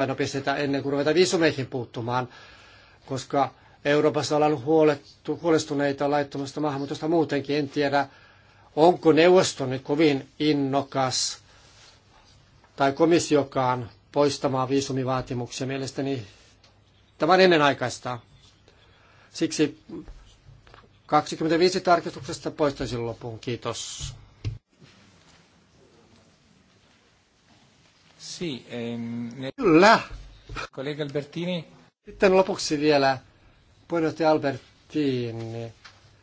painopisteitä ennen kuin ruvetaan viisumeihin puuttumaan, koska Euroopassa ollaan huolettu, huolestuneita laittomasta maahanmuutosta muutenkin. En tiedä, onko neuvosto nyt kovin innokas tai komissiokaan poistamaan viisumivaatimuksia. Mielestäni tämä on ennenaikaista. Siksi 25 tarkistuksesta poistaisin lopun. Kiitos. ehm, Kyllä. Kollega Albertini. Sitten lopuksi vielä puheenjohtaja Albertini.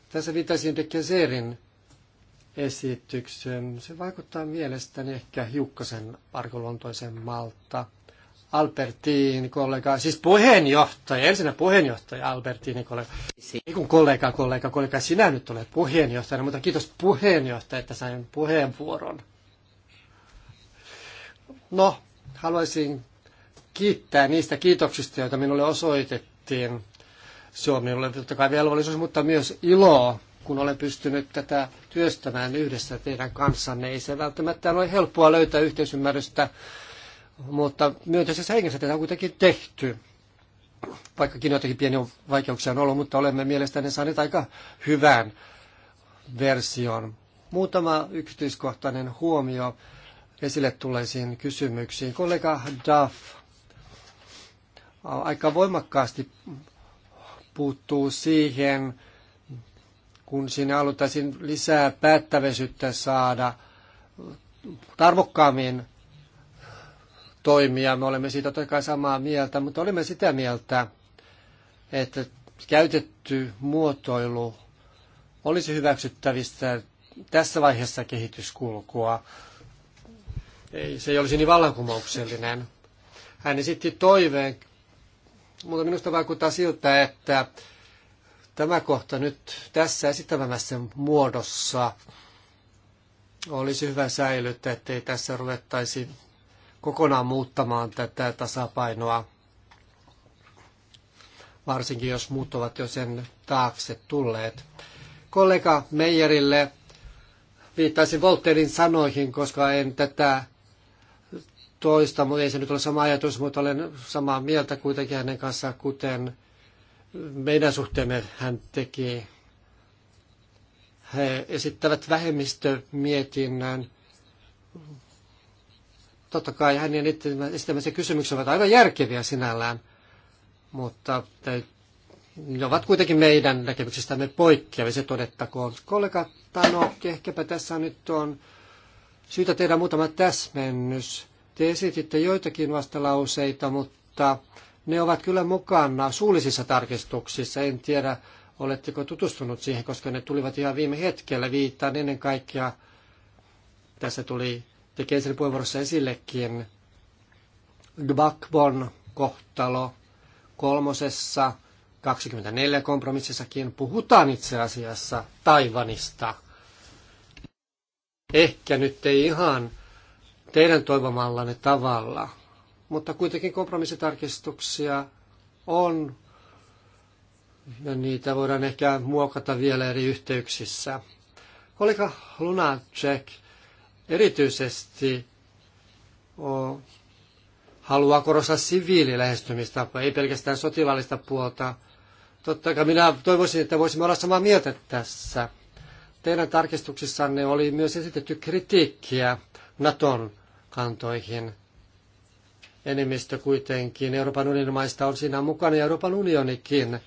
Tässä viitaisin, De Keserin esitykseen. Se vaikuttaa mielestäni ehkä hiukkasen arkoluontoisen malta. Albertini kollega, siis puheenjohtaja, ensinnä puheenjohtaja Albertini kollega. Ei kun kollega, kollega, kollega, sinä nyt olet puheenjohtaja, mutta kiitos puheenjohtaja, että sain puheenvuoron. No, Haluaisin kiittää niistä kiitoksista, joita minulle osoitettiin. Se on minulle totta kai velvollisuus, mutta myös ilo, kun olen pystynyt tätä työstämään yhdessä teidän kanssanne. Ei se välttämättä ole helppoa löytää yhteisymmärrystä, mutta myönteisessä hengessä tätä on kuitenkin tehty. Vaikkakin jotenkin pieniä vaikeuksia on ollut, mutta olemme mielestäni saaneet aika hyvän version. Muutama yksityiskohtainen huomio esille tulleisiin kysymyksiin. Kollega Duff aika voimakkaasti puuttuu siihen, kun sinne haluttaisiin lisää päättäväisyyttä saada tarvokkaammin toimia. Me olemme siitä totta kai samaa mieltä, mutta olemme sitä mieltä, että käytetty muotoilu olisi hyväksyttävistä tässä vaiheessa kehityskulkua. Ei, se ei olisi niin vallankumouksellinen. Hän esitti toiveen, mutta minusta vaikuttaa siltä, että tämä kohta nyt tässä esittävämässä muodossa olisi hyvä säilyttää, ettei tässä ruvettaisi kokonaan muuttamaan tätä tasapainoa, varsinkin jos muut ovat jo sen taakse tulleet. Kollega Meijerille viittaisin Volterin sanoihin, koska en tätä toista, mutta ei se nyt ole sama ajatus, mutta olen samaa mieltä kuitenkin hänen kanssaan, kuten meidän suhteemme hän teki. He esittävät vähemmistömietinnän. Totta kai hänen esittämänsä kysymykset ovat aivan järkeviä sinällään, mutta ne ovat kuitenkin meidän näkemyksestämme poikkeavia, se todettakoon. Kollega Tano, ehkäpä tässä nyt on syytä tehdä muutama täsmennys te esititte joitakin vastalauseita, mutta ne ovat kyllä mukana suullisissa tarkistuksissa. En tiedä, oletteko tutustunut siihen, koska ne tulivat ihan viime hetkellä. Viittaan ennen kaikkea, tässä tuli tekeisin puheenvuorossa esillekin, Gbakbon kohtalo kolmosessa, 24 kompromississakin puhutaan itse asiassa Taivanista. Ehkä nyt ei ihan teidän toivomallanne tavalla. Mutta kuitenkin kompromissitarkistuksia on, ja niitä voidaan ehkä muokata vielä eri yhteyksissä. Kollega Lunacek erityisesti o, haluaa korostaa siviililähestymistapaa, ei pelkästään sotilaallista puolta. Totta kai minä toivoisin, että voisimme olla samaa mieltä tässä. Teidän tarkistuksissanne oli myös esitetty kritiikkiä Naton kantoihin. Enemmistö kuitenkin Euroopan unionin maista on siinä mukana ja Euroopan unionikin,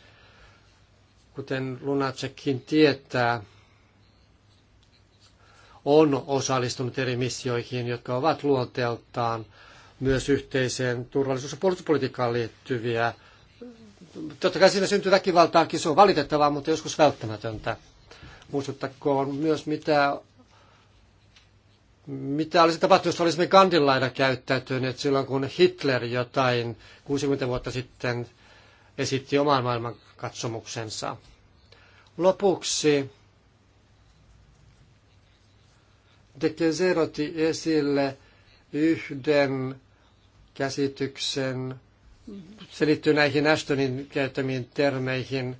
kuten Lunacekin tietää, on osallistunut eri missioihin, jotka ovat luonteeltaan myös yhteiseen turvallisuus- ja puolustuspolitiikkaan liittyviä. Totta kai siinä syntyy väkivaltaakin, se on valitettavaa, mutta joskus välttämätöntä. Muistuttakoon myös, mitä mitä olisi tapahtunut, jos olisimme kandilaina käyttäytyneet silloin, kun Hitler jotain 60 vuotta sitten esitti oman maailman katsomuksensa. Lopuksi De Keyser otti esille yhden käsityksen, se liittyy näihin Ashtonin käyttämiin termeihin,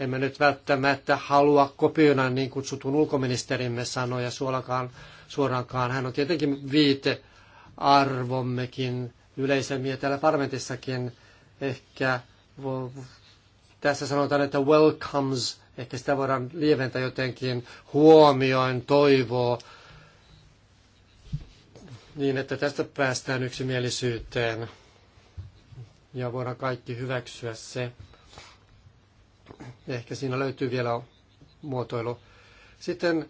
emme nyt välttämättä halua kopioida niin kutsutun ulkoministerimme sanoja suolakaan suoraankaan. Hän on tietenkin viite arvommekin yleisemmin ja täällä parlamentissakin ehkä tässä sanotaan, että welcomes, ehkä sitä voidaan lieventää jotenkin huomioin, toivoa, niin että tästä päästään yksimielisyyteen ja voidaan kaikki hyväksyä se. Ehkä siinä löytyy vielä muotoilu. Sitten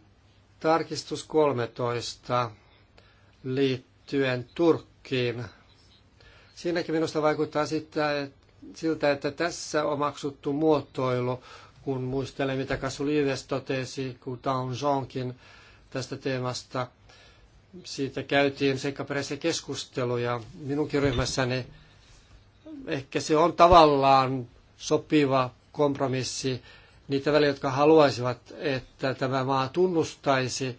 Tarkistus 13 liittyen Turkkiin. Siinäkin minusta vaikuttaa sitä, siltä, että tässä omaksuttu muotoilu, kun muistelen mitä Kasu Liives totesi, kun jonkin tästä teemasta, siitä käytiin seikkaperäisiä keskusteluja minunkin ryhmässäni. Ehkä se on tavallaan sopiva kompromissi niitä välillä, jotka haluaisivat, että tämä maa tunnustaisi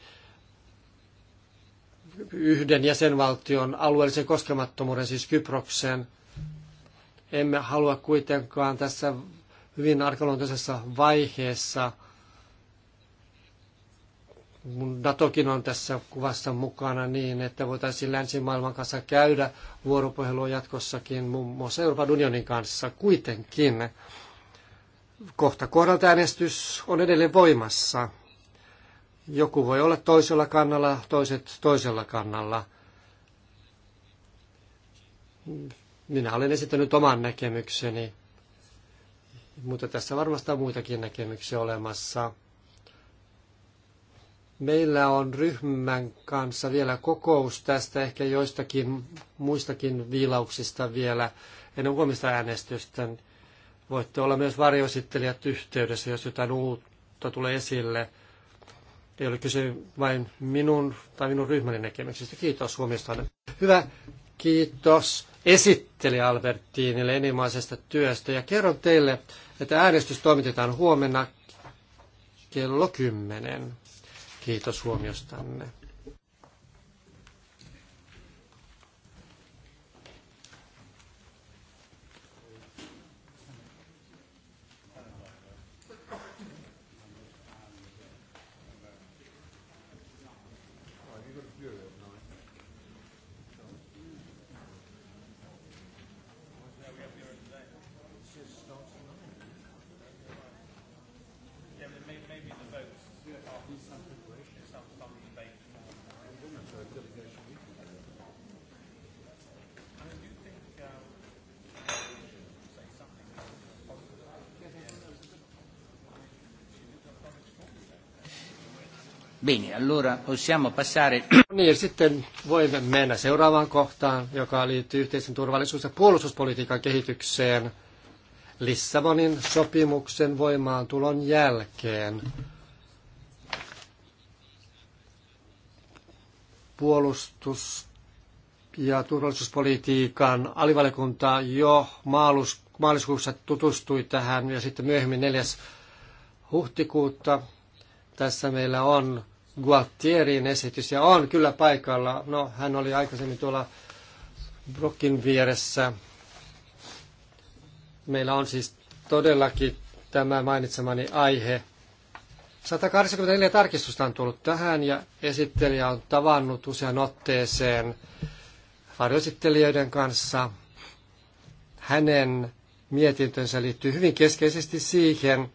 yhden jäsenvaltion alueellisen koskemattomuuden, siis Kyproksen. Emme halua kuitenkaan tässä hyvin arkaluontoisessa vaiheessa, Natokin on tässä kuvassa mukana niin, että voitaisiin länsimaailman kanssa käydä vuoropuhelua jatkossakin, muun muassa Euroopan unionin kanssa kuitenkin kohta kohdalta äänestys on edelleen voimassa. Joku voi olla toisella kannalla, toiset toisella kannalla. Minä olen esittänyt oman näkemykseni, mutta tässä varmasti on muitakin näkemyksiä olemassa. Meillä on ryhmän kanssa vielä kokous tästä, ehkä joistakin muistakin viilauksista vielä ennen huomista äänestystä. Voitte olla myös varjoesittelijät yhteydessä, jos jotain uutta tulee esille. Ei ole kyse vain minun tai minun ryhmäni näkemyksistä. Kiitos huomiostanne. Hyvä, kiitos esitteli Albertiinille enimmäisestä työstä ja kerron teille, että äänestys toimitetaan huomenna kello 10. Kiitos huomiostanne. Bene, allora possiamo passare... No niin, sitten voimme mennä seuraavaan kohtaan, joka liittyy yhteisen turvallisuus- ja puolustuspolitiikan kehitykseen Lissabonin sopimuksen voimaantulon jälkeen. Puolustus- ja turvallisuuspolitiikan alivalikunta jo maalus, maaliskuussa tutustui tähän ja sitten myöhemmin 4. huhtikuuta. Tässä meillä on Guattierin esitys ja on kyllä paikalla. No, hän oli aikaisemmin tuolla Brokin vieressä. Meillä on siis todellakin tämä mainitsemani aihe. 184 tarkistusta on tullut tähän ja esittelijä on tavannut usean otteeseen varjoesittelijöiden kanssa. Hänen mietintönsä liittyy hyvin keskeisesti siihen,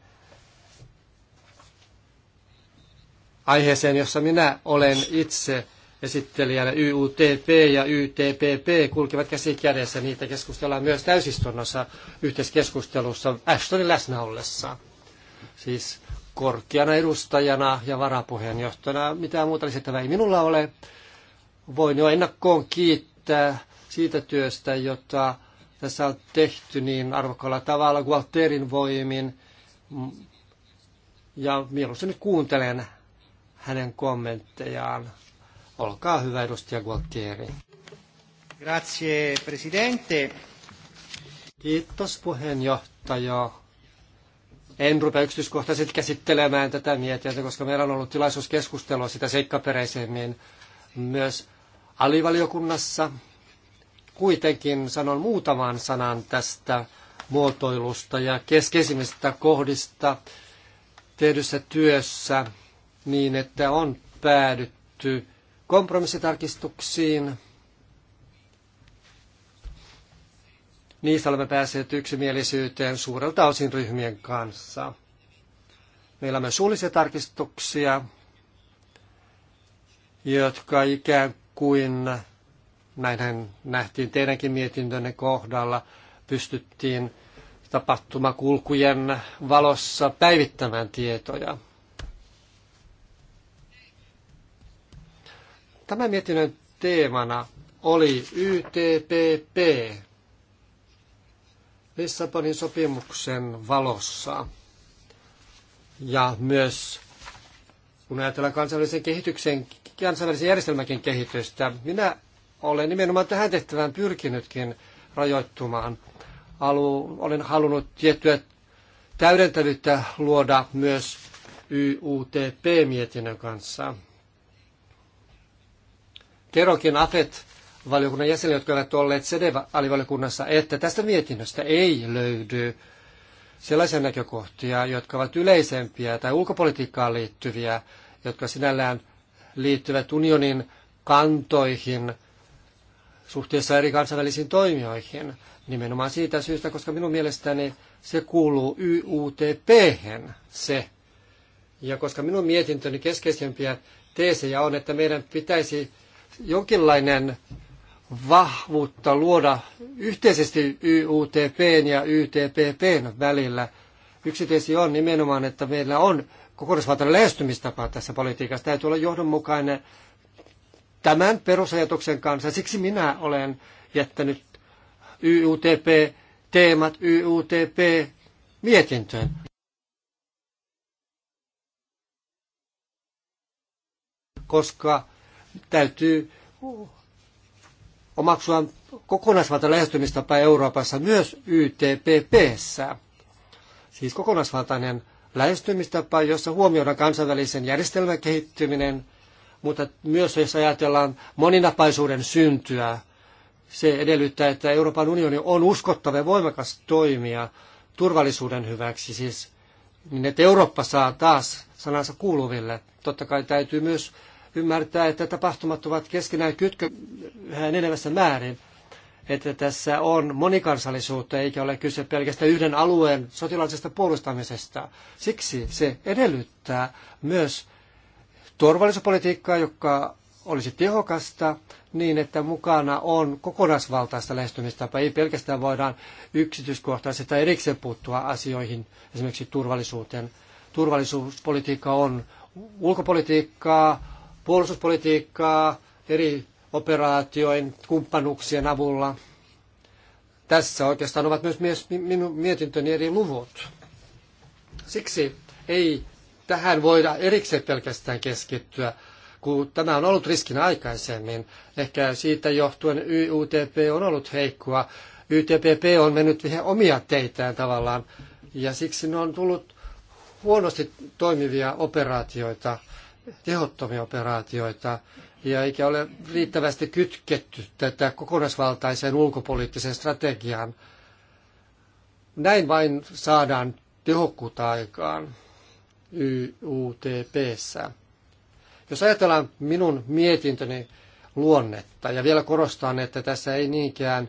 aiheeseen, jossa minä olen itse esittelijänä YUTP ja YTPP kulkevat käsi kädessä. Niitä keskustellaan myös täysistunnossa yhteiskeskustelussa Ashtonin läsnä ollessa. Siis korkeana edustajana ja varapuheenjohtajana. Mitään muuta lisättävää ei minulla ole. Voin jo ennakkoon kiittää siitä työstä, jota tässä on tehty niin arvokkaalla tavalla Gualterin voimin. Ja mieluusti nyt kuuntelen hänen kommenttejaan. Olkaa hyvä, edustaja Gualtieri. Grazie, presidente. Kiitos, puheenjohtaja. En rupea yksityiskohtaisesti käsittelemään tätä mietintöä, koska meillä on ollut tilaisuus keskustella sitä seikkaperäisemmin myös alivaliokunnassa. Kuitenkin sanon muutaman sanan tästä muotoilusta ja keskeisimmistä kohdista tehdyssä työssä niin, että on päädytty kompromissitarkistuksiin. Niistä olemme päässeet yksimielisyyteen suurelta osin ryhmien kanssa. Meillä on myös suullisia tarkistuksia, jotka ikään kuin, näinhän nähtiin teidänkin mietintönne kohdalla, pystyttiin tapahtumakulkujen valossa päivittämään tietoja. Tämän mietinnön teemana oli YTPP Lissabonin sopimuksen valossa. Ja myös kun ajatellaan kansainvälisen kehityksen, kansainvälisen järjestelmäkin kehitystä, minä olen nimenomaan tähän tehtävään pyrkinytkin rajoittumaan. Alu, olen halunnut tiettyä täydentävyyttä luoda myös YUTP-mietinnön kanssa kerrokin AFET valiokunnan jäsenille, jotka ovat olleet cd alivaliokunnassa että tästä mietinnöstä ei löydy sellaisia näkökohtia, jotka ovat yleisempiä tai ulkopolitiikkaan liittyviä, jotka sinällään liittyvät unionin kantoihin suhteessa eri kansainvälisiin toimijoihin. Nimenomaan siitä syystä, koska minun mielestäni se kuuluu YUTP se. Ja koska minun mietintöni keskeisimpiä teesejä on, että meidän pitäisi jonkinlainen vahvuutta luoda yhteisesti YUTP ja YTPP välillä. Yksi tesi on nimenomaan, että meillä on kokonaisvaltainen lähestymistapa tässä politiikassa. Täytyy olla johdonmukainen tämän perusajatuksen kanssa. Siksi minä olen jättänyt YUTP-teemat YUTP-mietintöön. Koska täytyy omaksua kokonaisvaltainen lähestymistapa Euroopassa myös YTPPssä. Siis kokonaisvaltainen lähestymistapa, jossa huomioidaan kansainvälisen järjestelmän kehittyminen, mutta myös jos ajatellaan moninapaisuuden syntyä, se edellyttää, että Euroopan unioni on uskottava ja voimakas toimija turvallisuuden hyväksi, siis niin että Eurooppa saa taas sanansa kuuluville. Totta kai täytyy myös ymmärtää, että tapahtumat ovat keskenään kytkö vähän enenevässä määrin, että tässä on monikansallisuutta eikä ole kyse pelkästään yhden alueen sotilaallisesta puolustamisesta. Siksi se edellyttää myös turvallisuuspolitiikkaa, joka olisi tehokasta niin, että mukana on kokonaisvaltaista lähestymistapaa. Ei pelkästään voidaan yksityiskohtaisesti tai erikseen puuttua asioihin, esimerkiksi turvallisuuteen. Turvallisuuspolitiikka on ulkopolitiikkaa, puolustuspolitiikkaa eri operaatioin, kumppanuuksien avulla. Tässä oikeastaan ovat myös minun mietintöni eri luvut. Siksi ei tähän voida erikseen pelkästään keskittyä, kun tämä on ollut riskinä aikaisemmin. Ehkä siitä johtuen YUTP on ollut heikkoa. YTPP on mennyt vähän omia teitään tavallaan, ja siksi ne on tullut huonosti toimivia operaatioita – tehottomia operaatioita, ja eikä ole riittävästi kytketty tätä kokonaisvaltaiseen ulkopoliittiseen strategiaan. Näin vain saadaan tehokkuutta aikaan YUTPssä. Jos ajatellaan minun mietintöni luonnetta, ja vielä korostan, että tässä ei niinkään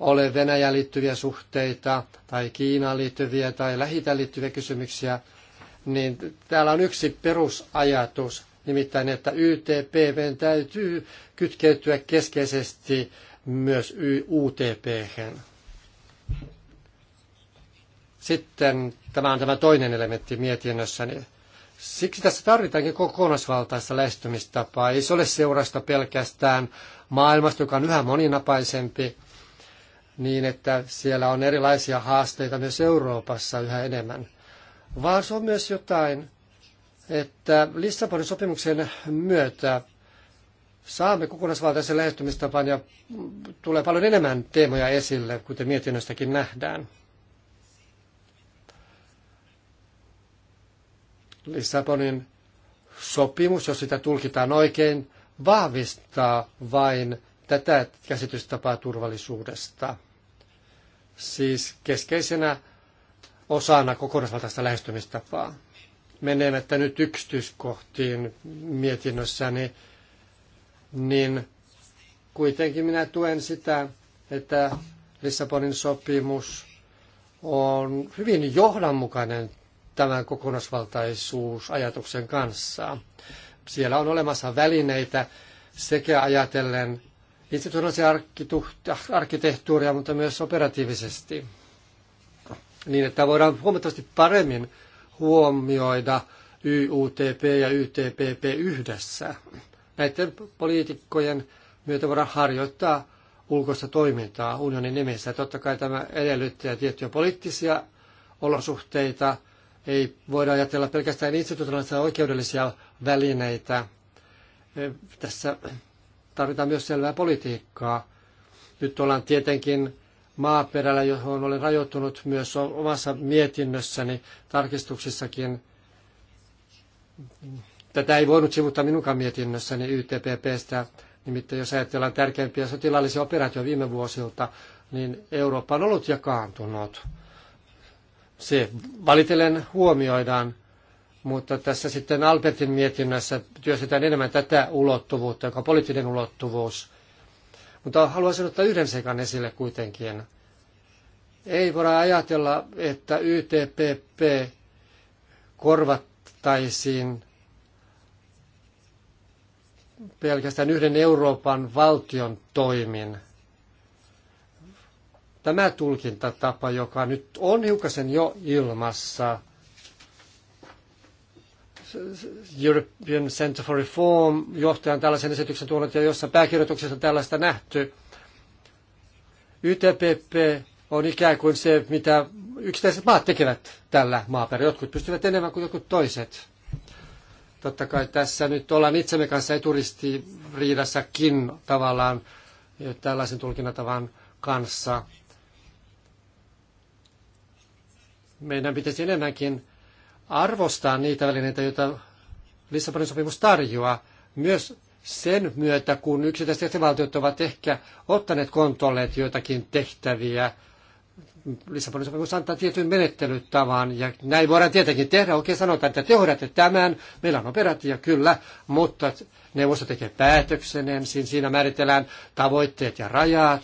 ole Venäjään liittyviä suhteita tai Kiinaan liittyviä tai lähitään liittyviä kysymyksiä, niin täällä on yksi perusajatus, nimittäin että YTPV täytyy kytkeytyä keskeisesti myös UTP. -hän. Sitten tämä on tämä toinen elementti mietinnössäni. Niin siksi tässä tarvitaankin kokonaisvaltaista lähestymistapaa. Ei se ole seurasta pelkästään maailmasta, joka on yhä moninapaisempi, niin että siellä on erilaisia haasteita myös Euroopassa yhä enemmän – vaan se on myös jotain, että Lissabonin sopimuksen myötä saamme kokonaisvaltaisen lähestymistapaan ja tulee paljon enemmän teemoja esille, kuten mietinnöstäkin nähdään. Lissabonin sopimus, jos sitä tulkitaan oikein, vahvistaa vain tätä käsitystapaa turvallisuudesta. Siis keskeisenä osana kokonaisvaltaista lähestymistapaa. Menemättä nyt yksityiskohtiin mietinnössäni, niin kuitenkin minä tuen sitä, että Lissabonin sopimus on hyvin johdonmukainen tämän kokonaisvaltaisuusajatuksen kanssa. Siellä on olemassa välineitä sekä ajatellen institutionaalisia arkkitehtuuria, mutta myös operatiivisesti niin, että voidaan huomattavasti paremmin huomioida YUTP ja YTPP yhdessä. Näiden poliitikkojen myötä voidaan harjoittaa ulkoista toimintaa unionin nimissä. Totta kai tämä edellyttää tiettyjä poliittisia olosuhteita. Ei voida ajatella pelkästään institutionaalisia oikeudellisia välineitä. E, tässä tarvitaan myös selvää politiikkaa. Nyt ollaan tietenkin maaperällä, johon olen rajoittunut myös omassa mietinnössäni tarkistuksissakin. Tätä ei voinut sivuttaa minunkaan mietinnössäni YTPPstä. Nimittäin jos ajatellaan tärkeimpiä sotilaallisia operaatioita viime vuosilta, niin Eurooppa on ollut jakaantunut. Se valitellen huomioidaan, mutta tässä sitten Albertin mietinnössä työstetään enemmän tätä ulottuvuutta, joka on poliittinen ulottuvuus – mutta haluaisin ottaa yhden sekan esille kuitenkin. Ei voida ajatella, että YTPP korvattaisiin pelkästään yhden Euroopan valtion toimin. Tämä tulkintatapa, joka nyt on hiukan jo ilmassa, European Center for Reform johtajan tällaisen esityksen tuonut, ja jossa pääkirjoituksessa tällaista nähty. YTPP on ikään kuin se, mitä yksittäiset maat tekevät tällä maaperällä. Jotkut pystyvät enemmän kuin jotkut toiset. Totta kai tässä nyt ollaan itsemme kanssa eturistiriidassakin tavallaan tällaisen tulkinnatavan kanssa. Meidän pitäisi enemmänkin arvostaa niitä välineitä, joita Lissabonin sopimus tarjoaa, myös sen myötä, kun yksittäiset jäsenvaltiot ovat ehkä ottaneet kontolleet joitakin tehtäviä. Lissabonin sopimus antaa tietyn menettelytavan, ja näin voidaan tietenkin tehdä. Okei, sanotaan, että te hoidatte tämän, meillä on operaatio, kyllä, mutta neuvosto tekee päätöksen ensin, siinä määritellään tavoitteet ja rajat,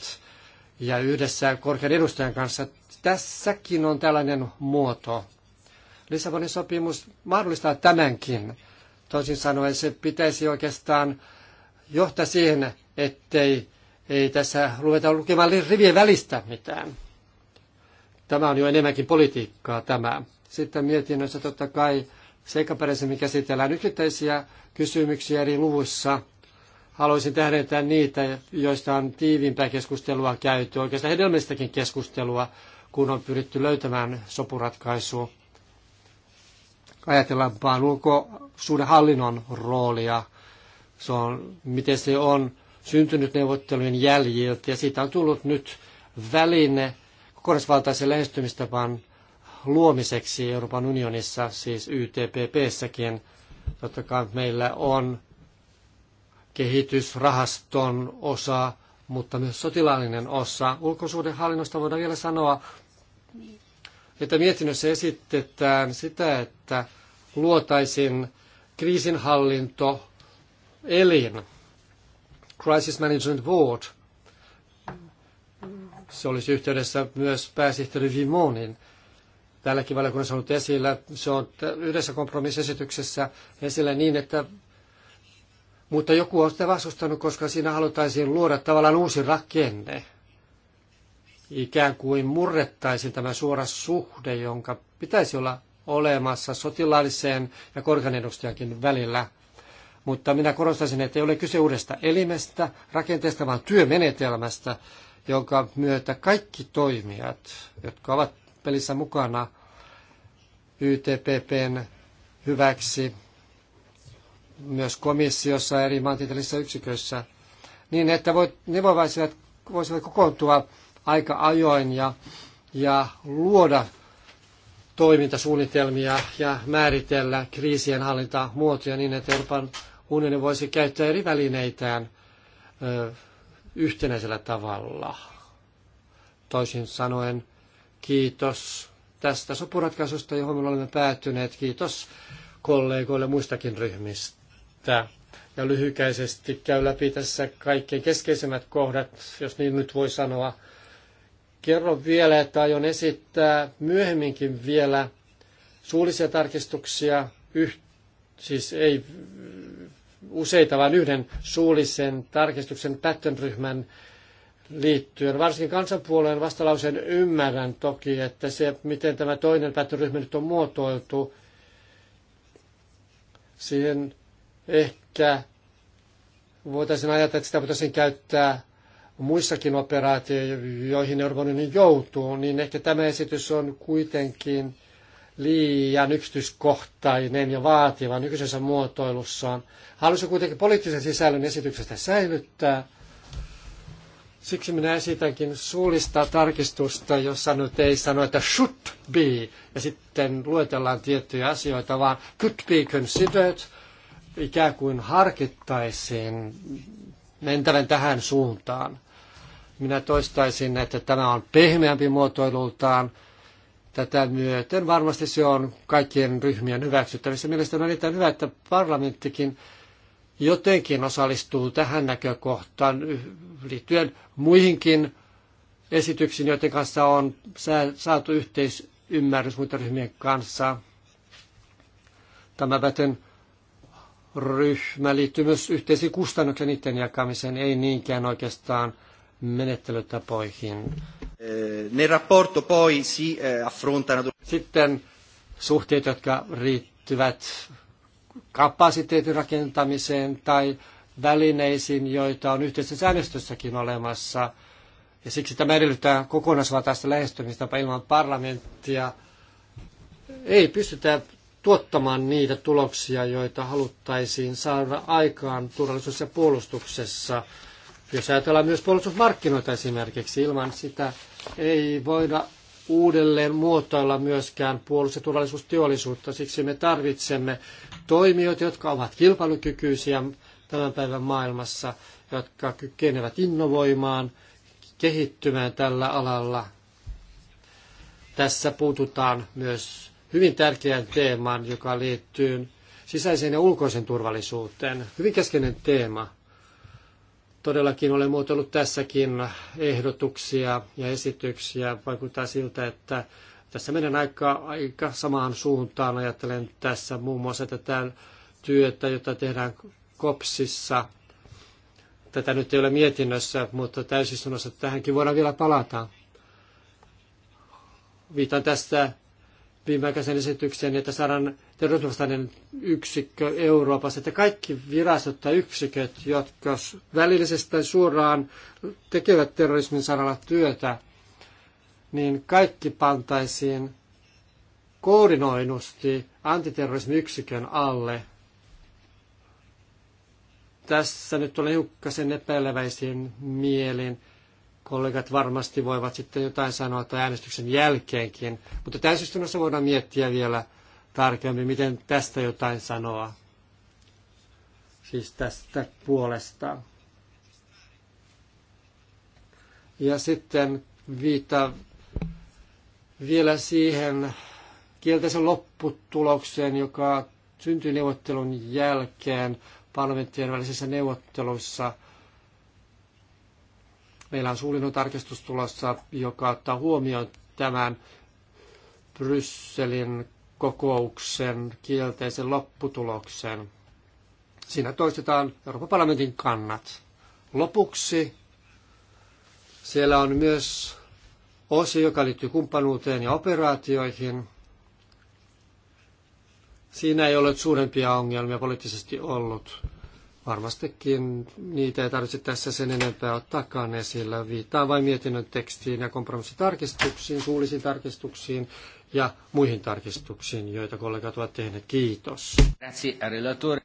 ja yhdessä korkean edustajan kanssa. Tässäkin on tällainen muoto. Lissabonin sopimus mahdollistaa tämänkin. Toisin sanoen se pitäisi oikeastaan johtaa siihen, ettei ei tässä ruveta lukemaan rivien välistä mitään. Tämä on jo enemmänkin politiikkaa tämä. Sitten mietinnössä totta kai seikkaperäisemmin käsitellään yksittäisiä kysymyksiä eri luvuissa. Haluaisin tähdentää niitä, joista on tiiviimpää keskustelua käyty, oikeastaan hedelmistäkin keskustelua, kun on pyritty löytämään sopuratkaisua ajatellaan vaan hallinnon roolia. Se on, miten se on syntynyt neuvottelujen jäljiltä ja siitä on tullut nyt väline kokonaisvaltaisen lähestymistapan luomiseksi Euroopan unionissa, siis YTPPssäkin. Totta kai meillä on kehitysrahaston osa, mutta myös sotilaallinen osa. Ulkosuhdehallinnosta voidaan vielä sanoa, että mietinnössä esitetään sitä, että luotaisiin kriisinhallinto elin, Crisis Management Board. Se olisi yhteydessä myös pääsihteeri Vimonin. Tälläkin valiokunnassa on ollut esillä. Se on yhdessä kompromissesityksessä esillä niin, että mutta joku on sitä vastustanut, koska siinä halutaisiin luoda tavallaan uusi rakenne. Ikään kuin murrettaisiin tämä suora suhde, jonka pitäisi olla olemassa sotilaalliseen ja korkean edustajankin välillä. Mutta minä korostaisin, että ei ole kyse uudesta elimestä, rakenteesta, vaan työmenetelmästä, jonka myötä kaikki toimijat, jotka ovat pelissä mukana YTPPn hyväksi, myös komissiossa eri maantieteellisissä yksiköissä, niin että voit, ne voisivat, voisivat kokoontua aika ajoin ja, ja luoda toimintasuunnitelmia ja määritellä kriisien hallintamuotoja niin, että Euroopan unioni voisi käyttää eri välineitään yhtenäisellä tavalla. Toisin sanoen, kiitos tästä sopuratkaisusta, johon me olemme päätyneet. Kiitos kollegoille muistakin ryhmistä. Ja lyhykäisesti käy läpi tässä kaikkein keskeisimmät kohdat, jos niin nyt voi sanoa, Kerron vielä, että aion esittää myöhemminkin vielä suullisia tarkistuksia, yh, siis ei useita, vaan yhden suullisen tarkistuksen pätönryhmän liittyen. Varsinkin kansanpuolueen vastalauseen ymmärrän toki, että se, miten tämä toinen pätönryhmä nyt on muotoiltu, siihen ehkä voitaisiin ajatella, että sitä voitaisiin käyttää muissakin operaatioihin, joihin Euroopan unioni joutuu, niin ehkä tämä esitys on kuitenkin liian yksityiskohtainen ja vaativa nykyisessä muotoilussaan. Haluaisin kuitenkin poliittisen sisällön esityksestä säilyttää. Siksi minä esitänkin suullista tarkistusta, jossa nyt ei sano, että should be, ja sitten luetellaan tiettyjä asioita, vaan could be considered, ikään kuin harkittaisiin mentävän tähän suuntaan. Minä toistaisin, että tämä on pehmeämpi muotoilultaan. Tätä myöten varmasti se on kaikkien ryhmien hyväksyttävissä. Mielestäni on erittäin hyvä, että parlamenttikin jotenkin osallistuu tähän näkökohtaan liittyen muihinkin esityksiin, joiden kanssa on saatu yhteisymmärrys muiden ryhmien kanssa. Tämä väten ryhmä liittyy myös yhteisiin kustannuksiin niiden jakamiseen, ei niinkään oikeastaan – menettelytapoihin. Eh, ne rapporto poi si eh, affrontano... Sitten suhteet, jotka riittyvät kapasiteetin rakentamiseen tai välineisiin, joita on yhteisessä säännöstössäkin olemassa. Ja siksi tämä edellyttää kokonaisvaltaista lähestymistapa ilman parlamenttia. Ei pystytä tuottamaan niitä tuloksia, joita haluttaisiin saada aikaan turvallisuus- ja puolustuksessa jos ajatellaan myös puolustusmarkkinoita esimerkiksi, ilman sitä ei voida uudelleen muotoilla myöskään puolustus- ja turvallisuusteollisuutta. Siksi me tarvitsemme toimijoita, jotka ovat kilpailukykyisiä tämän päivän maailmassa, jotka kykenevät innovoimaan, kehittymään tällä alalla. Tässä puututaan myös hyvin tärkeään teemaan, joka liittyy sisäiseen ja ulkoisen turvallisuuteen. Hyvin keskeinen teema todellakin olen muotoillut tässäkin ehdotuksia ja esityksiä. Vaikuttaa siltä, että tässä menen aika, aika samaan suuntaan. Ajattelen tässä muun muassa tätä työtä, jota tehdään kopsissa. Tätä nyt ei ole mietinnössä, mutta täysistunnossa tähänkin voidaan vielä palata. Viitan tästä viimeaikaisen esityksen, että saadaan terrorismivastainen yksikkö Euroopassa, että kaikki virastot tai yksiköt, jotka välillisesti tai suoraan tekevät terrorismin saralla työtä, niin kaikki pantaisiin koordinoinusti antiterrorismiyksikön alle. Tässä nyt olen hiukkasen epäileväisiin mielin kollegat varmasti voivat sitten jotain sanoa tai äänestyksen jälkeenkin, mutta täysistunnossa voidaan miettiä vielä tarkemmin, miten tästä jotain sanoa. Siis tästä puolesta. Ja sitten viittaa vielä siihen kielteisen lopputulokseen, joka syntyi neuvottelun jälkeen parlamenttien välisissä neuvotteluissa – Meillä on suullinen tarkistus tulossa, joka ottaa huomioon tämän Brysselin kokouksen kielteisen lopputuloksen. Siinä toistetaan Euroopan parlamentin kannat. Lopuksi siellä on myös osio, joka liittyy kumppanuuteen ja operaatioihin. Siinä ei ole suurempia ongelmia poliittisesti ollut. Varmastikin niitä ei tarvitse tässä sen enempää ottaakaan esillä. Viittaa vain mietinnön tekstiin ja kompromissitarkistuksiin, suullisiin tarkistuksiin ja muihin tarkistuksiin, joita kollegat ovat tehneet. Kiitos.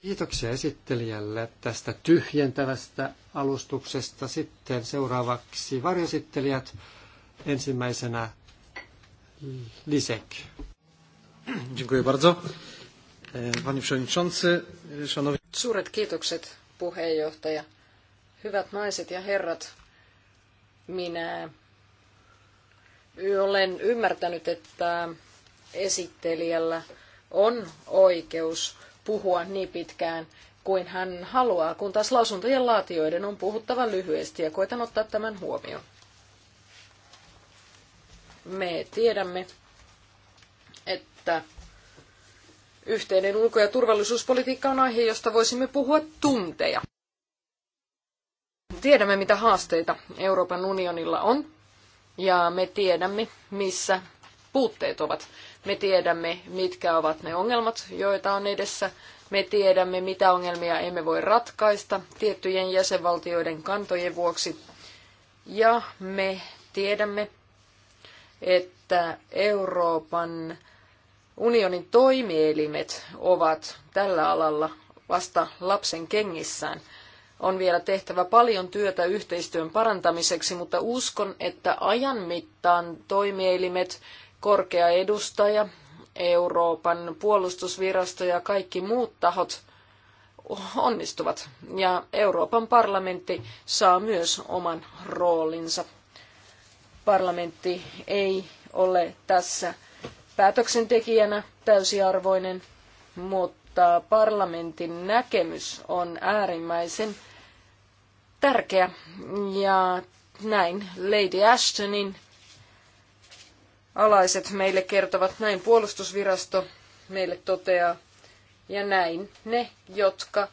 Kiitoksia esittelijälle tästä tyhjentävästä alustuksesta. Sitten seuraavaksi varjosittelijät. Ensimmäisenä Lisek. Dziękuję bardzo. E, panie Przewodniczący, Szanowni Suuret kiitokset, puheenjohtaja. Hyvät naiset ja herrat, minä olen ymmärtänyt, että esittelijällä on oikeus puhua niin pitkään kuin hän haluaa, kun taas lausuntojen laatijoiden on puhuttava lyhyesti ja koitan ottaa tämän huomioon. Me tiedämme, että Yhteinen ulko- ja turvallisuuspolitiikka on aihe, josta voisimme puhua tunteja. Tiedämme, mitä haasteita Euroopan unionilla on, ja me tiedämme, missä puutteet ovat. Me tiedämme, mitkä ovat ne ongelmat, joita on edessä. Me tiedämme, mitä ongelmia emme voi ratkaista tiettyjen jäsenvaltioiden kantojen vuoksi. Ja me tiedämme, että Euroopan unionin toimielimet ovat tällä alalla vasta lapsen kengissään. On vielä tehtävä paljon työtä yhteistyön parantamiseksi, mutta uskon, että ajan mittaan toimielimet, korkea edustaja, Euroopan puolustusvirasto ja kaikki muut tahot onnistuvat. Ja Euroopan parlamentti saa myös oman roolinsa. Parlamentti ei ole tässä päätöksentekijänä täysiarvoinen, mutta parlamentin näkemys on äärimmäisen tärkeä. Ja näin Lady Ashtonin alaiset meille kertovat, näin puolustusvirasto meille toteaa, ja näin ne, jotka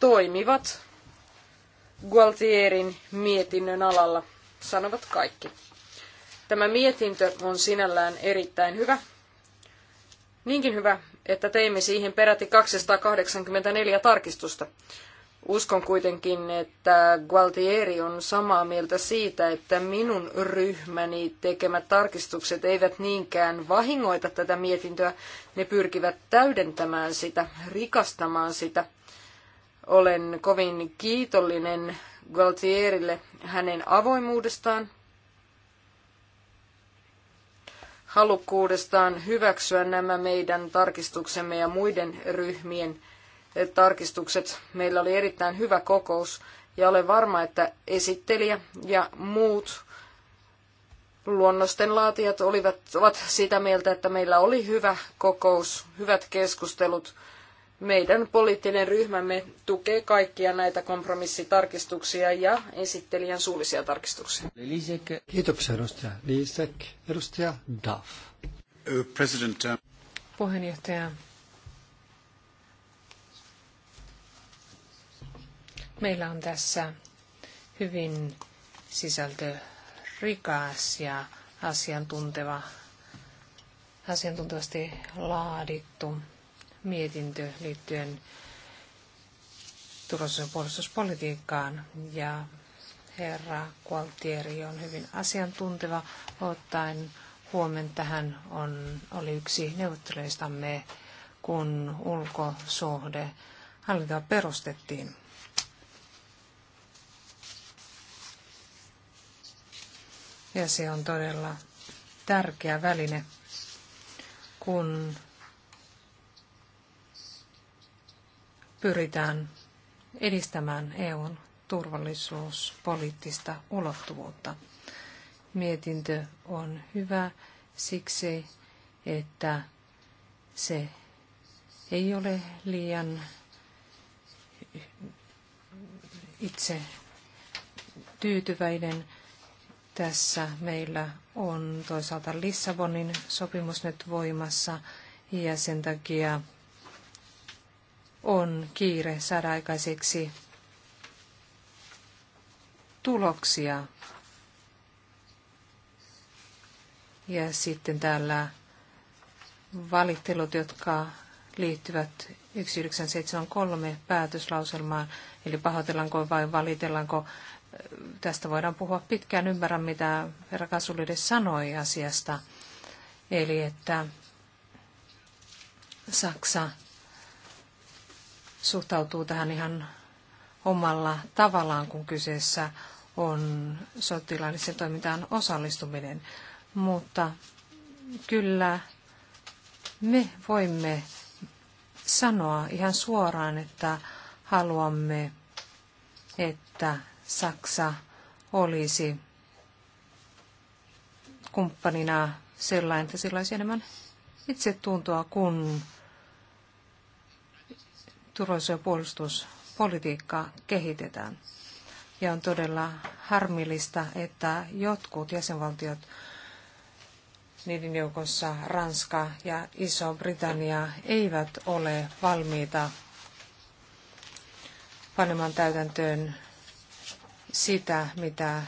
toimivat Gualtierin mietinnön alalla, sanovat kaikki. Tämä mietintö on sinällään erittäin hyvä. Niinkin hyvä, että teimme siihen peräti 284 tarkistusta. Uskon kuitenkin, että Gualtieri on samaa mieltä siitä, että minun ryhmäni tekemät tarkistukset eivät niinkään vahingoita tätä mietintöä. Ne pyrkivät täydentämään sitä, rikastamaan sitä. Olen kovin kiitollinen Gualtierille hänen avoimuudestaan halukkuudestaan hyväksyä nämä meidän tarkistuksemme ja muiden ryhmien tarkistukset. Meillä oli erittäin hyvä kokous ja olen varma, että esittelijä ja muut luonnosten laatijat olivat, ovat sitä mieltä, että meillä oli hyvä kokous, hyvät keskustelut – meidän poliittinen ryhmämme tukee kaikkia näitä kompromissitarkistuksia ja esittelijän suullisia tarkistuksia. Kiitoksia edustaja Lisek. Edustaja Duff. President. Uh, Puheenjohtaja. Meillä on tässä hyvin sisältörikas ja asiantunteva, asiantuntevasti laadittu mietintö liittyen turvallisuus- ja puolustuspolitiikkaan. Ja herra Gualtieri on hyvin asiantunteva ottaen huomen tähän on, oli yksi neuvotteluistamme, kun ulkosuhde hallintoa perustettiin. Ja se on todella tärkeä väline, kun pyritään edistämään EUn turvallisuuspoliittista ulottuvuutta. Mietintö on hyvä siksi, että se ei ole liian itse tyytyväinen. Tässä meillä on toisaalta Lissabonin sopimus nyt voimassa ja sen takia on kiire saada aikaiseksi tuloksia. Ja sitten täällä valittelut, jotka liittyvät 1973 päätöslauselmaan, eli pahoitellaanko vai valitellaanko. Tästä voidaan puhua pitkään, ymmärrän mitä herra sanoi asiasta. Eli että Saksa suhtautuu tähän ihan omalla tavallaan, kun kyseessä on sotilaallisen toimintaan osallistuminen. Mutta kyllä me voimme sanoa ihan suoraan, että haluamme, että Saksa olisi kumppanina sellainen, että sillä olisi enemmän itsetuntoa, kun turvallisuus- ja puolustuspolitiikkaa kehitetään. Ja on todella harmillista, että jotkut jäsenvaltiot, niiden joukossa Ranska ja Iso-Britannia, eivät ole valmiita panemaan täytäntöön sitä, mitä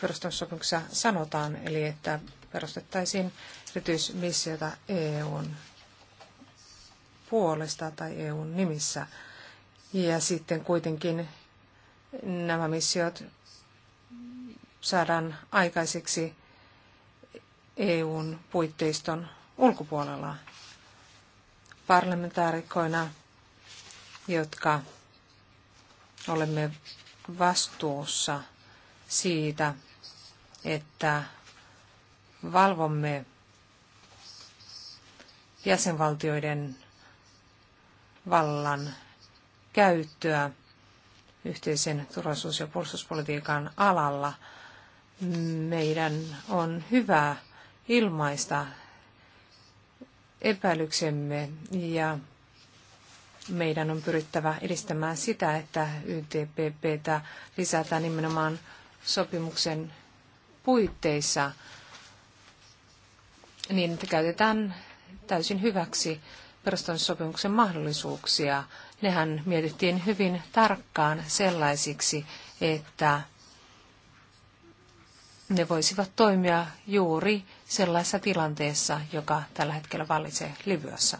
perustussopimuksessa sanotaan, eli että perustettaisiin erityismissiota EUn puolesta tai EUn nimissä. Ja sitten kuitenkin nämä missiot saadaan aikaiseksi EUn puitteiston ulkopuolella parlamentaarikkoina, jotka olemme vastuussa siitä, että valvomme jäsenvaltioiden vallan käyttöä yhteisen turvallisuus- ja puolustuspolitiikan alalla. Meidän on hyvä ilmaista epäilyksemme ja meidän on pyrittävä edistämään sitä, että YTPPtä lisätään nimenomaan sopimuksen puitteissa niin, että käytetään täysin hyväksi perustamissopimuksen mahdollisuuksia. Nehän mietittiin hyvin tarkkaan sellaisiksi, että ne voisivat toimia juuri sellaisessa tilanteessa, joka tällä hetkellä vallitsee Libyassa.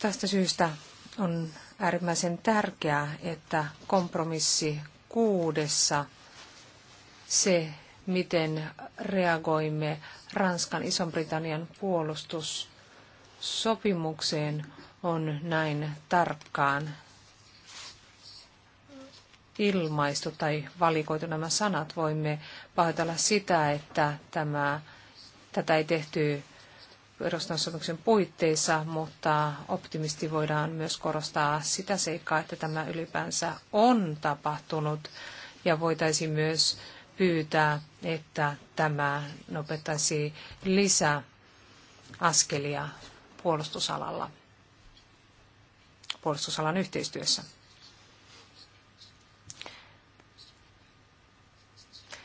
Tästä syystä on äärimmäisen tärkeää, että kompromissi kuudessa se miten reagoimme Ranskan Ison-Britannian puolustussopimukseen, on näin tarkkaan ilmaistu tai valikoitu nämä sanat. Voimme pahoitella sitä, että tämä, tätä ei tehty perustamissopimuksen puitteissa, mutta optimisti voidaan myös korostaa sitä seikkaa, että tämä ylipäänsä on tapahtunut ja voitaisiin myös pyytää, että tämä nopeuttaisi lisää askelia puolustusalalla, puolustusalan yhteistyössä.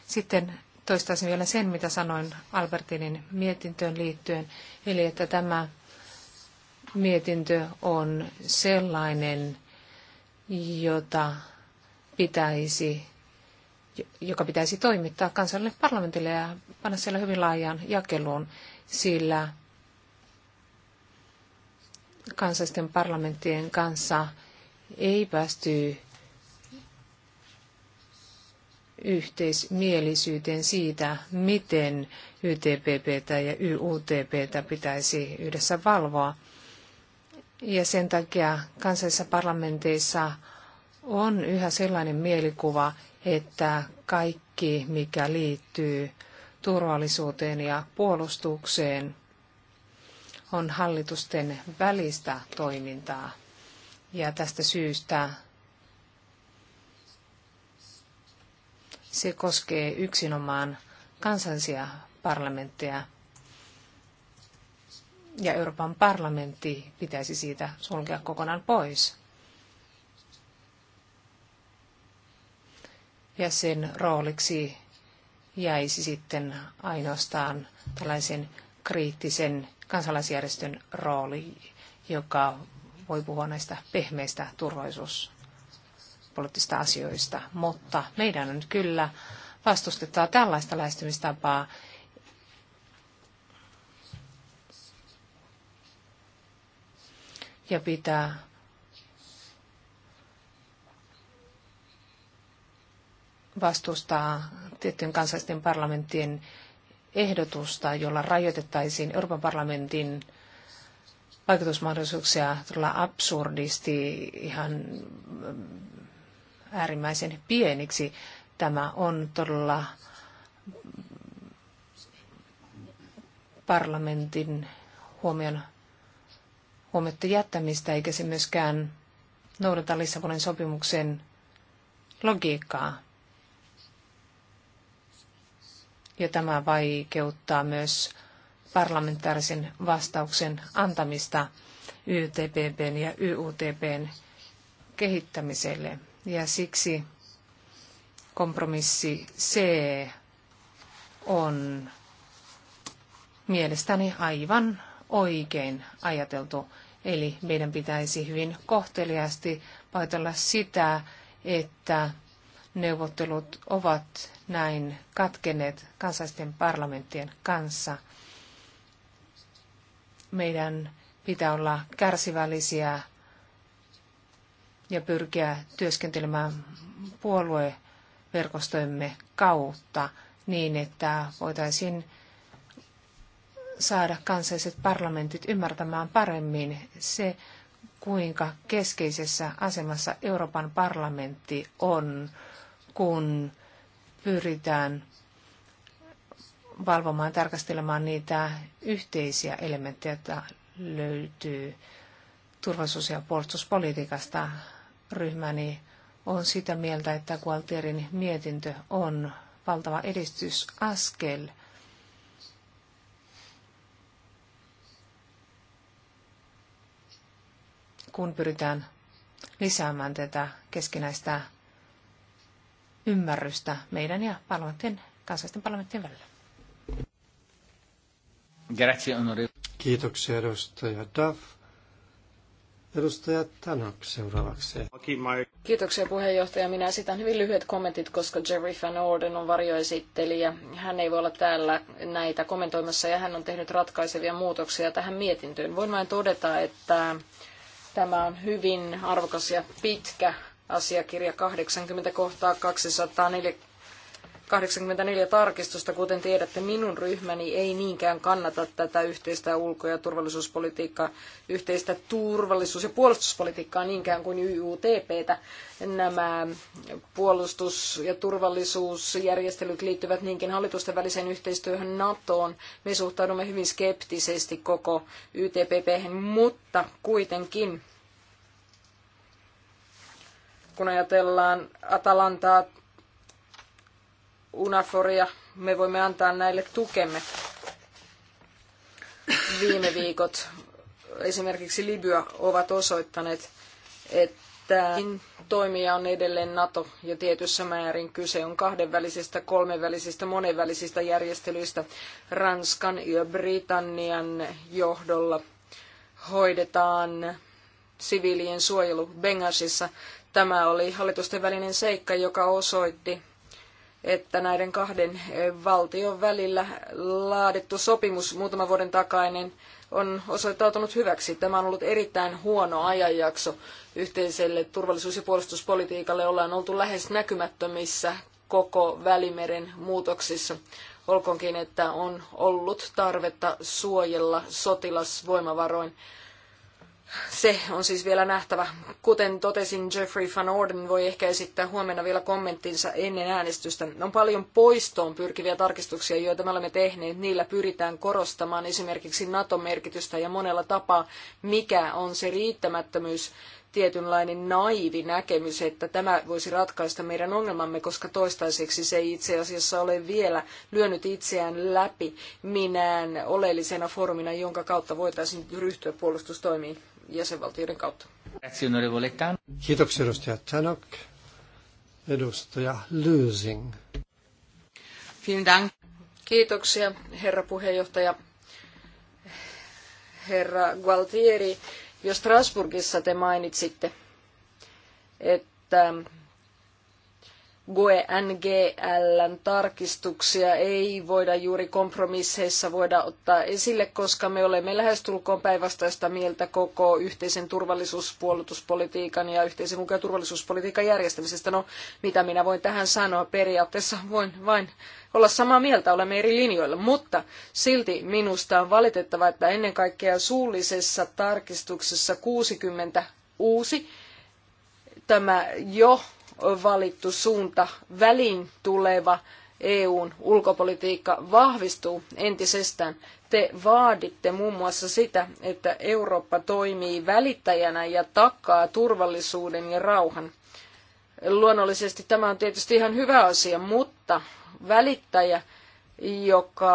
Sitten toistaisin vielä sen, mitä sanoin Albertinin mietintöön liittyen, eli että tämä mietintö on sellainen, jota pitäisi joka pitäisi toimittaa kansalliselle parlamentille ja panna siellä hyvin laajaan jakeluun, sillä kansallisten parlamenttien kanssa ei päästy yhteismielisyyteen siitä, miten YTPP ja YUTP pitäisi yhdessä valvoa. Ja sen takia kansallisissa parlamenteissa on yhä sellainen mielikuva, että kaikki, mikä liittyy turvallisuuteen ja puolustukseen, on hallitusten välistä toimintaa. Ja tästä syystä se koskee yksinomaan kansallisia parlamentteja. Ja Euroopan parlamentti pitäisi siitä sulkea kokonaan pois. ja sen rooliksi jäisi sitten ainoastaan tällaisen kriittisen kansalaisjärjestön rooli, joka voi puhua näistä pehmeistä turvallisuuspoliittisista asioista. Mutta meidän on kyllä vastustettava tällaista lähestymistapaa, ja pitää vastustaa tiettyjen kansallisten parlamenttien ehdotusta, jolla rajoitettaisiin Euroopan parlamentin vaikutusmahdollisuuksia todella absurdisti ihan mm, äärimmäisen pieniksi. Tämä on todella parlamentin huomion huomiota jättämistä, eikä se myöskään noudata Lissabonin sopimuksen logiikkaa. ja tämä vaikeuttaa myös parlamentaarisen vastauksen antamista YTPPn ja YUTPn kehittämiselle. Ja siksi kompromissi C on mielestäni aivan oikein ajateltu. Eli meidän pitäisi hyvin kohteliaasti paitella sitä, että neuvottelut ovat näin katkeneet kansallisten parlamenttien kanssa. Meidän pitää olla kärsivällisiä ja pyrkiä työskentelemään puolueverkostoimme kautta niin, että voitaisiin saada kansalliset parlamentit ymmärtämään paremmin se, kuinka keskeisessä asemassa Euroopan parlamentti on, kun pyritään valvomaan, tarkastelemaan niitä yhteisiä elementtejä, joita löytyy turvallisuus- ja puolustuspolitiikasta. Ryhmäni on sitä mieltä, että Gualtierin mietintö on valtava edistysaskel – kun pyritään lisäämään tätä keskinäistä ymmärrystä meidän ja parlamentin, kansallisten parlamenttien välillä. Kiitoksia edustaja Duff. Edustaja Tanak seuraavaksi. Kiitoksia puheenjohtaja. Minä esitän hyvin lyhyet kommentit, koska Jerry Van Orden on varjoesittelijä. Hän ei voi olla täällä näitä kommentoimassa ja hän on tehnyt ratkaisevia muutoksia tähän mietintöön. Voin vain todeta, että tämä on hyvin arvokas ja pitkä asiakirja 80 kohtaa 284 tarkistusta. Kuten tiedätte, minun ryhmäni ei niinkään kannata tätä yhteistä ulko- ja turvallisuuspolitiikkaa, yhteistä turvallisuus- ja puolustuspolitiikkaa niinkään kuin YUTPtä. Nämä puolustus- ja turvallisuusjärjestelyt liittyvät niinkin hallitusten väliseen yhteistyöhön NATOon. Me suhtaudumme hyvin skeptisesti koko YTPPhen, mutta kuitenkin kun ajatellaan Atalantaa, Unaforia, me voimme antaa näille tukemme. Viime viikot esimerkiksi Libya ovat osoittaneet, että toimija on edelleen NATO ja tietyssä määrin kyse on kahdenvälisistä, kolmenvälisistä, monenvälisistä järjestelyistä Ranskan ja Britannian johdolla hoidetaan siviilien suojelu Bengasissa. Tämä oli hallitusten välinen seikka, joka osoitti, että näiden kahden valtion välillä laadittu sopimus muutaman vuoden takainen on osoittautunut hyväksi. Tämä on ollut erittäin huono ajanjakso yhteiselle turvallisuus- ja puolustuspolitiikalle. Ollaan oltu lähes näkymättömissä koko Välimeren muutoksissa. Olkoonkin, että on ollut tarvetta suojella sotilasvoimavaroin se on siis vielä nähtävä. Kuten totesin, Jeffrey Van Orden voi ehkä esittää huomenna vielä kommenttinsa ennen äänestystä. On paljon poistoon pyrkiviä tarkistuksia, joita me olemme tehneet. Niillä pyritään korostamaan esimerkiksi NATO merkitystä ja monella tapaa, mikä on se riittämättömyys tietynlainen naivi näkemys, että tämä voisi ratkaista meidän ongelmamme, koska toistaiseksi se ei itse asiassa ole vielä lyönyt itseään läpi minään oleellisena foorumina, jonka kautta voitaisiin ryhtyä puolustustoimiin jäsenvaltioiden kautta. Kiitoksia edustaja Tanok. Edustaja Lysing. Kiitoksia herra puheenjohtaja. Herra Gualtieri, jo Strasburgissa te mainitsitte, että GUE NGLn tarkistuksia ei voida juuri kompromisseissa voida ottaa esille, koska me olemme lähestulkoon päinvastaista mieltä koko yhteisen turvallisuuspuolustuspolitiikan ja yhteisen ulko- ja turvallisuuspolitiikan järjestämisestä. No, mitä minä voin tähän sanoa? Periaatteessa voin vain olla samaa mieltä, olemme eri linjoilla, mutta silti minusta on valitettavaa, että ennen kaikkea suullisessa tarkistuksessa 60 uusi tämä jo valittu suunta väliin tuleva EUn ulkopolitiikka vahvistuu entisestään. Te vaaditte muun muassa sitä, että Eurooppa toimii välittäjänä ja takaa turvallisuuden ja rauhan. Luonnollisesti tämä on tietysti ihan hyvä asia, mutta välittäjä, joka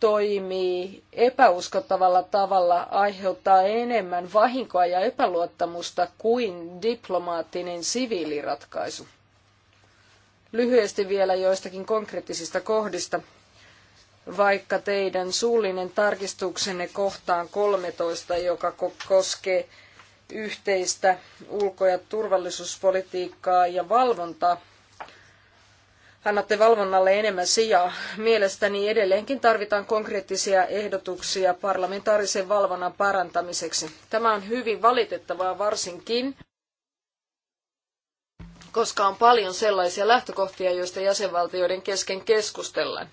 toimii epäuskottavalla tavalla, aiheuttaa enemmän vahinkoa ja epäluottamusta kuin diplomaattinen siviiliratkaisu. Lyhyesti vielä joistakin konkreettisista kohdista. Vaikka teidän suullinen tarkistuksenne kohtaan 13, joka koskee yhteistä ulko- ja turvallisuuspolitiikkaa ja valvontaa, annatte valvonnalle enemmän sijaa. Mielestäni edelleenkin tarvitaan konkreettisia ehdotuksia parlamentaarisen valvonnan parantamiseksi. Tämä on hyvin valitettavaa varsinkin, koska on paljon sellaisia lähtökohtia, joista jäsenvaltioiden kesken keskustellaan.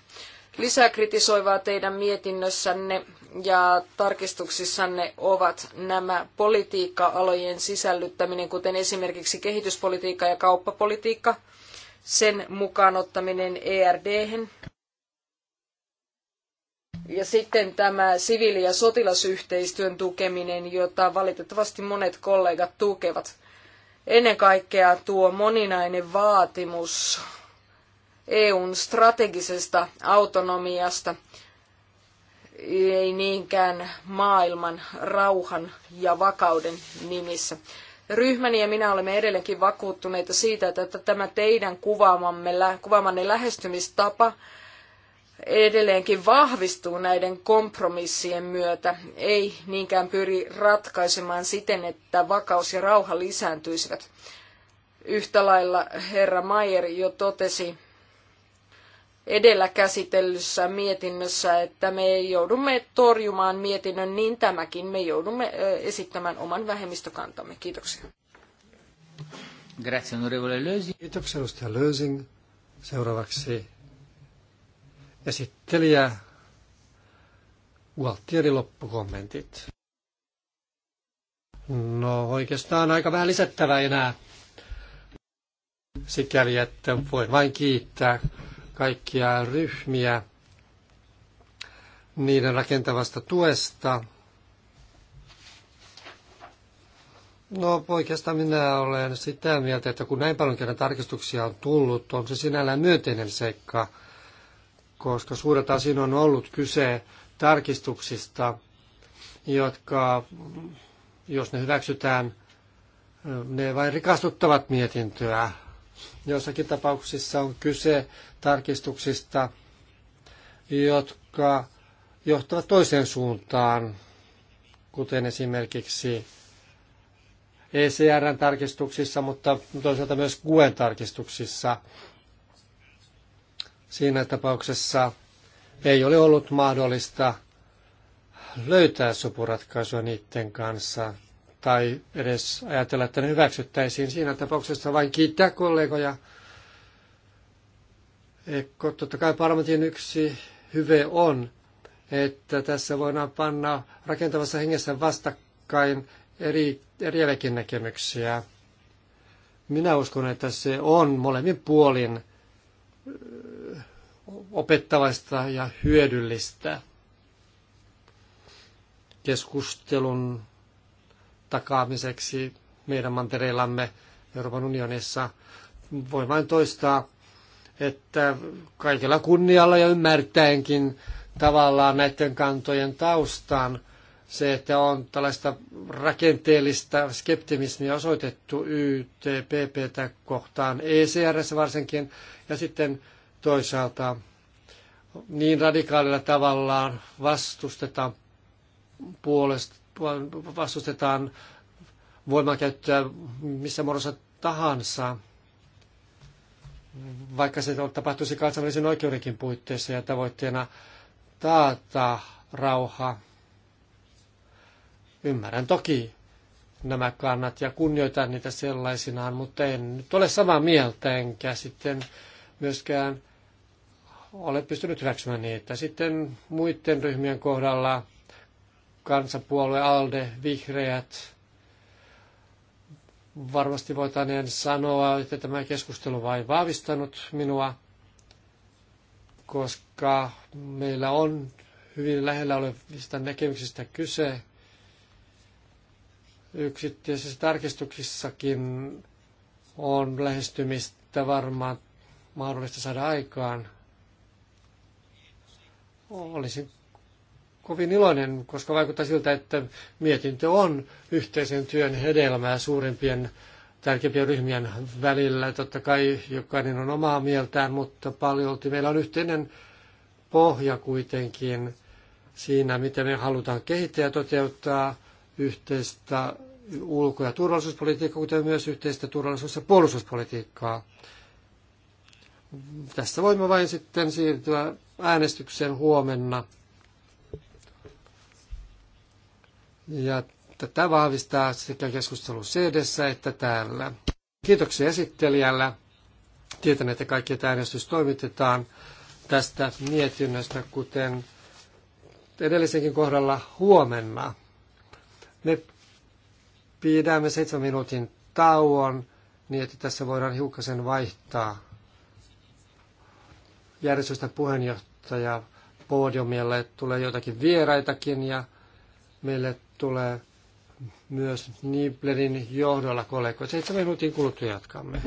Lisää kritisoivaa teidän mietinnössänne ja tarkistuksissanne ovat nämä politiikka-alojen sisällyttäminen, kuten esimerkiksi kehityspolitiikka ja kauppapolitiikka – sen mukaan ottaminen erd hen Ja sitten tämä siviili- ja sotilasyhteistyön tukeminen, jota valitettavasti monet kollegat tukevat. Ennen kaikkea tuo moninainen vaatimus EUn strategisesta autonomiasta, ei niinkään maailman rauhan ja vakauden nimissä. Ryhmäni ja minä olemme edelleenkin vakuuttuneita siitä, että tämä teidän kuvaamanne lähestymistapa edelleenkin vahvistuu näiden kompromissien myötä, ei niinkään pyri ratkaisemaan siten, että vakaus ja rauha lisääntyisivät. Yhtä lailla herra Mayer jo totesi, edellä käsitellyssä mietinnössä, että me joudumme torjumaan mietinnön, niin tämäkin me joudumme esittämään oman vähemmistökantamme. Kiitoksia. Grazie, onorevole Lösing. Kiitoksia, edustaja Lösing. Seuraavaksi esittelijä Gualtieri loppukommentit. No oikeastaan aika vähän lisättävää enää. Sikäli, että voin vain kiittää kaikkia ryhmiä niiden rakentavasta tuesta. No oikeastaan minä olen sitä mieltä, että kun näin paljon kerran tarkistuksia on tullut, on se sinällään myönteinen seikka, koska suuret asioin on ollut kyse tarkistuksista, jotka, jos ne hyväksytään, ne vain rikastuttavat mietintöä Joissakin tapauksissa on kyse tarkistuksista, jotka johtavat toiseen suuntaan, kuten esimerkiksi ECRn tarkistuksissa, mutta toisaalta myös GUEn tarkistuksissa. Siinä tapauksessa ei ole ollut mahdollista löytää sopuratkaisua niiden kanssa tai edes ajatella, että ne hyväksyttäisiin. Siinä tapauksessa vain kiittää kollegoja. Ekko, totta kai parlamentin yksi hyve on, että tässä voidaan panna rakentavassa hengessä vastakkain eri, eriäväkin näkemyksiä. Minä uskon, että se on molemmin puolin opettavaista ja hyödyllistä keskustelun takaamiseksi meidän mantereillamme Euroopan unionissa. Voi vain toistaa, että kaikella kunnialla ja ymmärtäenkin tavallaan näiden kantojen taustaan se, että on tällaista rakenteellista skeptimismia osoitettu YTPPtä kohtaan ECRS varsinkin, ja sitten toisaalta niin radikaalilla tavallaan vastustetaan puolesta vastustetaan voimankäyttöä missä muodossa tahansa, vaikka se tapahtuisi kansainvälisen oikeudenkin puitteissa ja tavoitteena taata rauha. Ymmärrän toki nämä kannat ja kunnioitan niitä sellaisinaan, mutta en nyt ole samaa mieltä enkä sitten myöskään ole pystynyt hyväksymään niitä. Sitten muiden ryhmien kohdalla Kansapuolue ALDE, vihreät. Varmasti voitaneen sanoa, että tämä keskustelu vain vahvistanut minua, koska meillä on hyvin lähellä olevista näkemyksistä kyse. Yksittäisissä tarkistuksissakin on lähestymistä varmaan mahdollista saada aikaan. Olisin kovin iloinen, koska vaikuttaa siltä, että mietintö on yhteisen työn hedelmää suurimpien tärkeimpien ryhmien välillä. Totta kai jokainen on omaa mieltään, mutta paljolti meillä on yhteinen pohja kuitenkin siinä, miten me halutaan kehittää ja toteuttaa yhteistä ulko- ja turvallisuuspolitiikkaa, kuten myös yhteistä turvallisuus- ja puolustuspolitiikkaa. Tässä voimme vain sitten siirtyä äänestykseen huomenna. Ja tätä vahvistaa sekä keskustelu cd että täällä. Kiitoksia esittelijällä. Tietän, että kaikki tämä äänestys toimitetaan tästä mietinnöstä, kuten edellisenkin kohdalla huomenna. Me pidämme seitsemän minuutin tauon, niin että tässä voidaan hiukkasen vaihtaa järjestöstä puheenjohtaja podiumille. Tulee jotakin vieraitakin ja meille tulee myös Niblerin johdolla kollegoita. Seitsemän minuutin kuluttua jatkamme.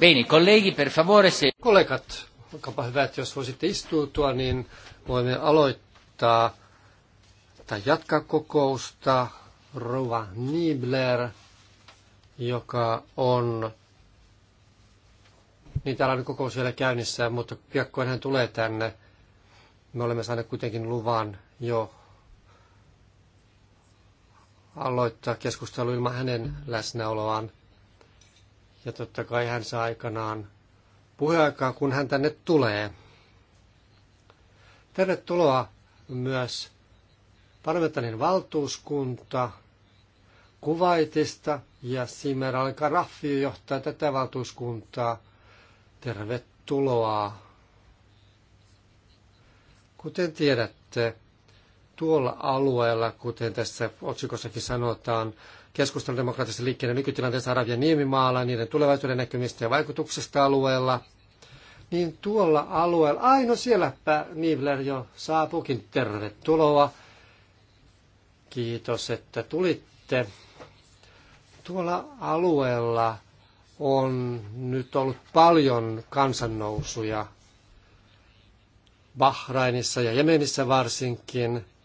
Bene, colleghi, per favore se... Kollegat, olkaapa että jos voisitte istuutua, niin voimme aloittaa tai jatkaa kokousta Rova Nibler, joka on... Niin täällä on kokous vielä käynnissä, mutta piakkoin hän tulee tänne. Me olemme saaneet kuitenkin luvan jo aloittaa keskustelu ilman hänen läsnäoloaan. Ja totta kai hän saa aikanaan puheaikaa, kun hän tänne tulee. Tervetuloa myös parlamentaarinen valtuuskunta Kuvaitista ja Simer Raffi johtaa tätä valtuuskuntaa. Tervetuloa. Kuten tiedätte, tuolla alueella, kuten tässä otsikossakin sanotaan, keskustelun demokraattisen liikkeen nykytilanteesta Arabian niemimaalla, niiden tulevaisuuden näkymistä ja vaikutuksesta alueella, niin tuolla alueella, aino sielläpä Niivler jo saapukin Tervetuloa. Kiitos, että tulitte. Tuolla alueella on nyt ollut paljon kansannousuja Bahrainissa ja Jemenissä varsinkin –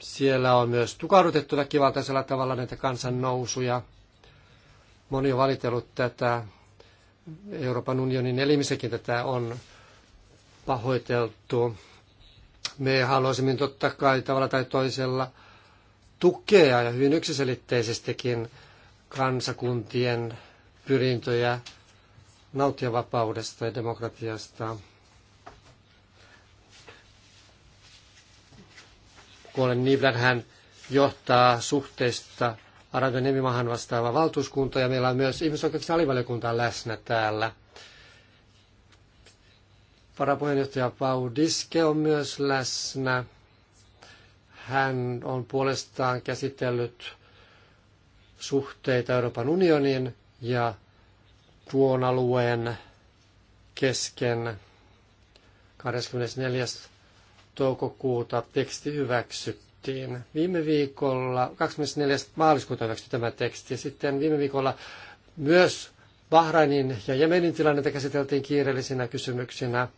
siellä on myös tukahdutettu väkivaltaisella tavalla näitä kansannousuja. Moni on valitellut tätä. Euroopan unionin elimissäkin tätä on pahoiteltu. Me haluaisimme totta kai tavalla tai toisella tukea ja hyvin yksiselitteisestikin kansakuntien pyrintöjä nauttia vapaudesta ja demokratiasta. kun Niblan hän johtaa suhteista Arabian Emimaahan vastaava valtuuskunta ja meillä on myös ihmisoikeuksien alivaliokunta läsnä täällä. Varapuheenjohtaja Pau Diske on myös läsnä. Hän on puolestaan käsitellyt suhteita Euroopan unionin ja tuon alueen kesken 24 toukokuuta teksti hyväksyttiin. Viime viikolla, 24. maaliskuuta hyväksyttiin tämä teksti, ja sitten viime viikolla myös Bahrainin ja Jemenin tilannetta käsiteltiin kiireellisinä kysymyksinä,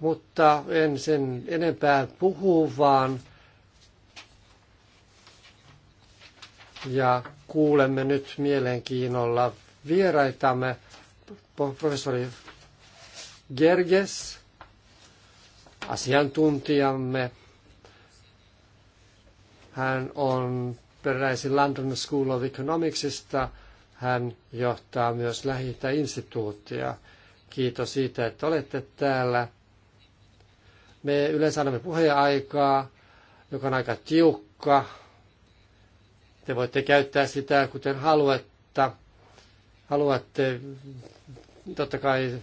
mutta en sen enempää puhu, vaan ja kuulemme nyt mielenkiinnolla vieraitamme professori Gerges asiantuntijamme. Hän on peräisin London School of Economicsista. Hän johtaa myös lähitä instituuttia. Kiitos siitä, että olette täällä. Me yleensä annamme puheaikaa, joka on aika tiukka. Te voitte käyttää sitä, kuten haluatte. Haluatte, totta kai,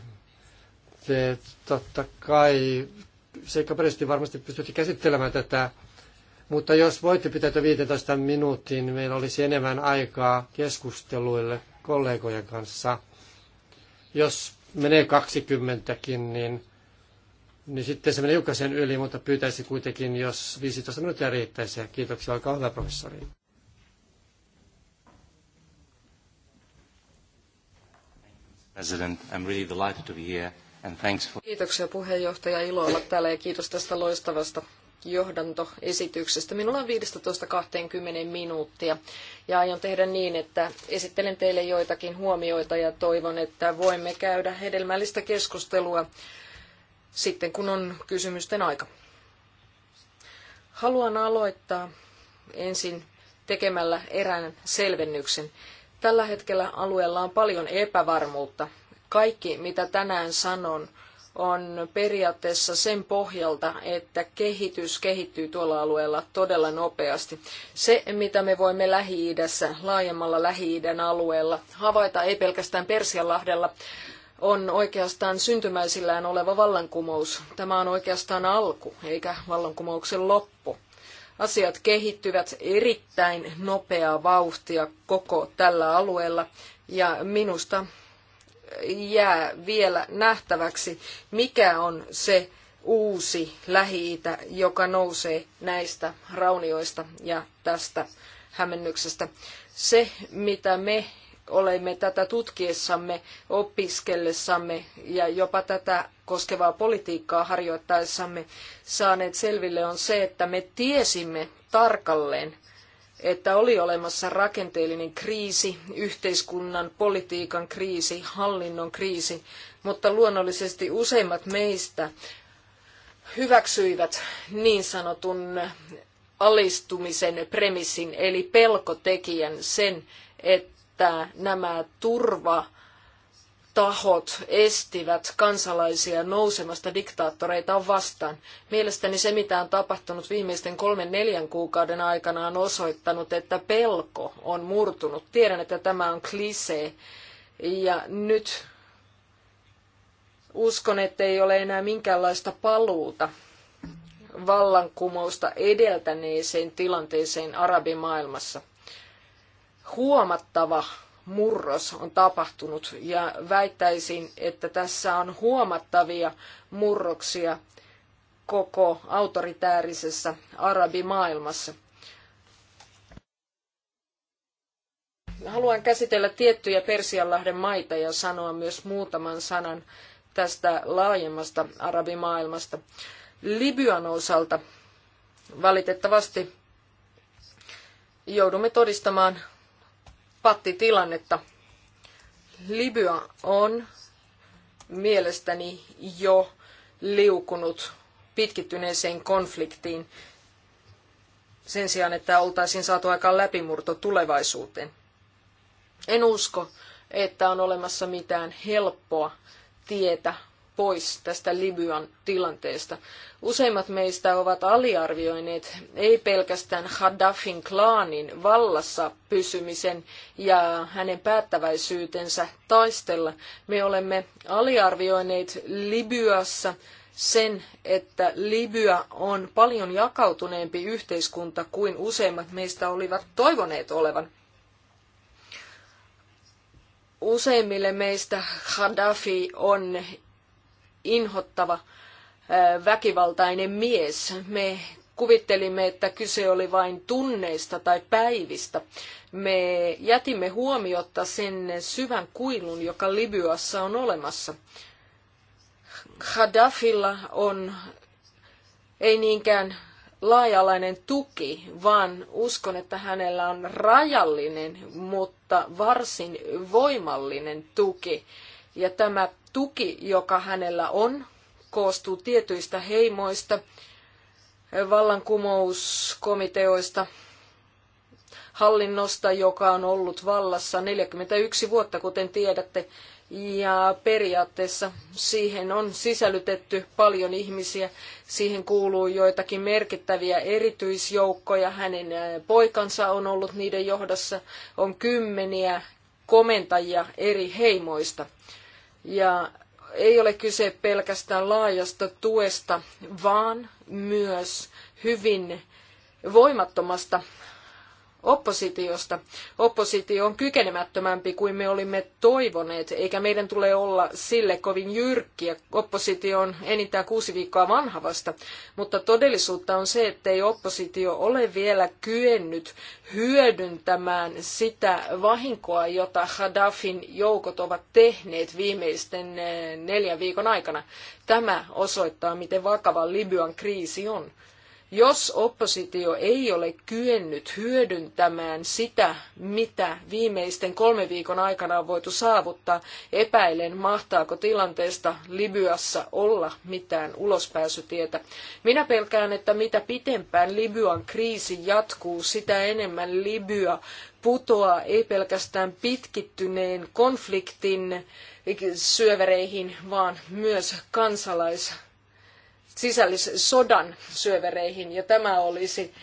te totta kai seikkaperäisesti varmasti pystytte käsittelemään tätä, mutta jos voitte pitää 15 minuuttia, niin meillä olisi enemmän aikaa keskusteluille kollegojen kanssa. Jos menee 20kin, niin, niin sitten se menee hiukkasen yli, mutta pyytäisi kuitenkin, jos 15 minuuttia riittäisi. Kiitoksia, olkaa hyvä professori. President, I'm really delighted to be here. For... Kiitoksia puheenjohtaja ilo olla täällä ja kiitos tästä loistavasta johdantoesityksestä. Minulla on 15-20 minuuttia ja aion tehdä niin, että esittelen teille joitakin huomioita ja toivon, että voimme käydä hedelmällistä keskustelua sitten, kun on kysymysten aika. Haluan aloittaa ensin tekemällä erään selvennyksen. Tällä hetkellä alueella on paljon epävarmuutta kaikki, mitä tänään sanon, on periaatteessa sen pohjalta, että kehitys kehittyy tuolla alueella todella nopeasti. Se, mitä me voimme Lähi-idässä, laajemmalla Lähi-idän alueella havaita, ei pelkästään Persianlahdella, on oikeastaan syntymäisillään oleva vallankumous. Tämä on oikeastaan alku, eikä vallankumouksen loppu. Asiat kehittyvät erittäin nopeaa vauhtia koko tällä alueella, ja minusta jää vielä nähtäväksi, mikä on se uusi lähi joka nousee näistä raunioista ja tästä hämmennyksestä. Se, mitä me olemme tätä tutkiessamme, opiskellessamme ja jopa tätä koskevaa politiikkaa harjoittaessamme saaneet selville on se, että me tiesimme tarkalleen, että oli olemassa rakenteellinen kriisi, yhteiskunnan, politiikan kriisi, hallinnon kriisi, mutta luonnollisesti useimmat meistä hyväksyivät niin sanotun alistumisen premissin, eli pelkotekijän sen, että nämä turva tahot estivät kansalaisia nousemasta diktaattoreitaan vastaan. Mielestäni se, mitä on tapahtunut viimeisten kolmen neljän kuukauden aikana, on osoittanut, että pelko on murtunut. Tiedän, että tämä on klisee. Ja nyt uskon, että ei ole enää minkäänlaista paluuta vallankumousta edeltäneeseen tilanteeseen arabimaailmassa. Huomattava murros on tapahtunut ja väittäisin, että tässä on huomattavia murroksia koko autoritäärisessä arabimaailmassa. Haluan käsitellä tiettyjä Persianlahden maita ja sanoa myös muutaman sanan tästä laajemmasta arabimaailmasta. Libyan osalta valitettavasti joudumme todistamaan pattitilannetta. Libya on mielestäni jo liukunut pitkittyneeseen konfliktiin sen sijaan, että oltaisiin saatu aikaan läpimurto tulevaisuuteen. En usko, että on olemassa mitään helppoa tietä pois tästä Libyan tilanteesta. Useimmat meistä ovat aliarvioineet ei pelkästään Gaddafin klaanin vallassa pysymisen ja hänen päättäväisyytensä taistella. Me olemme aliarvioineet Libyassa sen, että Libya on paljon jakautuneempi yhteiskunta kuin useimmat meistä olivat toivoneet olevan useimmille meistä Gaddafi on inhottava väkivaltainen mies. Me kuvittelimme, että kyse oli vain tunneista tai päivistä. Me jätimme huomiotta sen syvän kuilun, joka Libyassa on olemassa. Gaddafilla on ei niinkään laajalainen tuki, vaan uskon, että hänellä on rajallinen, mutta varsin voimallinen tuki. Ja tämä tuki, joka hänellä on, koostuu tietyistä heimoista, vallankumouskomiteoista, hallinnosta, joka on ollut vallassa 41 vuotta, kuten tiedätte, ja periaatteessa siihen on sisällytetty paljon ihmisiä. Siihen kuuluu joitakin merkittäviä erityisjoukkoja. Hänen poikansa on ollut niiden johdossa. On kymmeniä komentajia eri heimoista. Ja ei ole kyse pelkästään laajasta tuesta, vaan myös hyvin voimattomasta oppositiosta. Oppositio on kykenemättömämpi kuin me olimme toivoneet, eikä meidän tule olla sille kovin jyrkkiä. Oppositio on enintään kuusi viikkoa vanha mutta todellisuutta on se, ettei oppositio ole vielä kyennyt hyödyntämään sitä vahinkoa, jota Gaddafin joukot ovat tehneet viimeisten eh, neljän viikon aikana. Tämä osoittaa, miten vakava Libyan kriisi on. Jos oppositio ei ole kyennyt hyödyntämään sitä, mitä viimeisten kolmen viikon aikana on voitu saavuttaa, epäilen, mahtaako tilanteesta Libyassa olla mitään ulospääsytietä. Minä pelkään, että mitä pitempään Libyan kriisi jatkuu, sitä enemmän Libya putoaa ei pelkästään pitkittyneen konfliktin syövereihin, vaan myös kansalais sisällissodan syövereihin, ja tämä olisi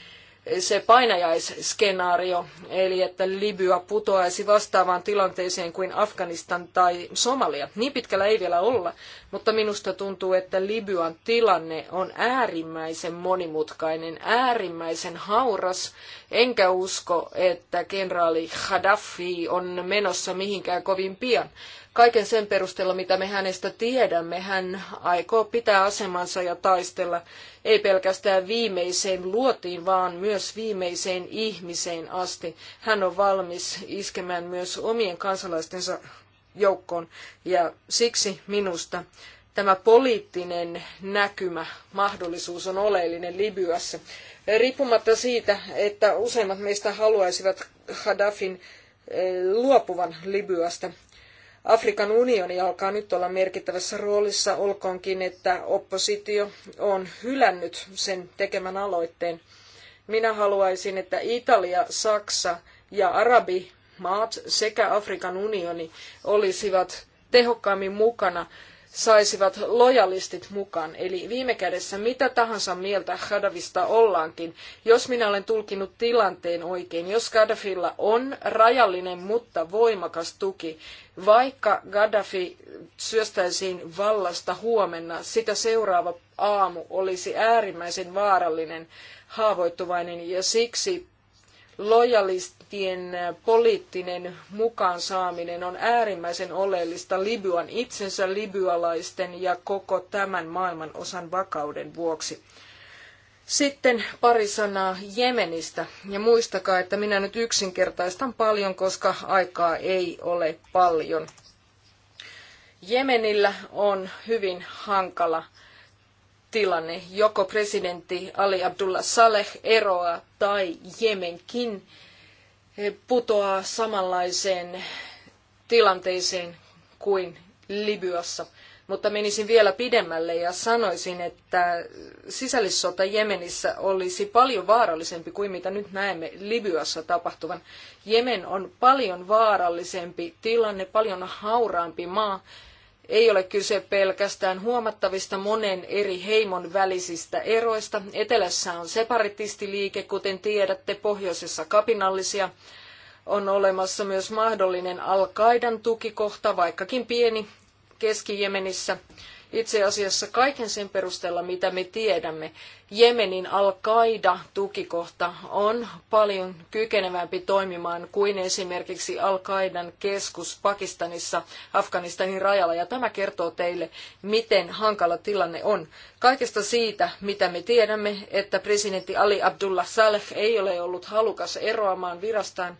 se painajaisskenaario, eli että Libya putoaisi vastaavaan tilanteeseen kuin Afganistan tai Somalia. Niin pitkällä ei vielä olla, mutta minusta tuntuu, että Libyan tilanne on äärimmäisen monimutkainen, äärimmäisen hauras Enkä usko, että kenraali Gaddafi on menossa mihinkään kovin pian. Kaiken sen perusteella, mitä me hänestä tiedämme, hän aikoo pitää asemansa ja taistella ei pelkästään viimeiseen luotiin, vaan myös viimeiseen ihmiseen asti. Hän on valmis iskemään myös omien kansalaistensa joukkoon ja siksi minusta tämä poliittinen näkymä, mahdollisuus on oleellinen Libyassa. Riippumatta siitä, että useimmat meistä haluaisivat Gaddafin eh, luopuvan Libyasta, Afrikan unioni alkaa nyt olla merkittävässä roolissa, olkoonkin, että oppositio on hylännyt sen tekemän aloitteen. Minä haluaisin, että Italia, Saksa ja Arabimaat sekä Afrikan unioni olisivat tehokkaammin mukana saisivat lojalistit mukaan. Eli viime kädessä mitä tahansa mieltä Gaddafista ollaankin, jos minä olen tulkinut tilanteen oikein, jos Gaddafilla on rajallinen mutta voimakas tuki, vaikka Gaddafi syöstäisiin vallasta huomenna, sitä seuraava aamu olisi äärimmäisen vaarallinen, haavoittuvainen ja siksi lojalistien poliittinen mukaan saaminen on äärimmäisen oleellista Libyan itsensä, libyalaisten ja koko tämän maailman osan vakauden vuoksi. Sitten pari sanaa Jemenistä. Ja muistakaa, että minä nyt yksinkertaistan paljon, koska aikaa ei ole paljon. Jemenillä on hyvin hankala tilanne. Joko presidentti Ali Abdullah Saleh eroaa tai Jemenkin putoaa samanlaiseen tilanteeseen kuin Libyassa. Mutta menisin vielä pidemmälle ja sanoisin, että sisällissota Jemenissä olisi paljon vaarallisempi kuin mitä nyt näemme Libyassa tapahtuvan. Jemen on paljon vaarallisempi tilanne, paljon hauraampi maa ei ole kyse pelkästään huomattavista monen eri heimon välisistä eroista. Etelässä on separatistiliike, kuten tiedätte, pohjoisessa kapinallisia. On olemassa myös mahdollinen Al-Qaidan tukikohta, vaikkakin pieni, Keski-Jemenissä itse asiassa kaiken sen perusteella, mitä me tiedämme, Jemenin Al-Qaida-tukikohta on paljon kykenevämpi toimimaan kuin esimerkiksi Al-Qaidan keskus Pakistanissa Afganistanin rajalla. Ja tämä kertoo teille, miten hankala tilanne on. Kaikesta siitä, mitä me tiedämme, että presidentti Ali Abdullah Saleh ei ole ollut halukas eroamaan virastaan,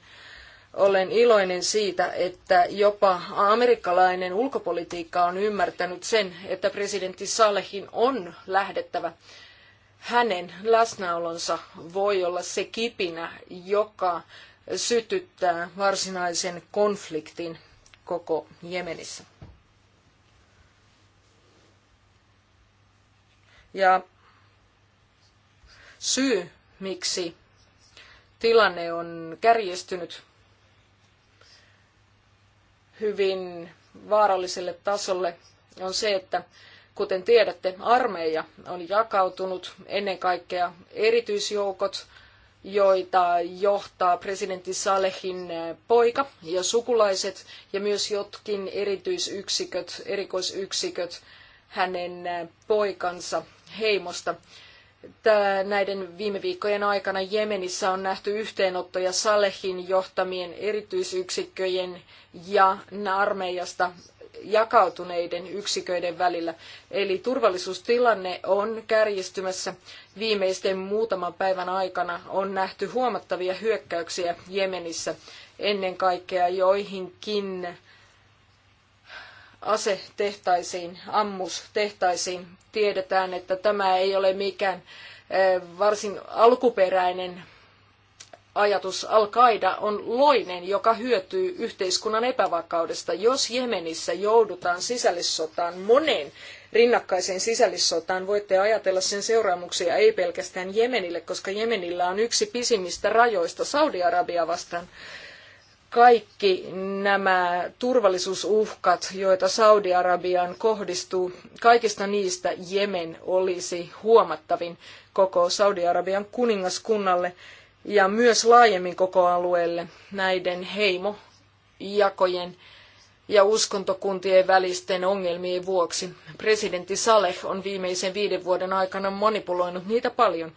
olen iloinen siitä, että jopa amerikkalainen ulkopolitiikka on ymmärtänyt sen, että presidentti Salehin on lähdettävä. Hänen läsnäolonsa voi olla se kipinä, joka sytyttää varsinaisen konfliktin koko Jemenissä. Ja syy, miksi tilanne on kärjistynyt, hyvin vaaralliselle tasolle, on se, että kuten tiedätte, armeija on jakautunut ennen kaikkea erityisjoukot, joita johtaa presidentti Salehin eh, poika ja sukulaiset ja myös jotkin erityisyksiköt, erikoisyksiköt hänen eh, poikansa heimosta näiden viime viikkojen aikana Jemenissä on nähty yhteenottoja Salehin johtamien erityisyksikköjen ja armeijasta jakautuneiden yksiköiden välillä. Eli turvallisuustilanne on kärjistymässä. Viimeisten muutaman päivän aikana on nähty huomattavia hyökkäyksiä Jemenissä ennen kaikkea joihinkin asetehtaisiin, ammustehtaisiin. Tiedetään, että tämä ei ole mikään eh, varsin alkuperäinen ajatus Al-Qaida on loinen, joka hyötyy yhteiskunnan epävakaudesta. Jos Jemenissä joudutaan sisällissotaan moneen rinnakkaiseen sisällissotaan, voitte ajatella sen seuraamuksia ei pelkästään Jemenille, koska Jemenillä on yksi pisimmistä rajoista Saudi-Arabia vastaan kaikki nämä turvallisuusuhkat, joita Saudi-Arabiaan kohdistuu, kaikista niistä Jemen olisi huomattavin koko Saudi-Arabian kuningaskunnalle ja myös laajemmin koko alueelle näiden heimojakojen ja uskontokuntien välisten ongelmien vuoksi. Presidentti Saleh on viimeisen viiden vuoden aikana manipuloinut niitä paljon.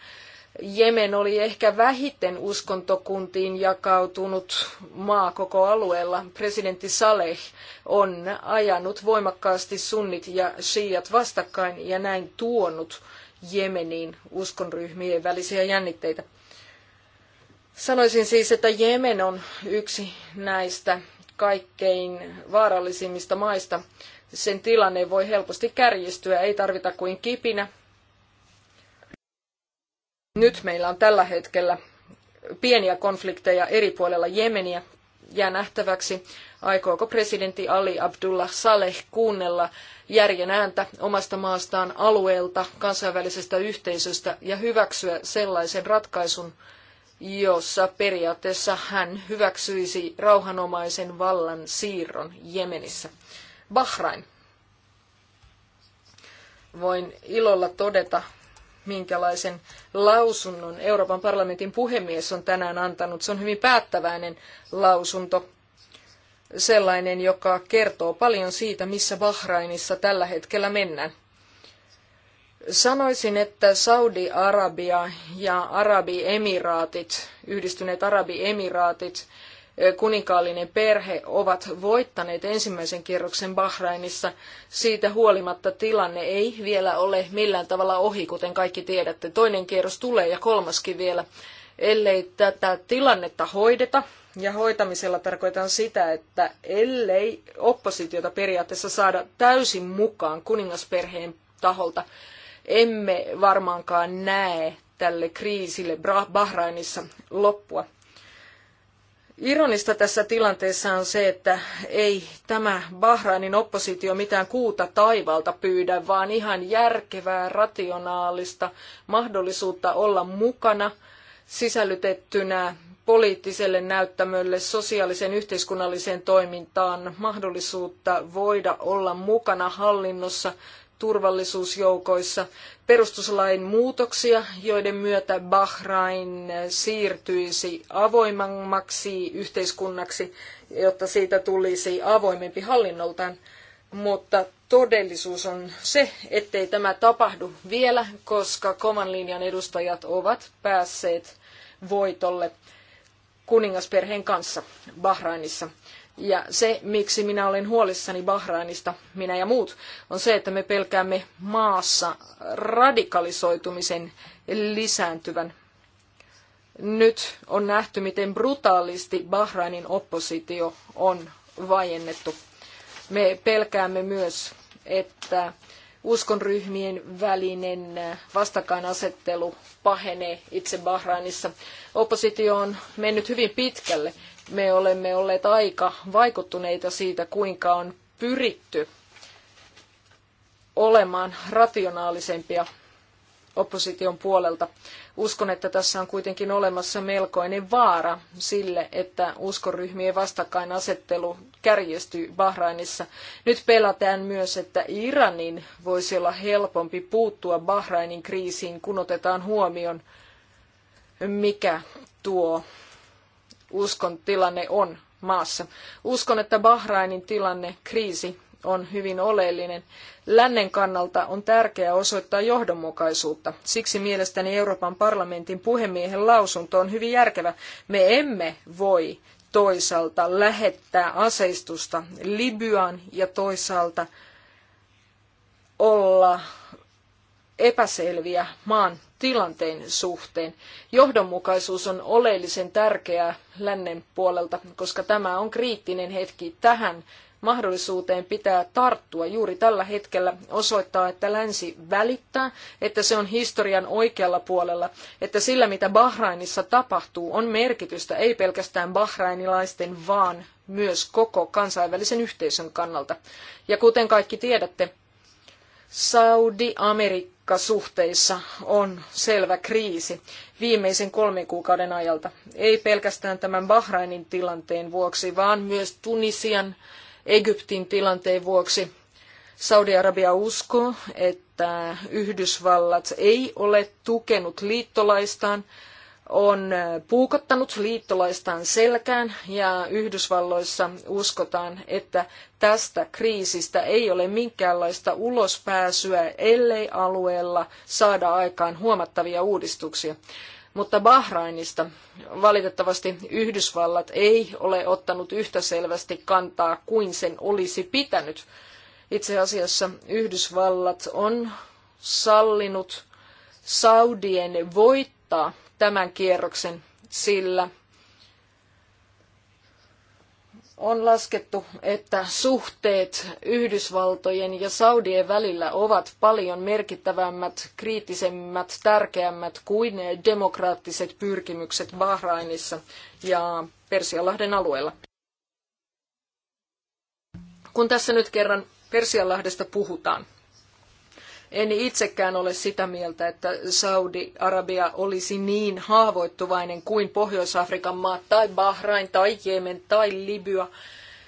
Jemen oli ehkä vähiten uskontokuntiin jakautunut maa koko alueella. Presidentti Saleh on ajanut voimakkaasti sunnit ja shiiat vastakkain ja näin tuonut Jemeniin uskonryhmien välisiä jännitteitä. Sanoisin siis, että Jemen on yksi näistä kaikkein vaarallisimmista maista. Sen tilanne voi helposti kärjistyä, ei tarvita kuin kipinä nyt meillä on tällä hetkellä pieniä konflikteja eri puolella Jemeniä. Jää nähtäväksi, aikooko presidentti Ali Abdullah Saleh kuunnella järjen ääntä omasta maastaan, alueelta, kansainvälisestä yhteisöstä ja hyväksyä sellaisen ratkaisun, jossa periaatteessa hän hyväksyisi rauhanomaisen vallan siirron Jemenissä. Bahrain. Voin ilolla todeta, minkälaisen lausunnon Euroopan parlamentin puhemies on tänään antanut. Se on hyvin päättäväinen lausunto, sellainen, joka kertoo paljon siitä, missä Bahrainissa tällä hetkellä mennään. Sanoisin, että Saudi-Arabia ja Arabiemiraatit, yhdistyneet Arabiemiraatit, kuninkaallinen perhe ovat voittaneet ensimmäisen kierroksen Bahrainissa. Siitä huolimatta tilanne ei vielä ole millään tavalla ohi, kuten kaikki tiedätte. Toinen kierros tulee ja kolmaskin vielä. Ellei tätä tilannetta hoideta, ja hoitamisella tarkoitan sitä, että ellei oppositiota periaatteessa saada täysin mukaan kuningasperheen taholta, emme varmaankaan näe tälle kriisille Bahrainissa loppua. Ironista tässä tilanteessa on se, että ei tämä Bahrainin oppositio mitään kuuta taivalta pyydä, vaan ihan järkevää, rationaalista mahdollisuutta olla mukana sisällytettynä poliittiselle näyttämölle, sosiaalisen yhteiskunnalliseen toimintaan, mahdollisuutta voida olla mukana hallinnossa, turvallisuusjoukoissa perustuslain muutoksia, joiden myötä Bahrain siirtyisi avoimemmaksi yhteiskunnaksi, jotta siitä tulisi avoimempi hallinnoltaan. Mutta todellisuus on se, ettei tämä tapahdu vielä, koska kovan linjan edustajat ovat päässeet voitolle kuningasperheen kanssa Bahrainissa. Ja se, miksi minä olen huolissani Bahrainista, minä ja muut, on se, että me pelkäämme maassa radikalisoitumisen lisääntyvän. Nyt on nähty, miten brutaalisti Bahrainin oppositio on vajennettu. Me pelkäämme myös, että uskonryhmien välinen vastakkainasettelu pahenee itse Bahrainissa. Oppositio on mennyt hyvin pitkälle me olemme olleet aika vaikuttuneita siitä, kuinka on pyritty olemaan rationaalisempia opposition puolelta. Uskon, että tässä on kuitenkin olemassa melkoinen vaara sille, että uskoryhmien vastakkainasettelu kärjestyy Bahrainissa. Nyt pelätään myös, että Iranin voisi olla helpompi puuttua Bahrainin kriisiin, kun otetaan huomioon, mikä tuo uskon tilanne on maassa. Uskon, että Bahrainin tilanne, kriisi on hyvin oleellinen. Lännen kannalta on tärkeää osoittaa johdonmukaisuutta. Siksi mielestäni Euroopan parlamentin puhemiehen lausunto on hyvin järkevä. Me emme voi toisaalta lähettää aseistusta Libyaan ja toisaalta olla epäselviä maan tilanteen suhteen. Johdonmukaisuus on oleellisen tärkeää lännen puolelta, koska tämä on kriittinen hetki tähän mahdollisuuteen pitää tarttua juuri tällä hetkellä, osoittaa, että länsi välittää, että se on historian oikealla puolella, että sillä mitä Bahrainissa tapahtuu on merkitystä ei pelkästään bahrainilaisten, vaan myös koko kansainvälisen yhteisön kannalta. Ja kuten kaikki tiedätte, Saudi-Amerikka suhteissa on selvä kriisi viimeisen kolmen kuukauden ajalta. Ei pelkästään tämän Bahrainin tilanteen vuoksi, vaan myös Tunisian, Egyptin tilanteen vuoksi. Saudi-Arabia uskoo, että Yhdysvallat ei ole tukenut liittolaistaan, on puukottanut liittolaistaan selkään ja Yhdysvalloissa uskotaan, että tästä kriisistä ei ole minkäänlaista ulospääsyä, ellei alueella saada aikaan huomattavia uudistuksia. Mutta Bahrainista valitettavasti Yhdysvallat ei ole ottanut yhtä selvästi kantaa kuin sen olisi pitänyt. Itse asiassa Yhdysvallat on sallinut Saudien voittaa tämän kierroksen, sillä on laskettu, että suhteet Yhdysvaltojen ja Saudien välillä ovat paljon merkittävämmät, kriittisemmät, tärkeämmät kuin demokraattiset pyrkimykset Bahrainissa ja Persianlahden alueella. Kun tässä nyt kerran Persianlahdesta puhutaan, en itsekään ole sitä mieltä, että Saudi-Arabia olisi niin haavoittuvainen kuin Pohjois-Afrikan maat tai Bahrain tai Jemen tai Libya.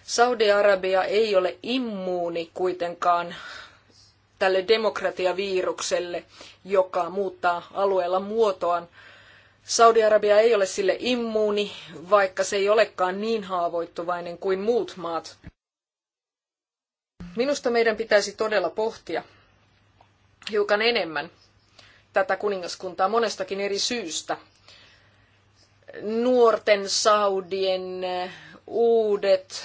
Saudi-Arabia ei ole immuuni kuitenkaan tälle demokratiavirukselle, joka muuttaa alueella muotoaan. Saudi-Arabia ei ole sille immuuni, vaikka se ei olekaan niin haavoittuvainen kuin muut maat. Minusta meidän pitäisi todella pohtia, hiukan enemmän tätä kuningaskuntaa monestakin eri syystä. Nuorten saudien eh, uudet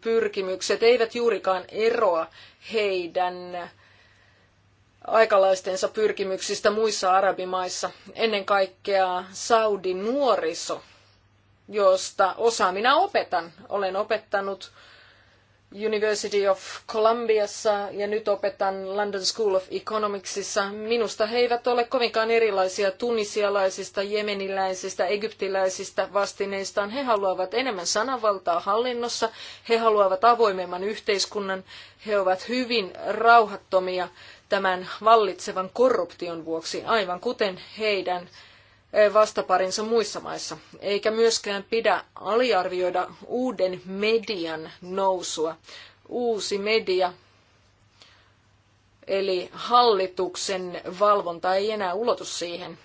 pyrkimykset eivät juurikaan eroa heidän aikalaistensa pyrkimyksistä muissa arabimaissa. Ennen kaikkea Saudi-nuoriso, josta osa minä opetan. Olen opettanut University of Columbiassa ja nyt opetan London School of Economicsissa. Minusta he eivät ole kovinkaan erilaisia tunisialaisista, jemeniläisistä, egyptiläisistä vastineistaan. He haluavat enemmän sananvaltaa hallinnossa, he haluavat avoimemman yhteiskunnan, he ovat hyvin rauhattomia tämän vallitsevan korruption vuoksi, aivan kuten heidän vastaparinsa muissa maissa, eikä myöskään pidä aliarvioida uuden median nousua. Uusi media, eli hallituksen valvonta ei enää ulotu siihen.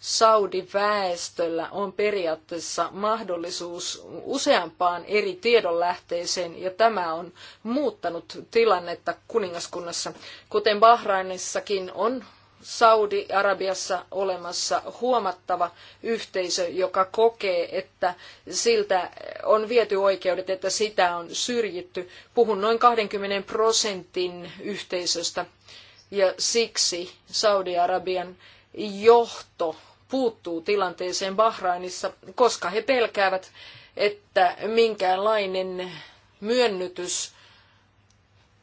Saudi-väestöllä on periaatteessa mahdollisuus useampaan eri tiedonlähteeseen, ja tämä on muuttanut tilannetta kuningaskunnassa. Kuten Bahrainissakin on Saudi-Arabiassa olemassa huomattava yhteisö, joka kokee, että siltä on viety oikeudet, että sitä on syrjitty. Puhun noin 20 prosentin yhteisöstä ja siksi Saudi-Arabian johto puuttuu tilanteeseen Bahrainissa, koska he pelkäävät, että minkäänlainen myönnytys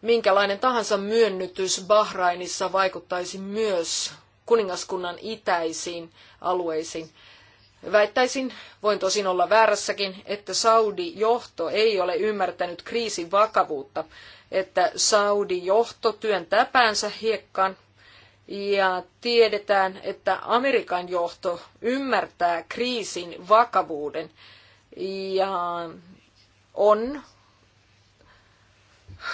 minkälainen tahansa myönnytys Bahrainissa vaikuttaisi myös kuningaskunnan itäisiin alueisiin. Väittäisin, voin tosin olla väärässäkin, että Saudi-johto ei ole ymmärtänyt kriisin vakavuutta, että Saudi-johto työntää päänsä hiekkaan ja tiedetään, että Amerikan johto ymmärtää kriisin vakavuuden ja on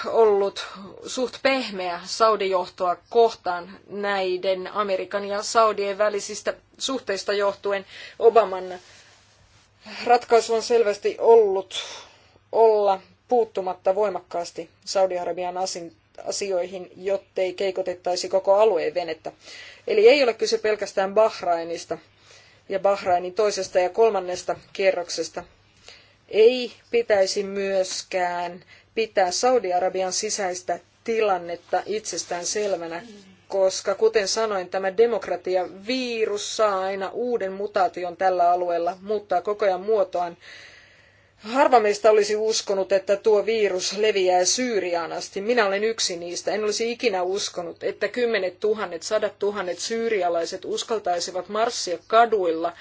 ollut suht pehmeä Saudi-johtoa kohtaan näiden Amerikan ja Saudien välisistä suhteista johtuen. Obaman ratkaisu on selvästi ollut olla puuttumatta voimakkaasti Saudi-Arabian asioihin, jottei keikotettaisi koko alueen venettä. Eli ei ole kyse pelkästään Bahrainista ja Bahrainin toisesta ja kolmannesta kerroksesta. Ei pitäisi myöskään pitää Saudi-Arabian sisäistä tilannetta itsestään selvänä, koska kuten sanoin, tämä demokratiavirus saa aina uuden mutaation tällä alueella, muuttaa koko ajan muotoaan. Harva meistä olisi uskonut, että tuo virus leviää Syyriaan asti. Minä olen yksi niistä. En olisi ikinä uskonut, että kymmenet tuhannet, sadat tuhannet syyrialaiset uskaltaisivat marssia kaduilla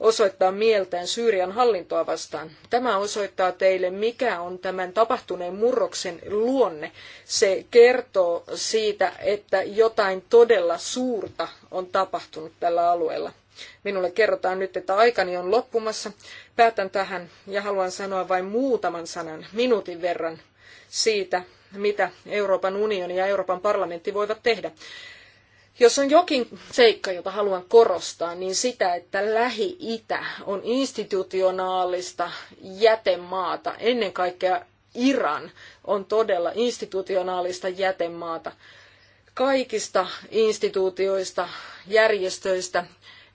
osoittaa mieltään Syyrian hallintoa vastaan. Tämä osoittaa teille, mikä on tämän tapahtuneen murroksen luonne. Se kertoo siitä, että jotain todella suurta on tapahtunut tällä alueella. Minulle kerrotaan nyt, että aikani on loppumassa. Päätän tähän ja haluan sanoa vain muutaman sanan, minuutin verran, siitä, mitä Euroopan unioni ja Euroopan parlamentti voivat tehdä. Jos on jokin seikka, jota haluan korostaa, niin sitä, että Lähi-Itä on institutionaalista jätemaata, ennen kaikkea Iran on todella institutionaalista jätemaata. Kaikista instituutioista, järjestöistä,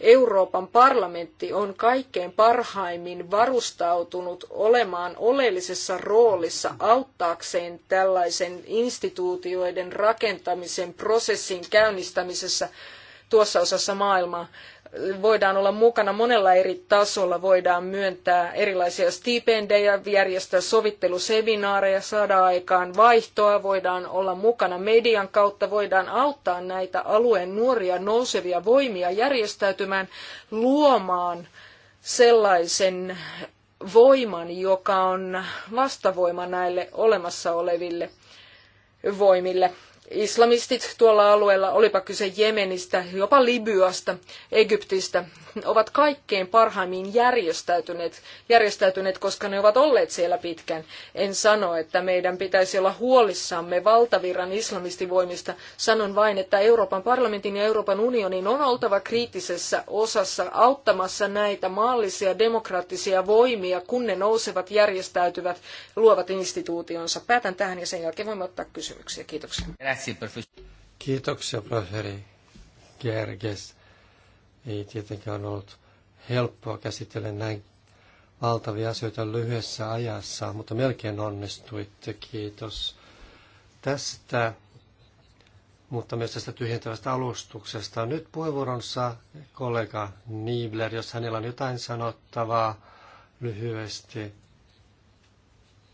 Euroopan parlamentti on kaikkein parhaimmin varustautunut olemaan oleellisessa roolissa auttaakseen tällaisen instituutioiden rakentamisen prosessin käynnistämisessä tuossa osassa maailmaa voidaan olla mukana monella eri tasolla, voidaan myöntää erilaisia stipendejä, järjestää sovitteluseminaareja, saada aikaan vaihtoa, voidaan olla mukana median kautta, voidaan auttaa näitä alueen nuoria nousevia voimia järjestäytymään luomaan sellaisen voiman, joka on vastavoima näille olemassa oleville voimille. Islamistit tuolla alueella, olipa kyse Jemenistä, jopa Libyasta, Egyptistä, ovat kaikkein parhaimmin järjestäytyneet, järjestäytyneet, koska ne ovat olleet siellä pitkään. En sano, että meidän pitäisi olla huolissamme valtavirran islamistivoimista. Sanon vain, että Euroopan parlamentin ja Euroopan unionin on oltava kriittisessä osassa auttamassa näitä maallisia demokraattisia voimia, kun ne nousevat, järjestäytyvät, luovat instituutionsa. Päätän tähän ja sen jälkeen voimme ottaa kysymyksiä. Kiitoksia. Grazie, professori. Kiitoksia, professori Gerges. Ei tietenkään ollut helppoa käsitellä näin valtavia asioita lyhyessä ajassa, mutta melkein onnistuitte. Kiitos tästä, mutta myös tästä tyhjentävästä alustuksesta. Nyt puheenvuoronsa kollega Niebler, jos hänellä on jotain sanottavaa lyhyesti.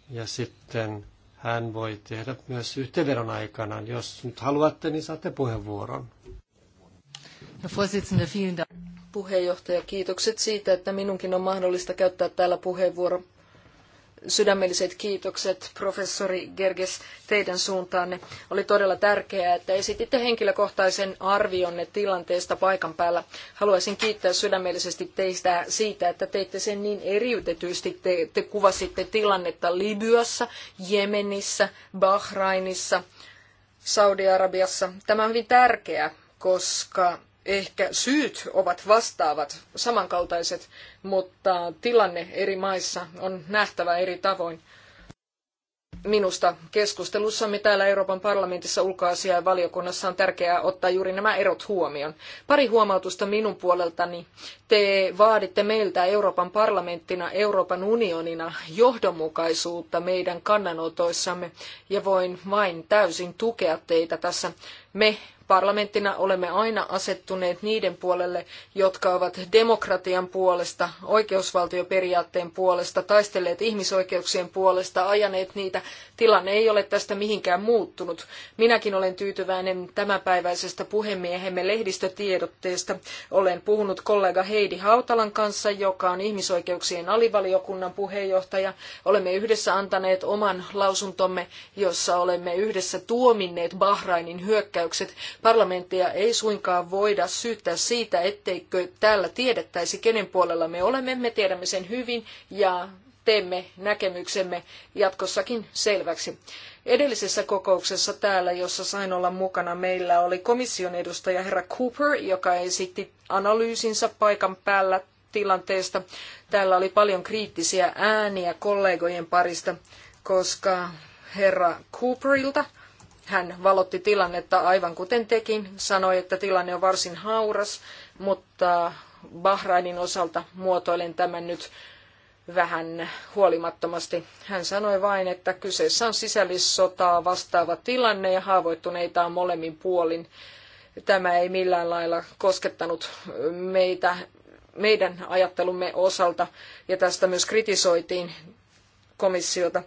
Ja sitten hän voi tehdä myös yhteenvedon aikana. Jos nyt haluatte, niin saatte puheenvuoron. Puheenjohtaja, kiitokset siitä, että minunkin on mahdollista käyttää täällä puheenvuoro sydämelliset kiitokset professori Gerges teidän suuntaanne. Oli todella tärkeää, että esititte henkilökohtaisen arvionne tilanteesta paikan päällä. Haluaisin kiittää sydämellisesti teistä siitä, että teitte sen niin eriytetysti. Te, te kuvasitte tilannetta Libyassa, Jemenissä, Bahrainissa, Saudi-Arabiassa. Tämä on hyvin tärkeää, koska ehkä syyt ovat vastaavat, samankaltaiset, mutta tilanne eri maissa on nähtävä eri tavoin. Minusta keskustelussamme täällä Euroopan parlamentissa ja valiokunnassa on tärkeää ottaa juuri nämä erot huomioon. Pari huomautusta minun puoleltani. Te vaaditte meiltä Euroopan parlamenttina, Euroopan unionina johdonmukaisuutta meidän kannanotoissamme ja voin vain täysin tukea teitä tässä. Me Parlamenttina olemme aina asettuneet niiden puolelle, jotka ovat demokratian puolesta, oikeusvaltioperiaatteen puolesta, taistelleet ihmisoikeuksien puolesta, ajaneet niitä. Tilanne ei ole tästä mihinkään muuttunut. Minäkin olen tyytyväinen tämänpäiväisestä puhemiehemme lehdistötiedotteesta. Olen puhunut kollega Heidi Hautalan kanssa, joka on ihmisoikeuksien alivaliokunnan puheenjohtaja. Olemme yhdessä antaneet oman lausuntomme, jossa olemme yhdessä tuominneet Bahrainin hyökkäykset Parlamenttia ei suinkaan voida syyttää siitä, etteikö täällä tiedettäisi, kenen puolella me olemme. Me tiedämme sen hyvin ja teemme näkemyksemme jatkossakin selväksi. Edellisessä kokouksessa täällä, jossa sain olla mukana, meillä oli komission edustaja herra Cooper, joka esitti analyysinsä paikan päällä tilanteesta. Täällä oli paljon kriittisiä ääniä kollegojen parista, koska herra Cooperilta hän valotti tilannetta aivan kuten tekin, sanoi, että tilanne on varsin hauras, mutta Bahrainin osalta muotoilen tämän nyt vähän huolimattomasti. Hän sanoi vain, että kyseessä on sisällissotaa vastaava tilanne ja haavoittuneita on molemmin puolin. Tämä ei millään lailla koskettanut meitä, meidän ajattelumme osalta ja tästä myös kritisoitiin komissiota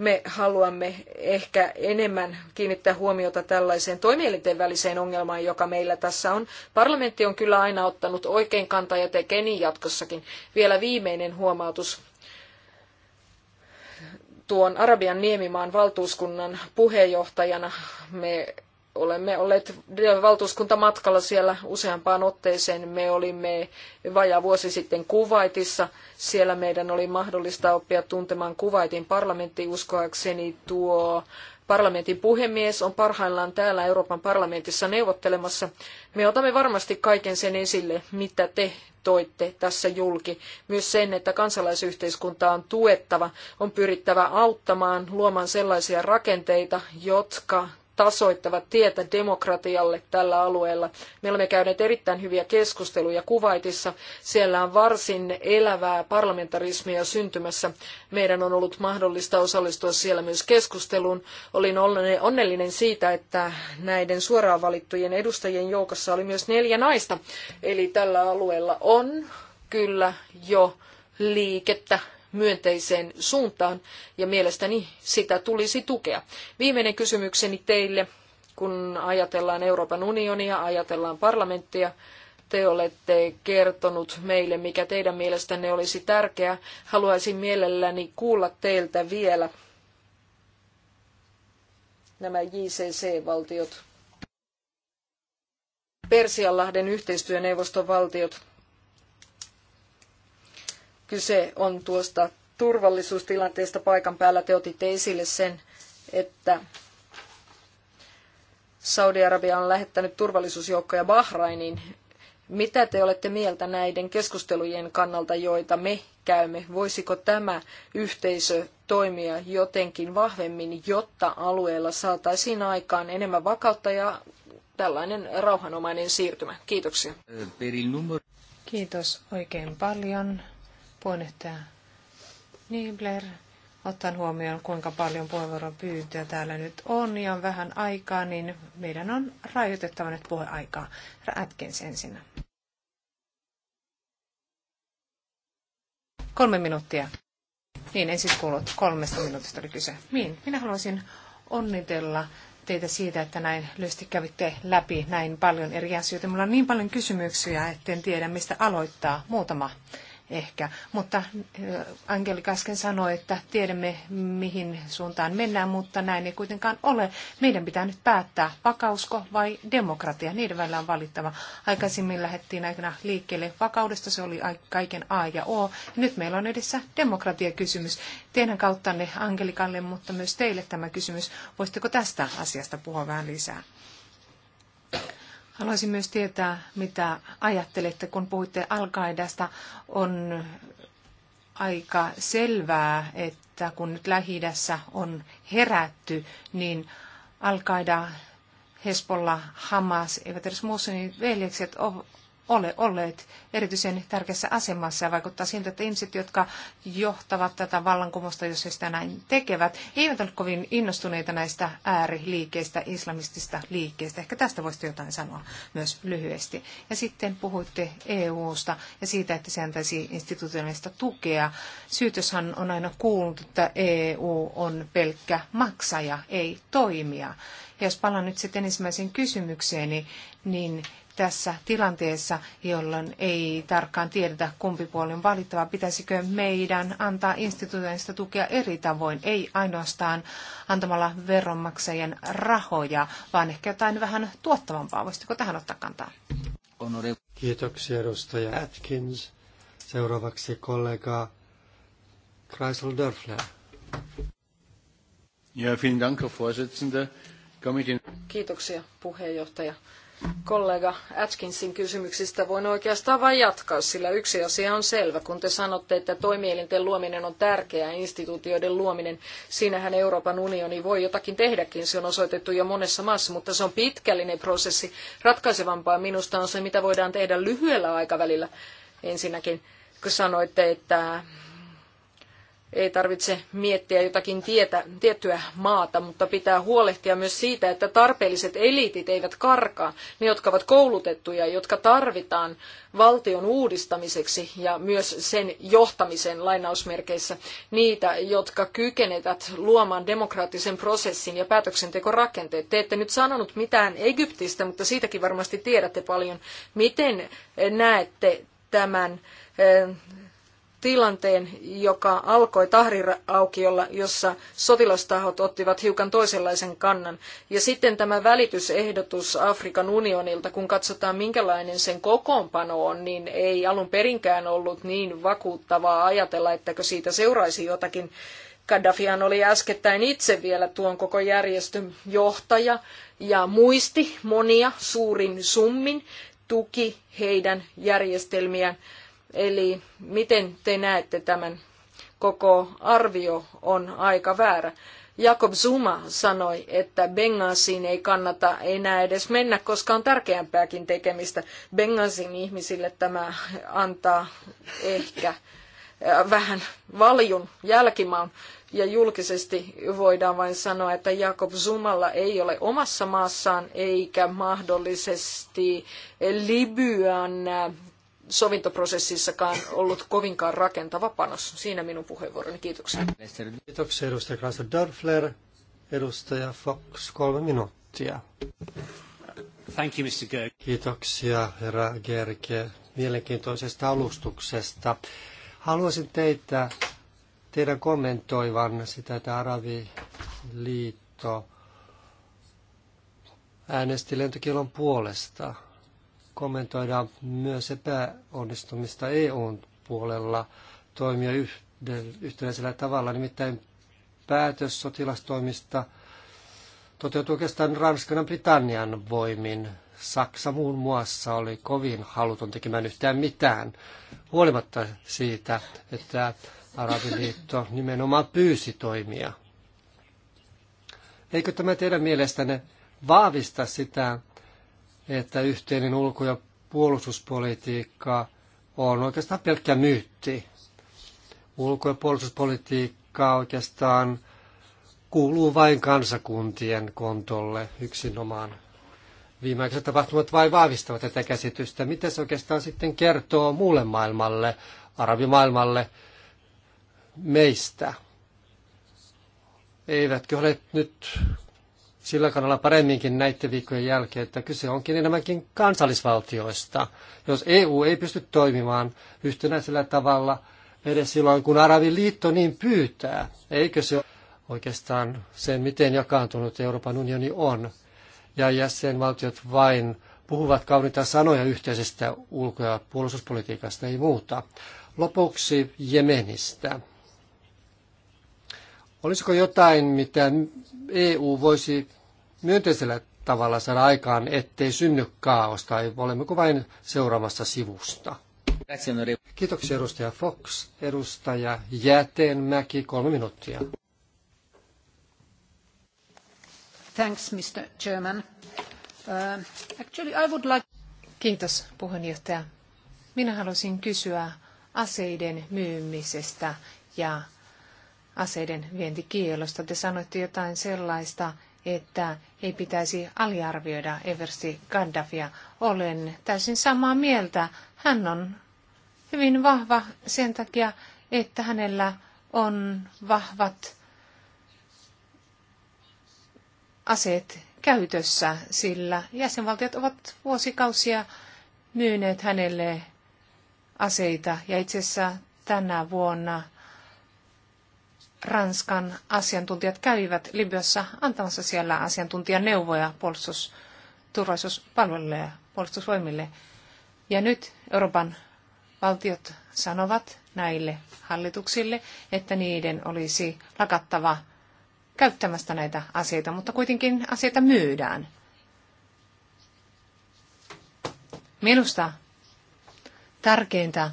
me haluamme ehkä enemmän kiinnittää huomiota tällaiseen toimielinten väliseen ongelmaan, joka meillä tässä on. Parlamentti on kyllä aina ottanut oikein kantaa ja tekee niin jatkossakin. Vielä viimeinen huomautus tuon Arabian niemimaan valtuuskunnan puheenjohtajana me olemme olleet valtuuskuntamatkalla siellä useampaan otteeseen. Me olimme vajaa vuosi sitten Kuwaitissa. Siellä meidän oli mahdollista oppia tuntemaan Kuwaitin parlamentti. Uskoakseni tuo parlamentin puhemies on parhaillaan täällä Euroopan parlamentissa neuvottelemassa. Me otamme varmasti kaiken sen esille, mitä te toitte tässä julki. Myös sen, että kansalaisyhteiskuntaa on tuettava, on pyrittävä auttamaan, luomaan sellaisia rakenteita, jotka tasoittavat tietä demokratialle tällä alueella. Me olemme käyneet erittäin hyviä keskusteluja Kuvaitissa. Siellä on varsin elävää parlamentarismia syntymässä. Meidän on ollut mahdollista osallistua siellä myös keskusteluun. Olin onnellinen siitä, että näiden suoraan valittujen edustajien joukossa oli myös neljä naista. Eli tällä alueella on kyllä jo liikettä myönteiseen suuntaan ja mielestäni sitä tulisi tukea. Viimeinen kysymykseni teille, kun ajatellaan Euroopan unionia, ajatellaan parlamenttia, te olette kertonut meille, mikä teidän mielestänne olisi tärkeää. Haluaisin mielelläni kuulla teiltä vielä nämä JCC-valtiot. Persianlahden yhteistyöneuvoston valtiot. Kyse on tuosta turvallisuustilanteesta paikan päällä. Te otitte esille sen, että Saudi-Arabia on lähettänyt turvallisuusjoukkoja Bahrainiin. Mitä te olette mieltä näiden keskustelujen kannalta, joita me käymme? Voisiko tämä yhteisö toimia jotenkin vahvemmin, jotta alueella saataisiin aikaan enemmän vakautta ja tällainen rauhanomainen siirtymä? Kiitoksia. Kiitos oikein paljon puheenjohtaja Niebler, ottaen huomioon kuinka paljon puheenvuoron pyyntöjä täällä nyt on ja on vähän aikaa, niin meidän on rajoitettava nyt puheaikaa. Rätkens ensin. Kolme minuuttia. Niin, en siis kuullut. Kolmesta minuutista oli kyse. Niin, minä haluaisin onnitella teitä siitä, että näin lyhyesti kävitte läpi näin paljon eri asioita. Minulla on niin paljon kysymyksiä, etten tiedä mistä aloittaa. Muutama ehkä. Mutta eh, Angelika äsken sanoi, että tiedämme mihin suuntaan mennään, mutta näin ei kuitenkaan ole. Meidän pitää nyt päättää, vakausko vai demokratia. Niiden välillä on valittava. Aikaisemmin lähdettiin aikana liikkeelle vakaudesta, se oli kaiken A ja O. Ja nyt meillä on edessä demokratiakysymys. Teidän kauttanne Angelikalle, mutta myös teille tämä kysymys. Voisitteko tästä asiasta puhua vähän lisää? Haluaisin myös tietää, mitä ajattelette, kun puhuitte Al-Qaidasta. On aika selvää, että kun nyt lähi on herätty, niin Al-Qaida, Hesbolla, Hamas, eivät edes Muslimin veljekset ole olleet erityisen tärkeässä asemassa. Ja vaikuttaa siltä, että ihmiset, jotka johtavat tätä vallankumousta, jos he sitä näin tekevät, eivät ole kovin innostuneita näistä ääriliikkeistä, islamistista liikkeistä. Ehkä tästä voisi jotain sanoa myös lyhyesti. Ja sitten puhuitte EU-sta ja siitä, että se antaisi institutionaalista tukea. Syytöshän on aina kuullut, että EU on pelkkä maksaja, ei toimija. Ja jos palaan nyt sitten ensimmäiseen kysymykseeni, niin tässä tilanteessa, jolloin ei tarkkaan tiedetä, kumpi puoli on valittava. Pitäisikö meidän antaa instituutioista tukea eri tavoin, ei ainoastaan antamalla veronmaksajien rahoja, vaan ehkä jotain vähän tuottavampaa. Voisitko tähän ottaa kantaa? Kiitoksia edustaja Atkins. Seuraavaksi kollega Kreisel Dörfler. Ja, vielen Dank, Herr Vorsitzender. Kiitoksia puheenjohtaja kollega Atkinsin kysymyksistä voin oikeastaan vain jatkaa, sillä yksi asia on selvä. Kun te sanotte, että toimielinten luominen on tärkeää, instituutioiden luominen, siinähän Euroopan unioni voi jotakin tehdäkin. Se on osoitettu jo monessa maassa, mutta se on pitkällinen prosessi. Ratkaisevampaa minusta on se, mitä voidaan tehdä lyhyellä aikavälillä ensinnäkin kun sanoitte, että ei tarvitse miettiä jotakin tietä, tiettyä maata, mutta pitää huolehtia myös siitä, että tarpeelliset eliitit eivät karkaa, ne jotka ovat koulutettuja, jotka tarvitaan valtion uudistamiseksi ja myös sen johtamisen lainausmerkeissä, niitä, jotka kykenevät luomaan demokraattisen prosessin ja päätöksentekorakenteet. Te ette nyt sanonut mitään Egyptistä, mutta siitäkin varmasti tiedätte paljon. Miten näette tämän eh, tilanteen, joka alkoi Tahrir-aukiolla, jossa sotilastahot ottivat hiukan toisenlaisen kannan. Ja sitten tämä välitysehdotus Afrikan unionilta, kun katsotaan minkälainen sen kokoonpano on, niin ei alun perinkään ollut niin vakuuttavaa ajatella, ettäkö siitä seuraisi jotakin. Gaddafihan oli äskettäin itse vielä tuon koko järjestön johtaja ja muisti monia suurin summin tuki heidän järjestelmiään Eli miten te näette tämän koko arvio on aika väärä. Jakob Zuma sanoi, että Bengasiin ei kannata enää edes mennä, koska on tärkeämpääkin tekemistä. Bengasin ihmisille tämä antaa ehkä äh, vähän valjun jälkimaan. Ja julkisesti voidaan vain sanoa, että Jakob Zumalla ei ole omassa maassaan eikä mahdollisesti Libyan äh, sovintoprosessissakaan ollut kovinkaan rakentava panos. Siinä minun puheenvuoroni. Kiitoksia. Kiitoksia edustaja Klaas Dörfler. Edustaja Fox, kolme minuuttia. Thank you, Mr. Gerg. Kiitoksia, herra Gerke, mielenkiintoisesta alustuksesta. Haluaisin teitä, teidän kommentoivan sitä, että Arabiliitto äänesti lentokielon puolesta – kommentoida myös epäonnistumista EUn puolella toimia yhtenäisellä tavalla. Nimittäin päätös sotilastoimista toteutui oikeastaan Ranskan ja Britannian voimin. Saksa muun muassa oli kovin haluton tekemään yhtään mitään, huolimatta siitä, että Arabiliitto nimenomaan pyysi toimia. Eikö tämä teidän mielestänne vahvista sitä että yhteinen ulko- ja puolustuspolitiikka on oikeastaan pelkkä myytti. Ulko- ja puolustuspolitiikka oikeastaan kuuluu vain kansakuntien kontolle yksinomaan. Viimeaikaiset tapahtumat vain vahvistavat tätä käsitystä. Mitä se oikeastaan sitten kertoo muulle maailmalle, arabimaailmalle, meistä? Eivätkö ole nyt sillä kannalla paremminkin näiden viikkojen jälkeen, että kyse onkin enemmänkin kansallisvaltioista. Jos EU ei pysty toimimaan yhtenäisellä tavalla edes silloin, kun liitto niin pyytää, eikö se oikeastaan sen, miten jakaantunut Euroopan unioni on, ja jäsenvaltiot vain puhuvat kauniita sanoja yhteisestä ulko- ja puolustuspolitiikasta, ei muuta. Lopuksi Jemenistä. Olisiko jotain, mitä EU voisi myönteisellä tavalla saada aikaan, ettei synny kaaosta, ei olemmeko vain seuraamassa sivusta. Kiitoksia edustaja Fox. Edustaja Jäteenmäki, kolme minuuttia. Thanks, Mr. Chairman. Uh, actually, I would like... Kiitos, puheenjohtaja. Minä haluaisin kysyä aseiden myymisestä ja aseiden vientikielosta. Te sanoitte jotain sellaista, että ei pitäisi aliarvioida Eversti Gaddafia. Olen täysin samaa mieltä. Hän on hyvin vahva sen takia, että hänellä on vahvat aseet käytössä, sillä jäsenvaltiot ovat vuosikausia myyneet hänelle aseita ja itse asiassa tänä vuonna – Ranskan asiantuntijat kävivät Libyassa antamassa siellä asiantuntijaneuvoja puolustusturvallisuuspalveluille ja puolustusvoimille. Ja nyt Euroopan valtiot sanovat näille hallituksille, että niiden olisi lakattava käyttämästä näitä aseita, mutta kuitenkin aseita myydään. Minusta tärkeintä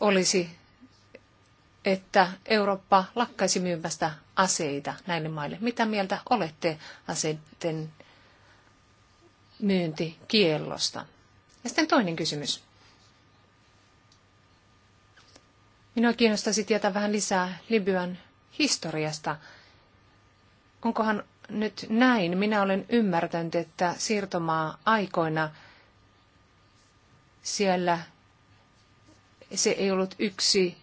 olisi että Eurooppa lakkaisi myymästä aseita näille maille. Mitä mieltä olette aseiden myyntikiellosta? Ja sitten toinen kysymys. Minua kiinnostaisi tietää vähän lisää Libyan historiasta. Onkohan nyt näin? Minä olen ymmärtänyt, että siirtomaa aikoina siellä se ei ollut yksi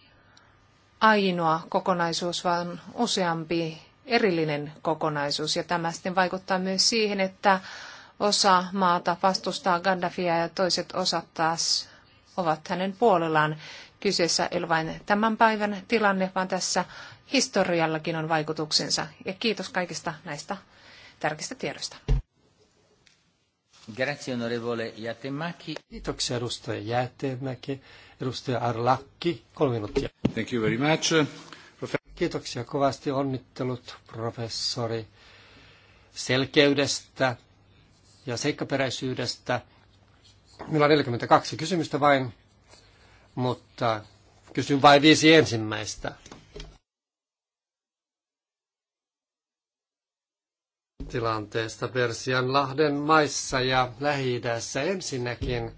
ainoa kokonaisuus, vaan useampi erillinen kokonaisuus. Ja tämä sitten vaikuttaa myös siihen, että osa maata vastustaa Gaddafia ja toiset osat taas ovat hänen puolellaan. Kyseessä ei ole vain tämän päivän tilanne, vaan tässä historiallakin on vaikutuksensa. Ja kiitos kaikista näistä tärkeistä tiedoista. Grazie onorevole Jätemäki. Kiitoksia edustaja Jätemäki. Edustaja Arlakki, kolme minuuttia. Thank you very much. Kiitoksia kovasti onnittelut professori selkeydestä ja seikkaperäisyydestä. Meillä on 42 kysymystä vain, mutta kysyn vain viisi ensimmäistä. tilanteesta Persianlahden maissa ja lähi ensinnäkin.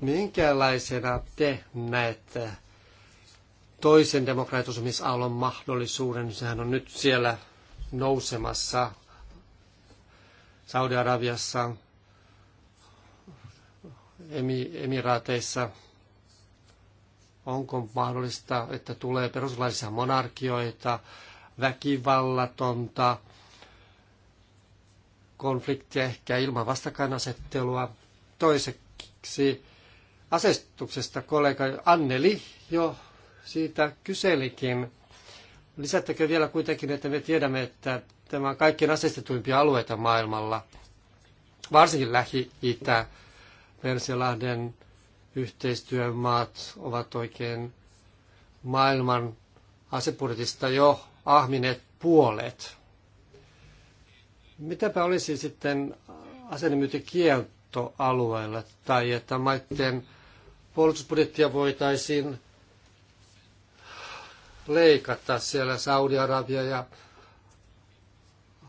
Minkälaisena te näette toisen demokratisoimisaallon mahdollisuuden? Sehän on nyt siellä nousemassa Saudi-Arabiassa, emiraateissa. Onko mahdollista, että tulee peruslaisia monarkioita, väkivallatonta konflikteja ehkä ilman vastakkainasettelua. Toiseksi asestuksesta kollega Anneli jo siitä kyselikin. Lisättäkö vielä kuitenkin, että me tiedämme, että tämä on kaikkien asestetuimpia alueita maailmalla, varsinkin Lähi-Itä, Persialahden yhteistyömaat ovat oikein maailman asepuritista jo ahmineet puolet. Mitäpä olisi sitten asenemyyntikielto alueella tai että maitteen puolustusbudjettia voitaisiin leikata siellä Saudi-Arabia ja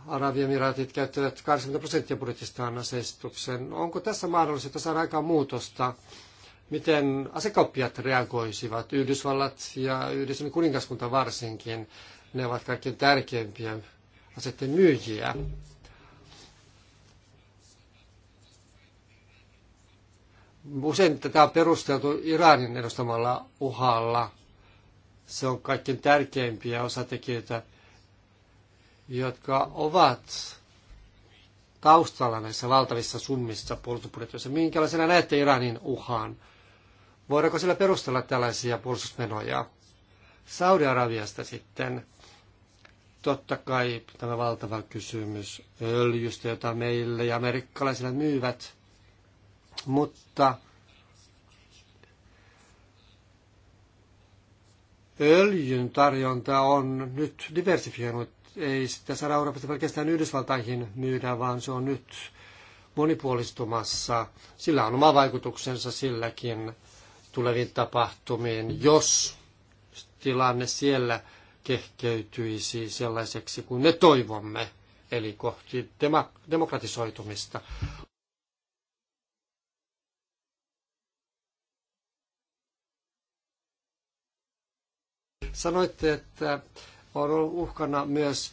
Arabiemiraatit käyttävät 80 prosenttia budjetistaan aseistukseen. Onko tässä että saadaan aikaan muutosta? Miten asekauppiat reagoisivat? Yhdysvallat ja Yhdysvallan kuningaskunta varsinkin, ne ovat kaikkein tärkeimpiä aseiden myyjiä. Usein tätä on perusteltu Iranin edustamalla uhalla. Se on kaikkein tärkeimpiä osatekijöitä, jotka ovat taustalla näissä valtavissa summissa puolustusbudjetissa. Minkälaisena näette Iranin uhan? Voidaanko sillä perustella tällaisia puolustusmenoja? Saudi-Arabiasta sitten. Totta kai tämä valtava kysymys öljystä, jota meille ja amerikkalaisille myyvät – mutta öljyn tarjonta on nyt diversifioinut. Ei sitä saada Euroopasta pelkästään Yhdysvaltaihin myydä, vaan se on nyt monipuolistumassa. Sillä on oma vaikutuksensa silläkin tuleviin tapahtumiin, jos tilanne siellä kehkeytyisi sellaiseksi kuin me toivomme, eli kohti demokratisoitumista. Sanoitte, että on ollut uhkana myös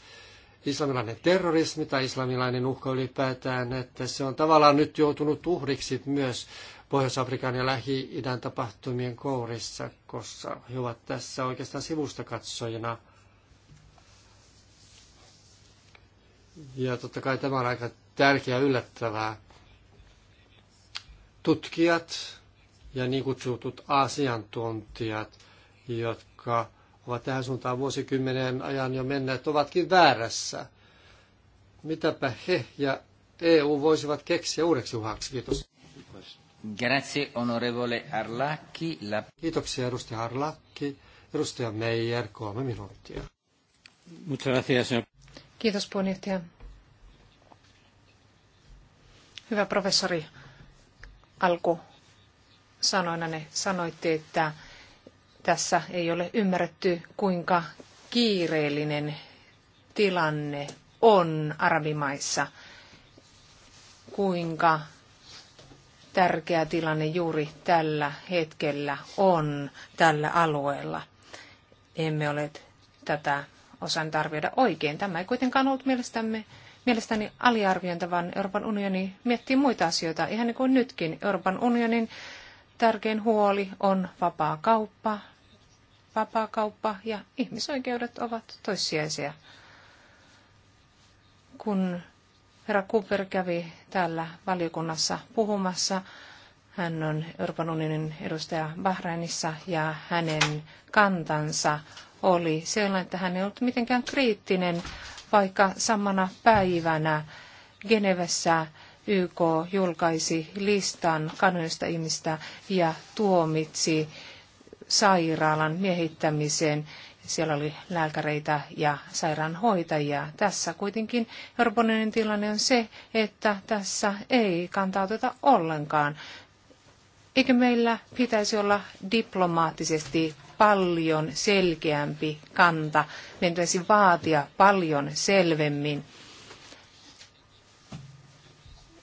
islamilainen terrorismi tai islamilainen uhka ylipäätään, että se on tavallaan nyt joutunut uhriksi myös Pohjois-Afrikan ja Lähi-idän tapahtumien kourissa, koska he ovat tässä oikeastaan sivusta katsojina. Ja totta kai tämä on aika ja yllättävää. Tutkijat ja niin kutsutut asiantuntijat, jotka ovat tähän suuntaan vuosikymmenen ajan jo menneet, ovatkin väärässä. Mitäpä he ja EU voisivat keksiä uudeksi uhaksi? Kiitos. Grazie, onorevole Arlacchi. La... Kiitoksia, edustaja Arlacchi. Edustaja Meijer, kolme minuuttia. Kiitos, puheenjohtaja. Hyvä professori, alku sanoina sanoitte, että tässä ei ole ymmärretty, kuinka kiireellinen tilanne on arabimaissa, kuinka tärkeä tilanne juuri tällä hetkellä on tällä alueella. Emme ole tätä osannut arvioida oikein. Tämä ei kuitenkaan ollut mielestämme, mielestäni aliarviointa, vaan Euroopan unioni miettii muita asioita, ihan niin kuin nytkin. Euroopan unionin tärkein huoli on vapaa kauppa, vapaakauppa ja ihmisoikeudet ovat toissijaisia. Kun herra Cooper kävi täällä valiokunnassa puhumassa, hän on Euroopan unionin edustaja Bahrainissa ja hänen kantansa oli sellainen, että hän ei ollut mitenkään kriittinen, vaikka samana päivänä Genevessä YK julkaisi listan kanoista ihmistä ja tuomitsi sairaalan miehittämiseen. Siellä oli lääkäreitä ja sairaanhoitajia. Tässä kuitenkin Euroopan tilanne on se, että tässä ei kantaututa ollenkaan. Eikö meillä pitäisi olla diplomaattisesti paljon selkeämpi kanta? Meidän pitäisi vaatia paljon selvemmin,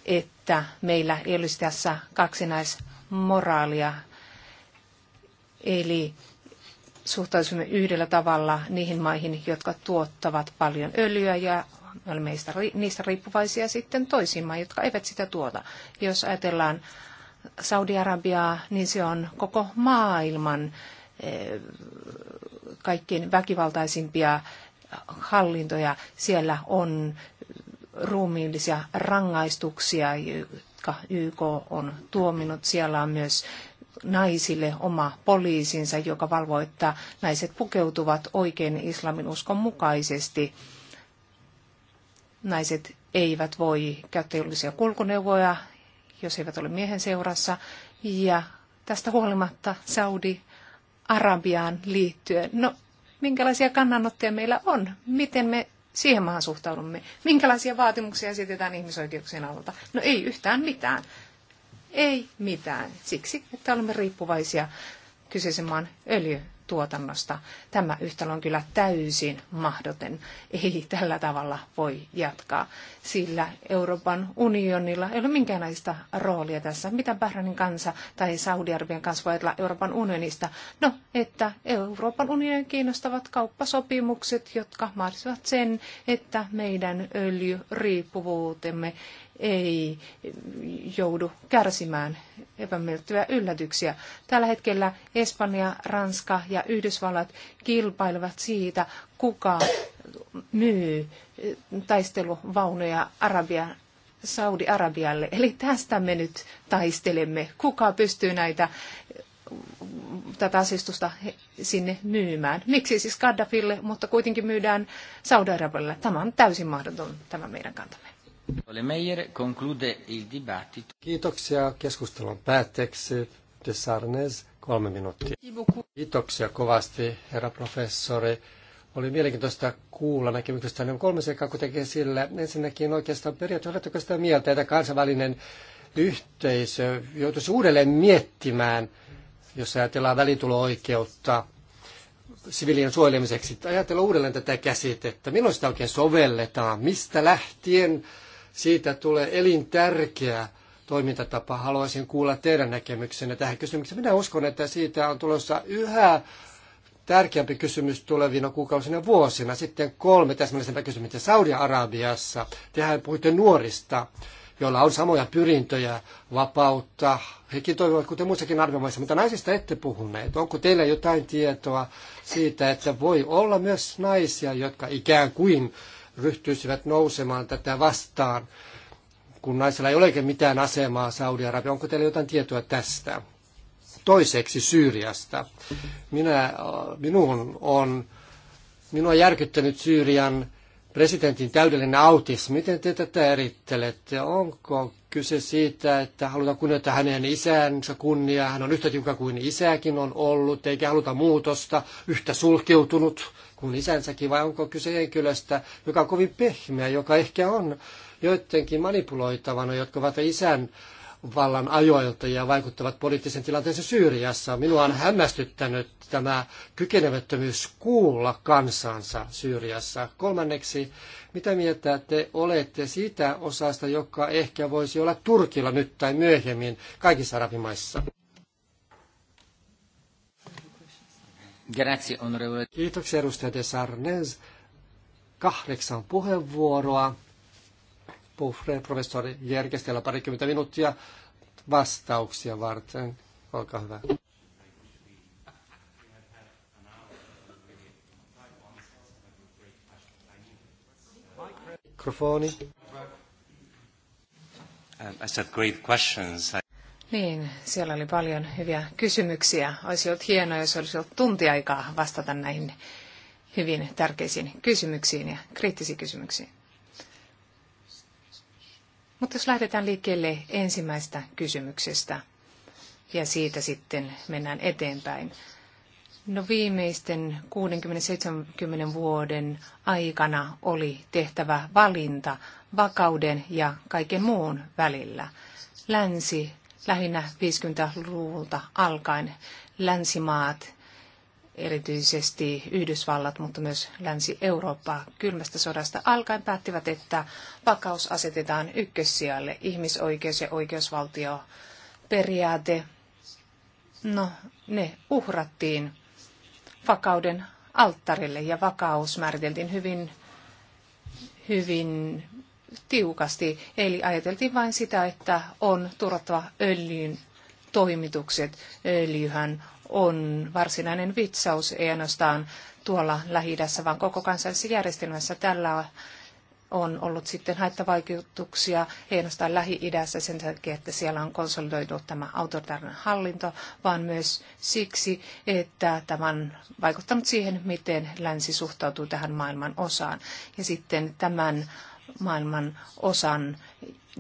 että meillä ei olisi tässä kaksinaismoraalia Eli suhtaudumme yhdellä tavalla niihin maihin, jotka tuottavat paljon öljyä ja olemme niistä riippuvaisia sitten toisiin maihin, jotka eivät sitä tuota. Jos ajatellaan Saudi-Arabiaa, niin se on koko maailman eh, kaikkein väkivaltaisimpia hallintoja. Siellä on ruumiillisia rangaistuksia, jotka YK on tuominut. Siellä on myös naisille oma poliisinsa, joka valvoo, että naiset pukeutuvat oikein islamin uskon mukaisesti. Naiset eivät voi käyttää julkisia kulkuneuvoja, jos eivät ole miehen seurassa. Ja tästä huolimatta Saudi-Arabiaan liittyen, no minkälaisia kannanottoja meillä on? Miten me siihen maahan suhtaudumme? Minkälaisia vaatimuksia esitetään ihmisoikeuksien alalta? No ei yhtään mitään ei mitään, siksi että olemme riippuvaisia kyseisen maan öljytuotannosta. Tämä yhtälö on kyllä täysin mahdoton. Ei tällä tavalla voi jatkaa, sillä Euroopan unionilla ei ole minkäänlaista roolia tässä. Mitä Bahrainin kansa tai Saudi-Arabian kanssa voi ajatella Euroopan unionista? No, että Euroopan unionin kiinnostavat kauppasopimukset, jotka mahdollistavat sen, että meidän öljyriippuvuutemme ei joudu kärsimään epämiellyttäviä yllätyksiä. Tällä hetkellä Espanja, Ranska ja Yhdysvallat kilpailevat siitä, kuka myy taisteluvaunuja Arabia Saudi-Arabialle. Eli tästä me nyt taistelemme. Kuka pystyy näitä tätä asistusta sinne myymään. Miksi siis Gaddafille, mutta kuitenkin myydään Saudi-Arabialle. Tämä on täysin mahdoton tämä meidän kantamme. Meijer conclude il dibattito. Kiitoksia keskustelun päätteeksi. Desarnes, kolme minuuttia. Kiitoksia kovasti, herra professori. Oli mielenkiintoista kuulla näkemyksestä. On kolme seikkaa kuitenkin sillä. Ensinnäkin oikeastaan periaatteessa oletteko sitä mieltä, että kansainvälinen yhteisö joutuisi uudelleen miettimään, jos ajatellaan välitulo-oikeutta siviilien suojelemiseksi, ajatella uudelleen tätä käsitettä, milloin sitä oikein sovelletaan, mistä lähtien siitä tulee elintärkeä toimintatapa. Haluaisin kuulla teidän näkemyksenne tähän kysymykseen. Minä uskon, että siitä on tulossa yhä tärkeämpi kysymys tulevina kuukausina ja vuosina. Sitten kolme täsmällisempää kysymystä. Saudi-Arabiassa, tehän puhutte nuorista, joilla on samoja pyrintöjä vapautta. Hekin toivovat, kuten muissakin arvomaissa, mutta naisista ette puhuneet. Onko teillä jotain tietoa siitä, että voi olla myös naisia, jotka ikään kuin ryhtyisivät nousemaan tätä vastaan, kun naisilla ei olekin mitään asemaa Saudi-Arabia. Onko teillä jotain tietoa tästä? Toiseksi Syyriasta. Minä, minun on, minua on järkyttänyt Syyrian presidentin täydellinen autismi. Miten te tätä erittelette? Onko kyse siitä, että halutaan kunnioittaa hänen isänsä kunniaa? Hän on yhtä tiukka kuin isäkin on ollut, eikä haluta muutosta, yhtä sulkeutunut kuin isänsäkin, vai onko kyse henkilöstä, joka on kovin pehmeä, joka ehkä on joidenkin manipuloitavana, jotka ovat isän vallan ajoilta ja vaikuttavat poliittisen tilanteeseen Syyriassa. Minua on hämmästyttänyt tämä kykenemättömyys kuulla kansansa Syyriassa. Kolmanneksi, mitä mieltä te olette siitä osasta, joka ehkä voisi olla Turkilla nyt tai myöhemmin kaikissa arabimaissa? Grazie, onorevole. Kiitoksia, edustaja de Sarnez. Kahdeksan puheenvuoroa. Puhre, professori järjestellä parikymmentä minuuttia vastauksia varten. Olkaa hyvä. Mikrofoni. Um, I said great questions. I... Niin, siellä oli paljon hyviä kysymyksiä. Olisi ollut hienoa, jos olisi ollut tuntiaikaa vastata näihin hyvin tärkeisiin kysymyksiin ja kriittisiin kysymyksiin. Mutta jos lähdetään liikkeelle ensimmäistä kysymyksestä ja siitä sitten mennään eteenpäin. No viimeisten 60-70 vuoden aikana oli tehtävä valinta vakauden ja kaiken muun välillä. Länsi lähinnä 50-luvulta alkaen länsimaat, erityisesti Yhdysvallat, mutta myös Länsi-Eurooppa kylmästä sodasta alkaen päättivät, että vakaus asetetaan ykkössijalle, ihmisoikeus ja oikeusvaltioperiaate No, ne uhrattiin vakauden alttarille ja vakaus määriteltiin hyvin, hyvin tiukasti. Eli ajateltiin vain sitä, että on turvattava öljyn toimitukset. Öljyhän on varsinainen vitsaus, ei ainoastaan tuolla lähi vaan koko kansallisessa järjestelmässä tällä on ollut sitten haittavaikutuksia, ei ainoastaan Lähi-idässä sen takia, että siellä on konsolidoitu tämä autoritaarinen hallinto, vaan myös siksi, että tämä on vaikuttanut siihen, miten länsi suhtautuu tähän maailman osaan. Ja sitten tämän maailman osan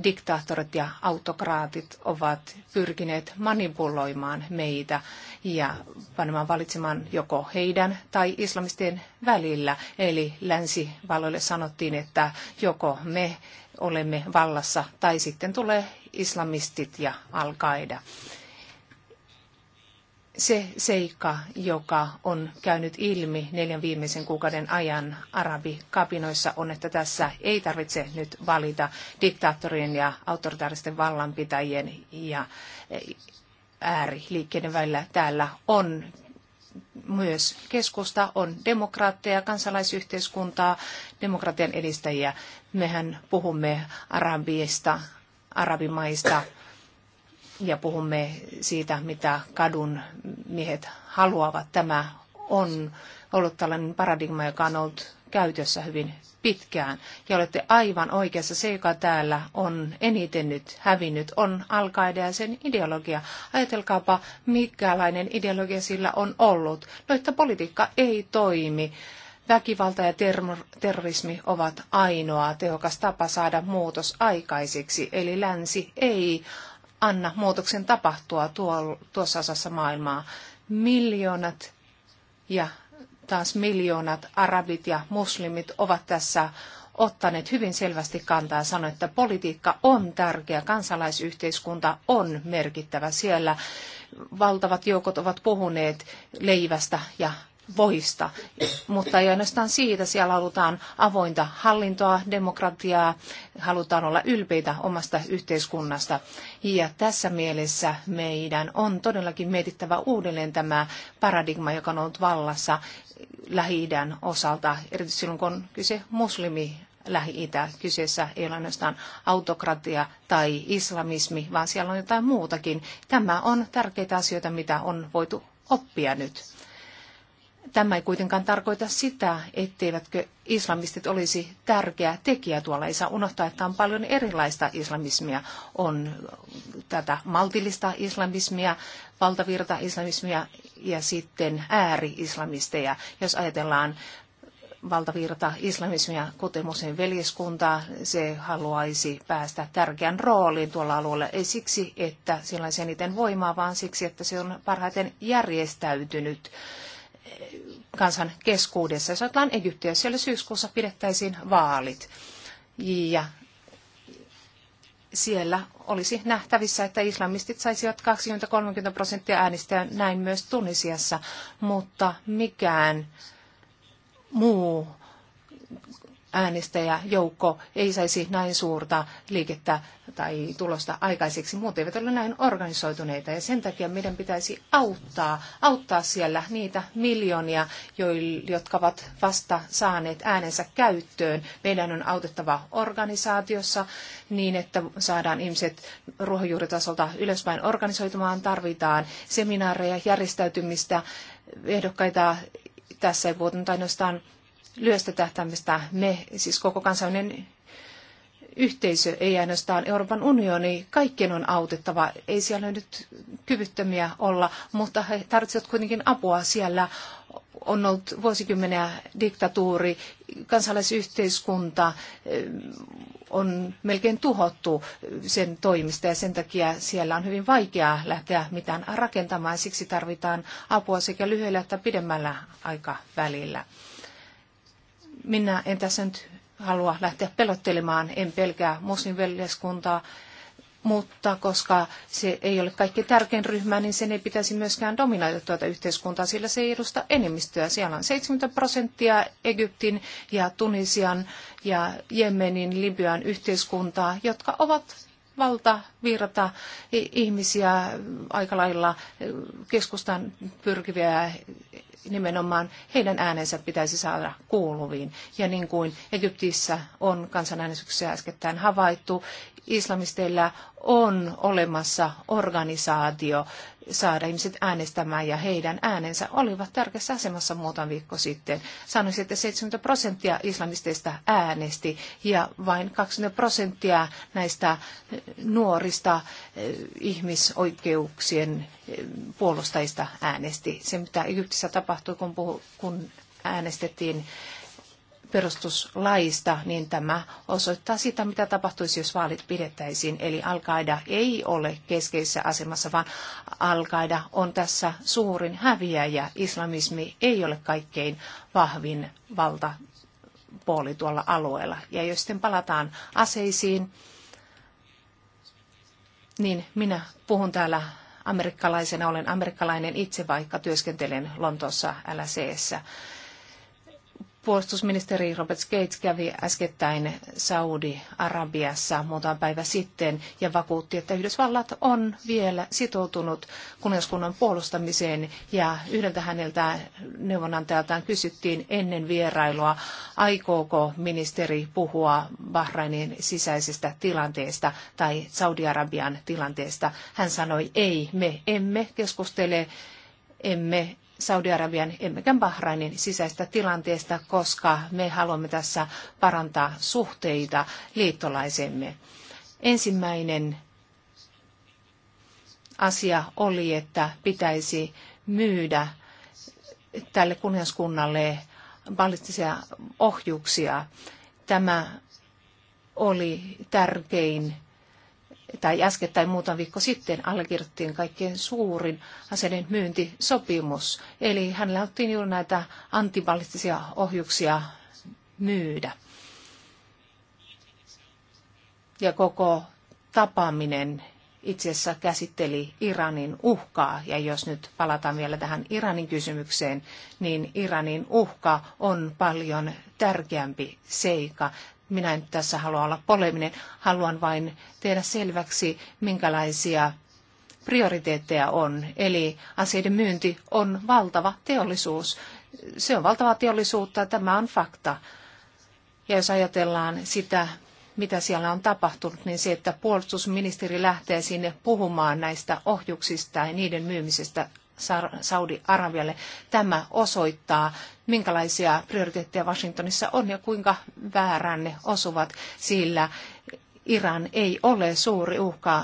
diktaattorit ja autokraatit ovat pyrkineet manipuloimaan meitä ja panemaan valitsemaan joko heidän tai islamistien välillä. Eli länsivalloille sanottiin, että joko me olemme vallassa tai sitten tulee islamistit ja al-Qaida se seikka, joka on käynyt ilmi neljän viimeisen kuukauden ajan arabikapinoissa, on, että tässä ei tarvitse nyt valita diktaattorien ja autoritaaristen vallanpitäjien ja eh, ääriliikkeiden välillä. Täällä on myös keskusta on demokraatteja, kansalaisyhteiskuntaa, demokratian edistäjiä. Mehän puhumme arabiista, arabimaista, ja puhumme siitä, mitä kadun miehet haluavat. Tämä on ollut tällainen paradigma, joka on ollut käytössä hyvin pitkään. Ja olette aivan oikeassa. Se, joka täällä on eniten nyt hävinnyt, on al ja sen ideologia. Ajatelkaapa, mikälainen ideologia sillä on ollut. No, että politiikka ei toimi. Väkivalta ja terrorismi ovat ainoa tehokas tapa saada muutos aikaiseksi, eli länsi ei anna muutoksen tapahtua tuo, tuossa osassa maailmaa. Miljoonat ja taas miljoonat arabit ja muslimit ovat tässä ottaneet hyvin selvästi kantaa ja sanoneet, että politiikka on tärkeä, kansalaisyhteiskunta on merkittävä. Siellä valtavat joukot ovat puhuneet leivästä ja voista, mutta ei ainoastaan siitä. Siellä halutaan avointa hallintoa, demokratiaa, halutaan olla ylpeitä omasta yhteiskunnasta. Ja tässä mielessä meidän on todellakin mietittävä uudelleen tämä paradigma, joka on ollut vallassa lähi osalta, erityisesti silloin kun on kyse muslimi Lähi-Itä. Kyseessä ei ole ainoastaan autokratia tai islamismi, vaan siellä on jotain muutakin. Tämä on tärkeitä asioita, mitä on voitu oppia nyt. Tämä ei kuitenkaan tarkoita sitä, etteivätkö islamistit olisi tärkeä tekijä tuolla. Ei saa unohtaa, että on paljon erilaista islamismia. On tätä maltillista islamismia, valtavirta islamismia ja sitten ääri-islamisteja. Jos ajatellaan valtavirta islamismia, kuten muslimin veljeskuntaa, se haluaisi päästä tärkeän rooliin tuolla alueella. Ei siksi, että sillä on eniten voimaa, vaan siksi, että se on parhaiten järjestäytynyt kansan keskuudessa. Jos ajatellaan Egyptiä, siellä syyskuussa pidettäisiin vaalit. Ja siellä olisi nähtävissä, että islamistit saisivat 20-30 prosenttia ja näin myös Tunisiassa, mutta mikään muu äänestäjäjoukko ei saisi näin suurta liikettä tai tulosta aikaiseksi. Muut eivät ole näin organisoituneita ja sen takia meidän pitäisi auttaa, auttaa siellä niitä miljoonia, jotka ovat vasta saaneet äänensä käyttöön. Meidän on autettava organisaatiossa niin, että saadaan ihmiset ruohonjuuritasolta ylöspäin organisoitumaan. Tarvitaan seminaareja, järjestäytymistä, ehdokkaita tässä ei puhuta ainoastaan lyöstä tähtäimestä me, siis koko kansainvälinen yhteisö, ei ainoastaan Euroopan unioni, kaikkien on autettava. Ei siellä nyt kyvyttömiä olla, mutta he tarvitsevat kuitenkin apua siellä. On ollut vuosikymmeniä diktatuuri, kansalaisyhteiskunta eh, on melkein tuhottu sen toimista ja sen takia siellä on hyvin vaikeaa lähteä mitään rakentamaan. Siksi tarvitaan apua sekä lyhyellä että pidemmällä aikavälillä. Minä en tässä nyt halua lähteä pelottelemaan, en pelkää muslimiveljeskuntaa, mutta koska se ei ole kaikki tärkein ryhmä, niin sen ei pitäisi myöskään dominoida tuota yhteiskuntaa, sillä se ei edusta enemmistöä. Siellä on 70 prosenttia Egyptin ja Tunisian ja Jemenin, Libyan yhteiskuntaa, jotka ovat valta valtavirta ihmisiä aika lailla eh, keskustan pyrkiviä nimenomaan heidän äänensä pitäisi saada kuuluviin. Ja niin kuin Egyptissä on kansanäänestyksessä äskettäin havaittu, islamisteilla on olemassa organisaatio saada ihmiset äänestämään ja heidän äänensä olivat tärkeässä asemassa muutama viikko sitten. Sanoisin, että 70 prosenttia islamisteista äänesti ja vain 20 prosenttia näistä nuorista eh, ihmisoikeuksien eh, puolustajista äänesti. Se, mitä Egyptissä tapahtui, kun, puhu, kun äänestettiin perustuslaista, niin tämä osoittaa sitä, mitä tapahtuisi, jos vaalit pidettäisiin. Eli al ei ole keskeisessä asemassa, vaan al on tässä suurin häviäjä. Islamismi ei ole kaikkein vahvin valtapuoli tuolla alueella. Ja jos sitten palataan aseisiin, niin minä puhun täällä amerikkalaisena, olen amerikkalainen itse, vaikka työskentelen Lontoossa LCssä. Puolustusministeri Robert Gates kävi äskettäin Saudi-Arabiassa muutama päivä sitten ja vakuutti, että Yhdysvallat on vielä sitoutunut kuningaskunnan puolustamiseen ja yhdeltä häneltä neuvonantajaltaan kysyttiin ennen vierailua, aikooko ministeri puhua Bahrainin sisäisestä tilanteesta tai Saudi-Arabian tilanteesta. Hän sanoi, ei, me emme keskustele emme Saudi-Arabian emmekä Bahrainin sisäistä tilanteesta, koska me haluamme tässä parantaa suhteita liittolaisemme. Ensimmäinen asia oli, että pitäisi myydä tälle kuningaskunnalle ballistisia ohjuksia. Tämä oli tärkein tai äskettäin muutama viikko sitten allekirjoittiin kaikkein suurin aseiden myyntisopimus. Eli hänellä ottiin juuri näitä antiballistisia ohjuksia myydä. Ja koko tapaaminen itse asiassa käsitteli Iranin uhkaa. Ja jos nyt palataan vielä tähän Iranin kysymykseen, niin Iranin uhka on paljon tärkeämpi seika minä en tässä halua olla poleminen, haluan vain tehdä selväksi, minkälaisia prioriteetteja on. Eli aseiden myynti on valtava teollisuus. Se on valtava teollisuutta, tämä on fakta. Ja jos ajatellaan sitä, mitä siellä on tapahtunut, niin se, että puolustusministeri lähtee sinne puhumaan näistä ohjuksista ja niiden myymisestä Saudi-Arabialle. Tämä osoittaa, minkälaisia prioriteetteja Washingtonissa on ja kuinka väärään ne osuvat, sillä Iran ei ole suuri uhka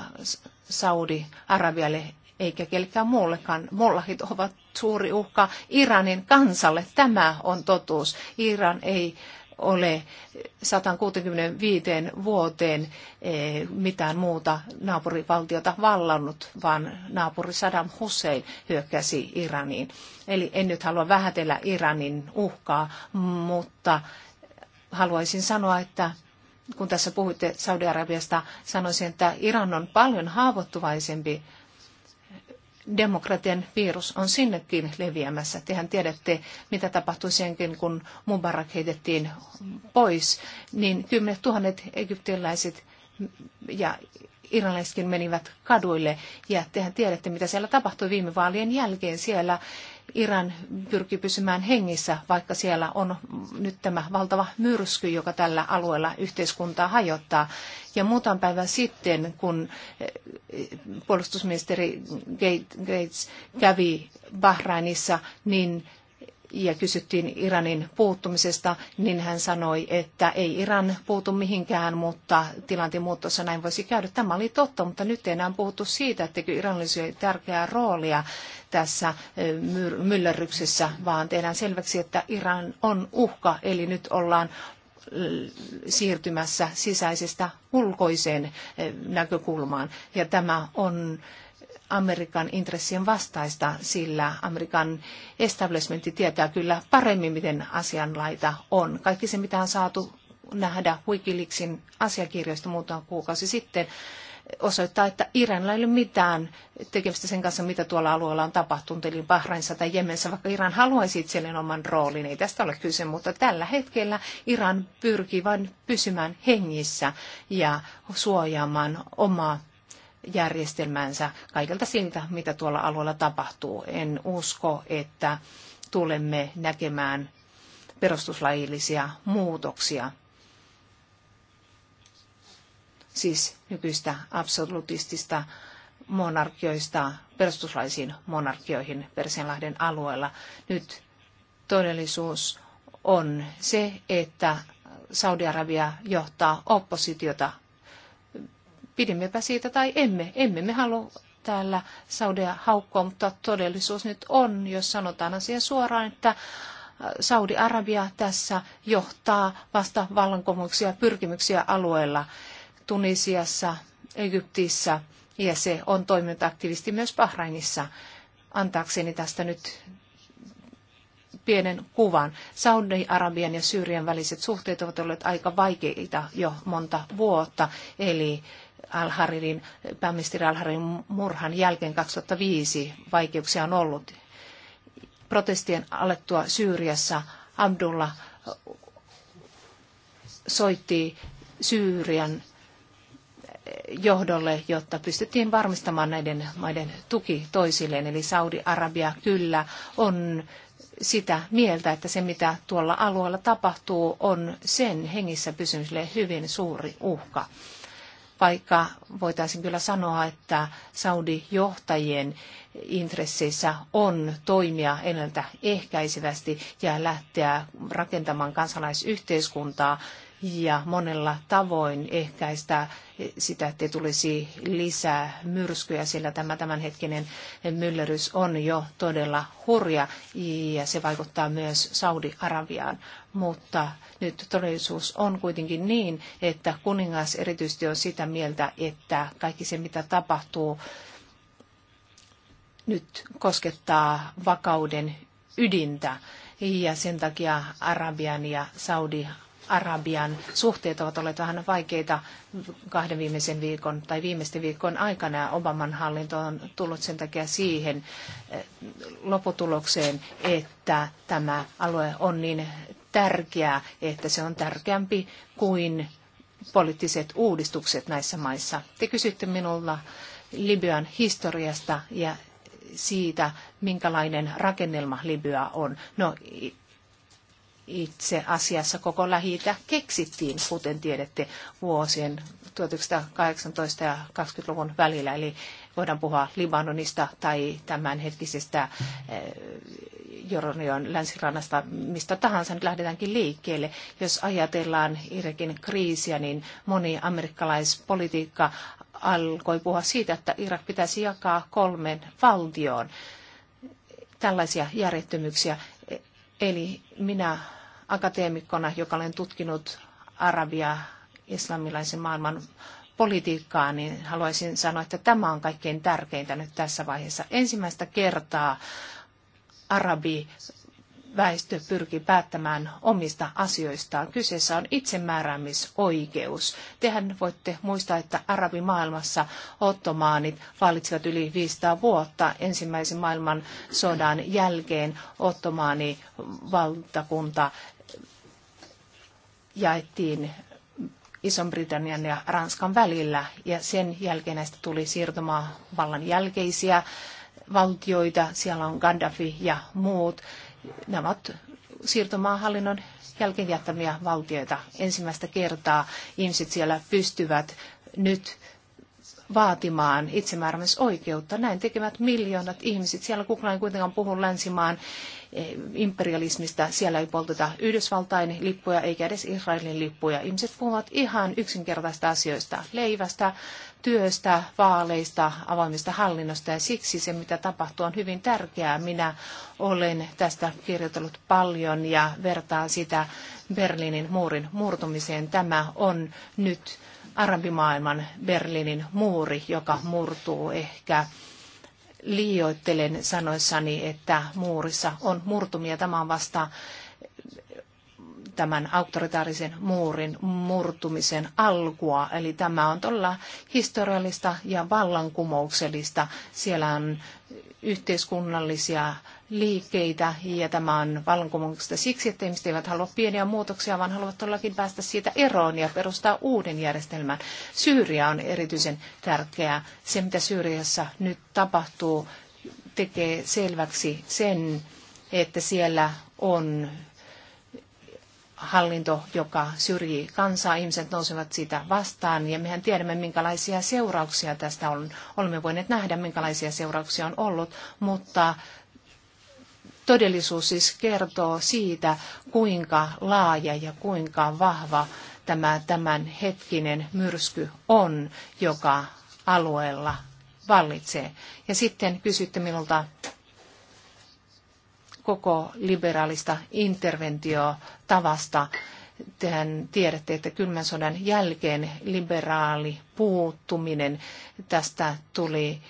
Saudi-Arabialle eikä kellekään muullekaan. Mollahit ovat suuri uhka Iranin kansalle. Tämä on totuus. Iran ei ole 165 vuoteen eh, mitään muuta naapurivaltiota vallannut, vaan naapuri Saddam Hussein hyökkäsi Iraniin. Eli en nyt halua vähätellä Iranin uhkaa, mutta haluaisin sanoa, että kun tässä puhuitte Saudi-Arabiasta, sanoisin, että Iran on paljon haavoittuvaisempi demokratian virus on sinnekin leviämässä. Tehän tiedätte, mitä tapahtui senkin, kun Mubarak heitettiin pois, niin kymmenet tuhannet egyptiläiset ja iranilaisetkin menivät kaduille. Ja tehän tiedätte, mitä siellä tapahtui viime vaalien jälkeen. Siellä Iran pyrkii pysymään hengissä, vaikka siellä on nyt tämä valtava myrsky, joka tällä alueella yhteiskuntaa hajottaa. Ja muutaman päivän sitten, kun eh, puolustusministeri Gates kävi Bahrainissa, niin ja kysyttiin Iranin puuttumisesta, niin hän sanoi, että ei Iran puutu mihinkään, mutta tilanteen muuttuessa näin voisi käydä. Tämä oli totta, mutta nyt ei enää puhuttu siitä, että Iran olisi tärkeää roolia tässä myllerryksessä, vaan tehdään selväksi, että Iran on uhka, eli nyt ollaan siirtymässä sisäisestä ulkoiseen näkökulmaan. Ja tämä on Amerikan intressien vastaista, sillä Amerikan establishmentti tietää kyllä paremmin, miten asianlaita on. Kaikki se, mitä on saatu nähdä Wikileaksin asiakirjoista muutama kuukausi sitten, osoittaa, että Iranilla ei ole mitään tekemistä sen kanssa, mitä tuolla alueella on tapahtunut, eli Bahrainissa tai Jemenissä, vaikka Iran haluaisi itselleen oman roolin, ei tästä ole kyse, mutta tällä hetkellä Iran pyrkii vain pysymään hengissä ja suojaamaan omaa järjestelmänsä kaikelta siltä, mitä tuolla alueella tapahtuu. En usko, että tulemme näkemään perustuslaillisia muutoksia. Siis nykyistä absolutistista monarkioista perustuslaisiin monarkioihin Persianlahden alueella. Nyt todellisuus on se, että Saudi-Arabia johtaa oppositiota pidimmepä siitä tai emme. Emme me halua täällä Saudia haukkoa, mutta todellisuus nyt on, jos sanotaan asia suoraan, että äh, Saudi-Arabia tässä johtaa vasta vallankumouksia pyrkimyksiä alueella Tunisiassa, Egyptissä ja se on toiminut aktiivisesti myös Bahrainissa. Antaakseni tästä nyt pienen kuvan. Saudi-Arabian ja Syyrian väliset suhteet ovat olleet aika vaikeita jo monta vuotta, eli Al-Haririn, pääministeri Al-Haririn murhan jälkeen 2005 vaikeuksia on ollut. Protestien alettua Syyriassa Abdullah soitti Syyrian johdolle, jotta pystyttiin varmistamaan näiden maiden tuki toisilleen. Eli Saudi-Arabia kyllä on sitä mieltä, että se mitä tuolla alueella tapahtuu on sen hengissä pysymiselle hyvin suuri uhka vaikka voitaisiin kyllä sanoa, että Saudi-johtajien intresseissä on toimia ennalta ehkäisevästi ja lähteä rakentamaan kansalaisyhteiskuntaa, ja monella tavoin ehkäistä sitä, että tulisi lisää myrskyjä, sillä tämä tämänhetkinen myllerys on jo todella hurja ja se vaikuttaa myös Saudi-Arabiaan. Mutta nyt todellisuus on kuitenkin niin, että kuningas erityisesti on sitä mieltä, että kaikki se mitä tapahtuu nyt koskettaa vakauden ydintä ja sen takia Arabian ja Saudi Arabian suhteet ovat olleet vähän vaikeita kahden viimeisen viikon tai viimeisten viikon aikana. Obaman hallinto on tullut sen takia siihen eh, lopputulokseen, että tämä alue on niin tärkeä, että se on tärkeämpi kuin poliittiset uudistukset näissä maissa. Te kysytte minulla Libyan historiasta ja siitä, minkälainen rakennelma Libya on. No, itse asiassa koko lähi keksittiin, kuten tiedätte, vuosien 1918 ja 20-luvun välillä. Eli voidaan puhua Libanonista tai tämänhetkisestä eh, Joronion länsirannasta, mistä tahansa nyt lähdetäänkin liikkeelle. Jos ajatellaan Irakin kriisiä, niin moni amerikkalaispolitiikka alkoi puhua siitä, että Irak pitäisi jakaa kolmen valtioon tällaisia järjettömyyksiä Eli minä akateemikkona, joka olen tutkinut arabia islamilaisen maailman politiikkaa, niin haluaisin sanoa, että tämä on kaikkein tärkeintä nyt tässä vaiheessa. Ensimmäistä kertaa arabi väestö pyrkii päättämään omista asioistaan. Kyseessä on itsemääräämisoikeus. Tehän voitte muistaa, että arabimaailmassa ottomaanit valitsivat yli 500 vuotta ensimmäisen maailman sodan jälkeen ottomaani valtakunta jaettiin Ison-Britannian ja Ranskan välillä ja sen jälkeen näistä tuli siirtomaavallan jälkeisiä valtioita, siellä on Gaddafi ja muut nämä ovat siirtomaahallinnon jälkeen jättämiä valtioita. Ensimmäistä kertaa ihmiset siellä pystyvät nyt vaatimaan itsemääräämisoikeutta. Näin tekevät miljoonat ihmiset. Siellä kukaan ei kuitenkaan puhu länsimaan Eh, imperialismista. Siellä ei polteta Yhdysvaltain lippuja eikä edes Israelin lippuja. Ihmiset puhuvat ihan yksinkertaisista asioista, leivästä, työstä, vaaleista, avoimesta hallinnosta ja siksi se, mitä tapahtuu, on hyvin tärkeää. Minä olen tästä kirjoitellut paljon ja vertaan sitä Berliinin muurin murtumiseen. Tämä on nyt arabimaailman Berliinin muuri, joka murtuu ehkä liioittelen sanoissani, että muurissa on murtumia. Tämä on vasta tämän autoritaarisen muurin murtumisen alkua. Eli tämä on todella historiallista ja vallankumouksellista. Siellä on yhteiskunnallisia liikkeitä ja tämä on vallankumouksesta siksi, että ihmiset eivät halua pieniä muutoksia, vaan haluavat todellakin päästä siitä eroon ja perustaa uuden järjestelmän. Syyria on erityisen tärkeää. Se, mitä Syyriassa nyt tapahtuu, tekee selväksi sen, että siellä on hallinto, joka syrjii kansaa. Ihmiset nousevat sitä vastaan ja mehän tiedämme, minkälaisia seurauksia tästä on. Olemme voineet nähdä, minkälaisia seurauksia on ollut, mutta todellisuus siis kertoo siitä, kuinka laaja ja kuinka vahva tämä tämänhetkinen myrsky on, joka alueella vallitsee. Ja sitten kysytte minulta koko liberaalista interventiotavasta. Tehän tiedätte, että kylmän sodan jälkeen liberaali puuttuminen, tästä tuli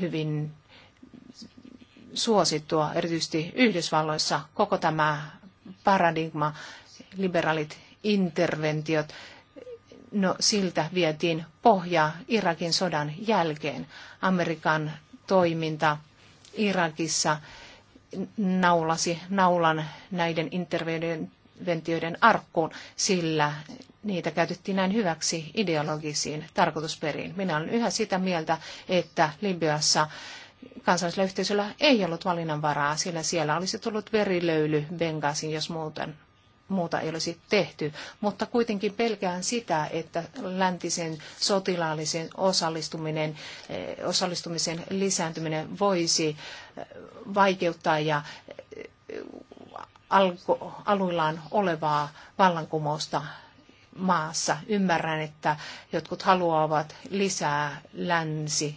hyvin suosittua, erityisesti Yhdysvalloissa, koko tämä paradigma, liberaalit interventiot, no siltä vietiin pohja Irakin sodan jälkeen. Amerikan toiminta Irakissa naulasi naulan näiden interventioiden arkkuun, sillä niitä käytettiin näin hyväksi ideologisiin tarkoitusperiin. Minä olen yhä sitä mieltä, että Libyassa kansallisella yhteisöllä ei ollut valinnanvaraa, sillä siellä olisi tullut verilöyly Bengasin, jos muuten muuta ei olisi tehty. Mutta kuitenkin pelkään sitä, että läntisen sotilaallisen osallistuminen, eh, osallistumisen lisääntyminen voisi eh, vaikeuttaa ja eh, alko, aluillaan olevaa vallankumousta maassa. Ymmärrän, että jotkut haluavat lisää länsi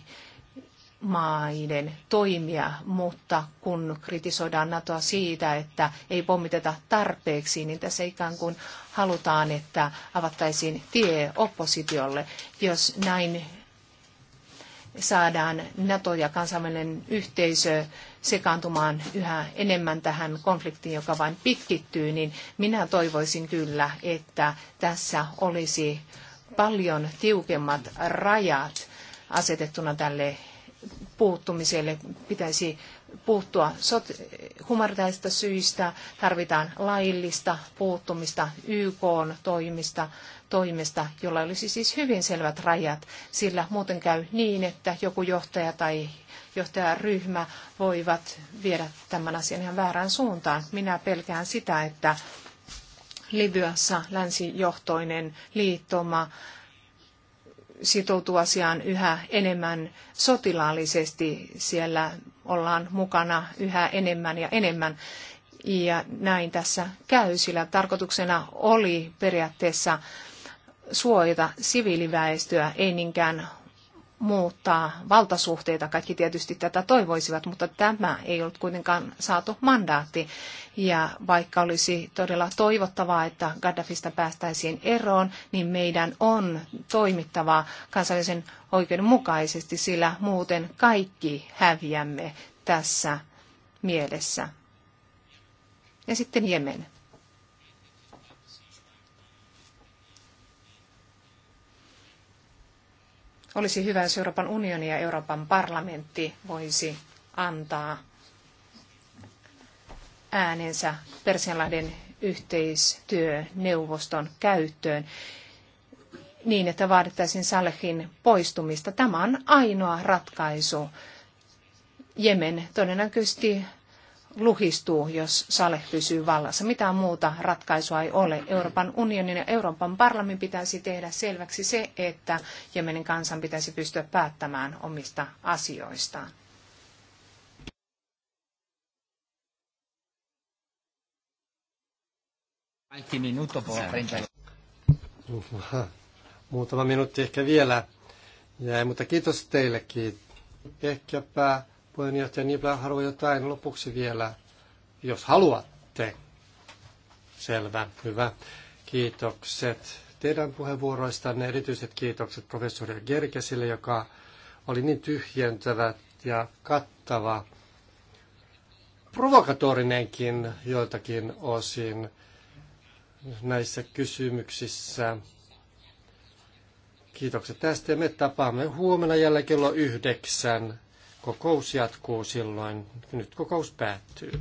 maiden toimia, mutta kun kritisoidaan NATOa siitä, että ei pommiteta tarpeeksi, niin tässä ikään kuin halutaan, että avattaisiin tie oppositiolle. Jos näin saadaan NATO ja kansainvälinen yhteisö sekaantumaan yhä enemmän tähän konfliktiin, joka vain pitkittyy, niin minä toivoisin kyllä, että tässä olisi paljon tiukemmat rajat asetettuna tälle puuttumiselle pitäisi puuttua humanitaarista syistä, tarvitaan laillista puuttumista YK toimista, toimesta, jolla olisi siis hyvin selvät rajat, sillä muuten käy niin, että joku johtaja tai johtajaryhmä voivat viedä tämän asian ihan väärään suuntaan. Minä pelkään sitä, että Libyassa länsijohtoinen liittoma sitoutuu asiaan yhä enemmän sotilaallisesti. Siellä ollaan mukana yhä enemmän ja enemmän. Ja näin tässä käy, sillä tarkoituksena oli periaatteessa suojata siviiliväestöä, ei niinkään muuttaa valtasuhteita. Kaikki tietysti tätä toivoisivat, mutta tämä ei ollut kuitenkaan saatu mandaatti. Ja vaikka olisi todella toivottavaa, että Gaddafista päästäisiin eroon, niin meidän on toimittava kansallisen oikeudenmukaisesti, sillä muuten kaikki häviämme tässä mielessä. Ja sitten Jemen. Olisi hyvä, jos Euroopan unioni ja Euroopan parlamentti voisi antaa äänensä Persianlahden yhteistyöneuvoston käyttöön niin, että vaadittaisiin Salehin poistumista. Tämä on ainoa ratkaisu. Jemen todennäköisesti luhistuu, jos Saleh pysyy vallassa. Mitään muuta ratkaisua ei ole. Euroopan unionin ja Euroopan parlamentin pitäisi tehdä selväksi se, että Jemenin kansan pitäisi pystyä päättämään omista asioistaan. Muutama minuutti ehkä vielä jäi, mutta kiitos teillekin. Ehkäpä puheenjohtaja Nibla haluaa jotain lopuksi vielä, jos haluatte. Selvä, hyvä. Kiitokset teidän puheenvuoroistanne. Erityiset kiitokset professori Gerkesille, joka oli niin tyhjentävä ja kattava, provokatorinenkin joiltakin osin näissä kysymyksissä. Kiitokset tästä ja me tapaamme huomenna jälleen kello yhdeksän Kokous jatkuu silloin. Nyt kokous päättyy.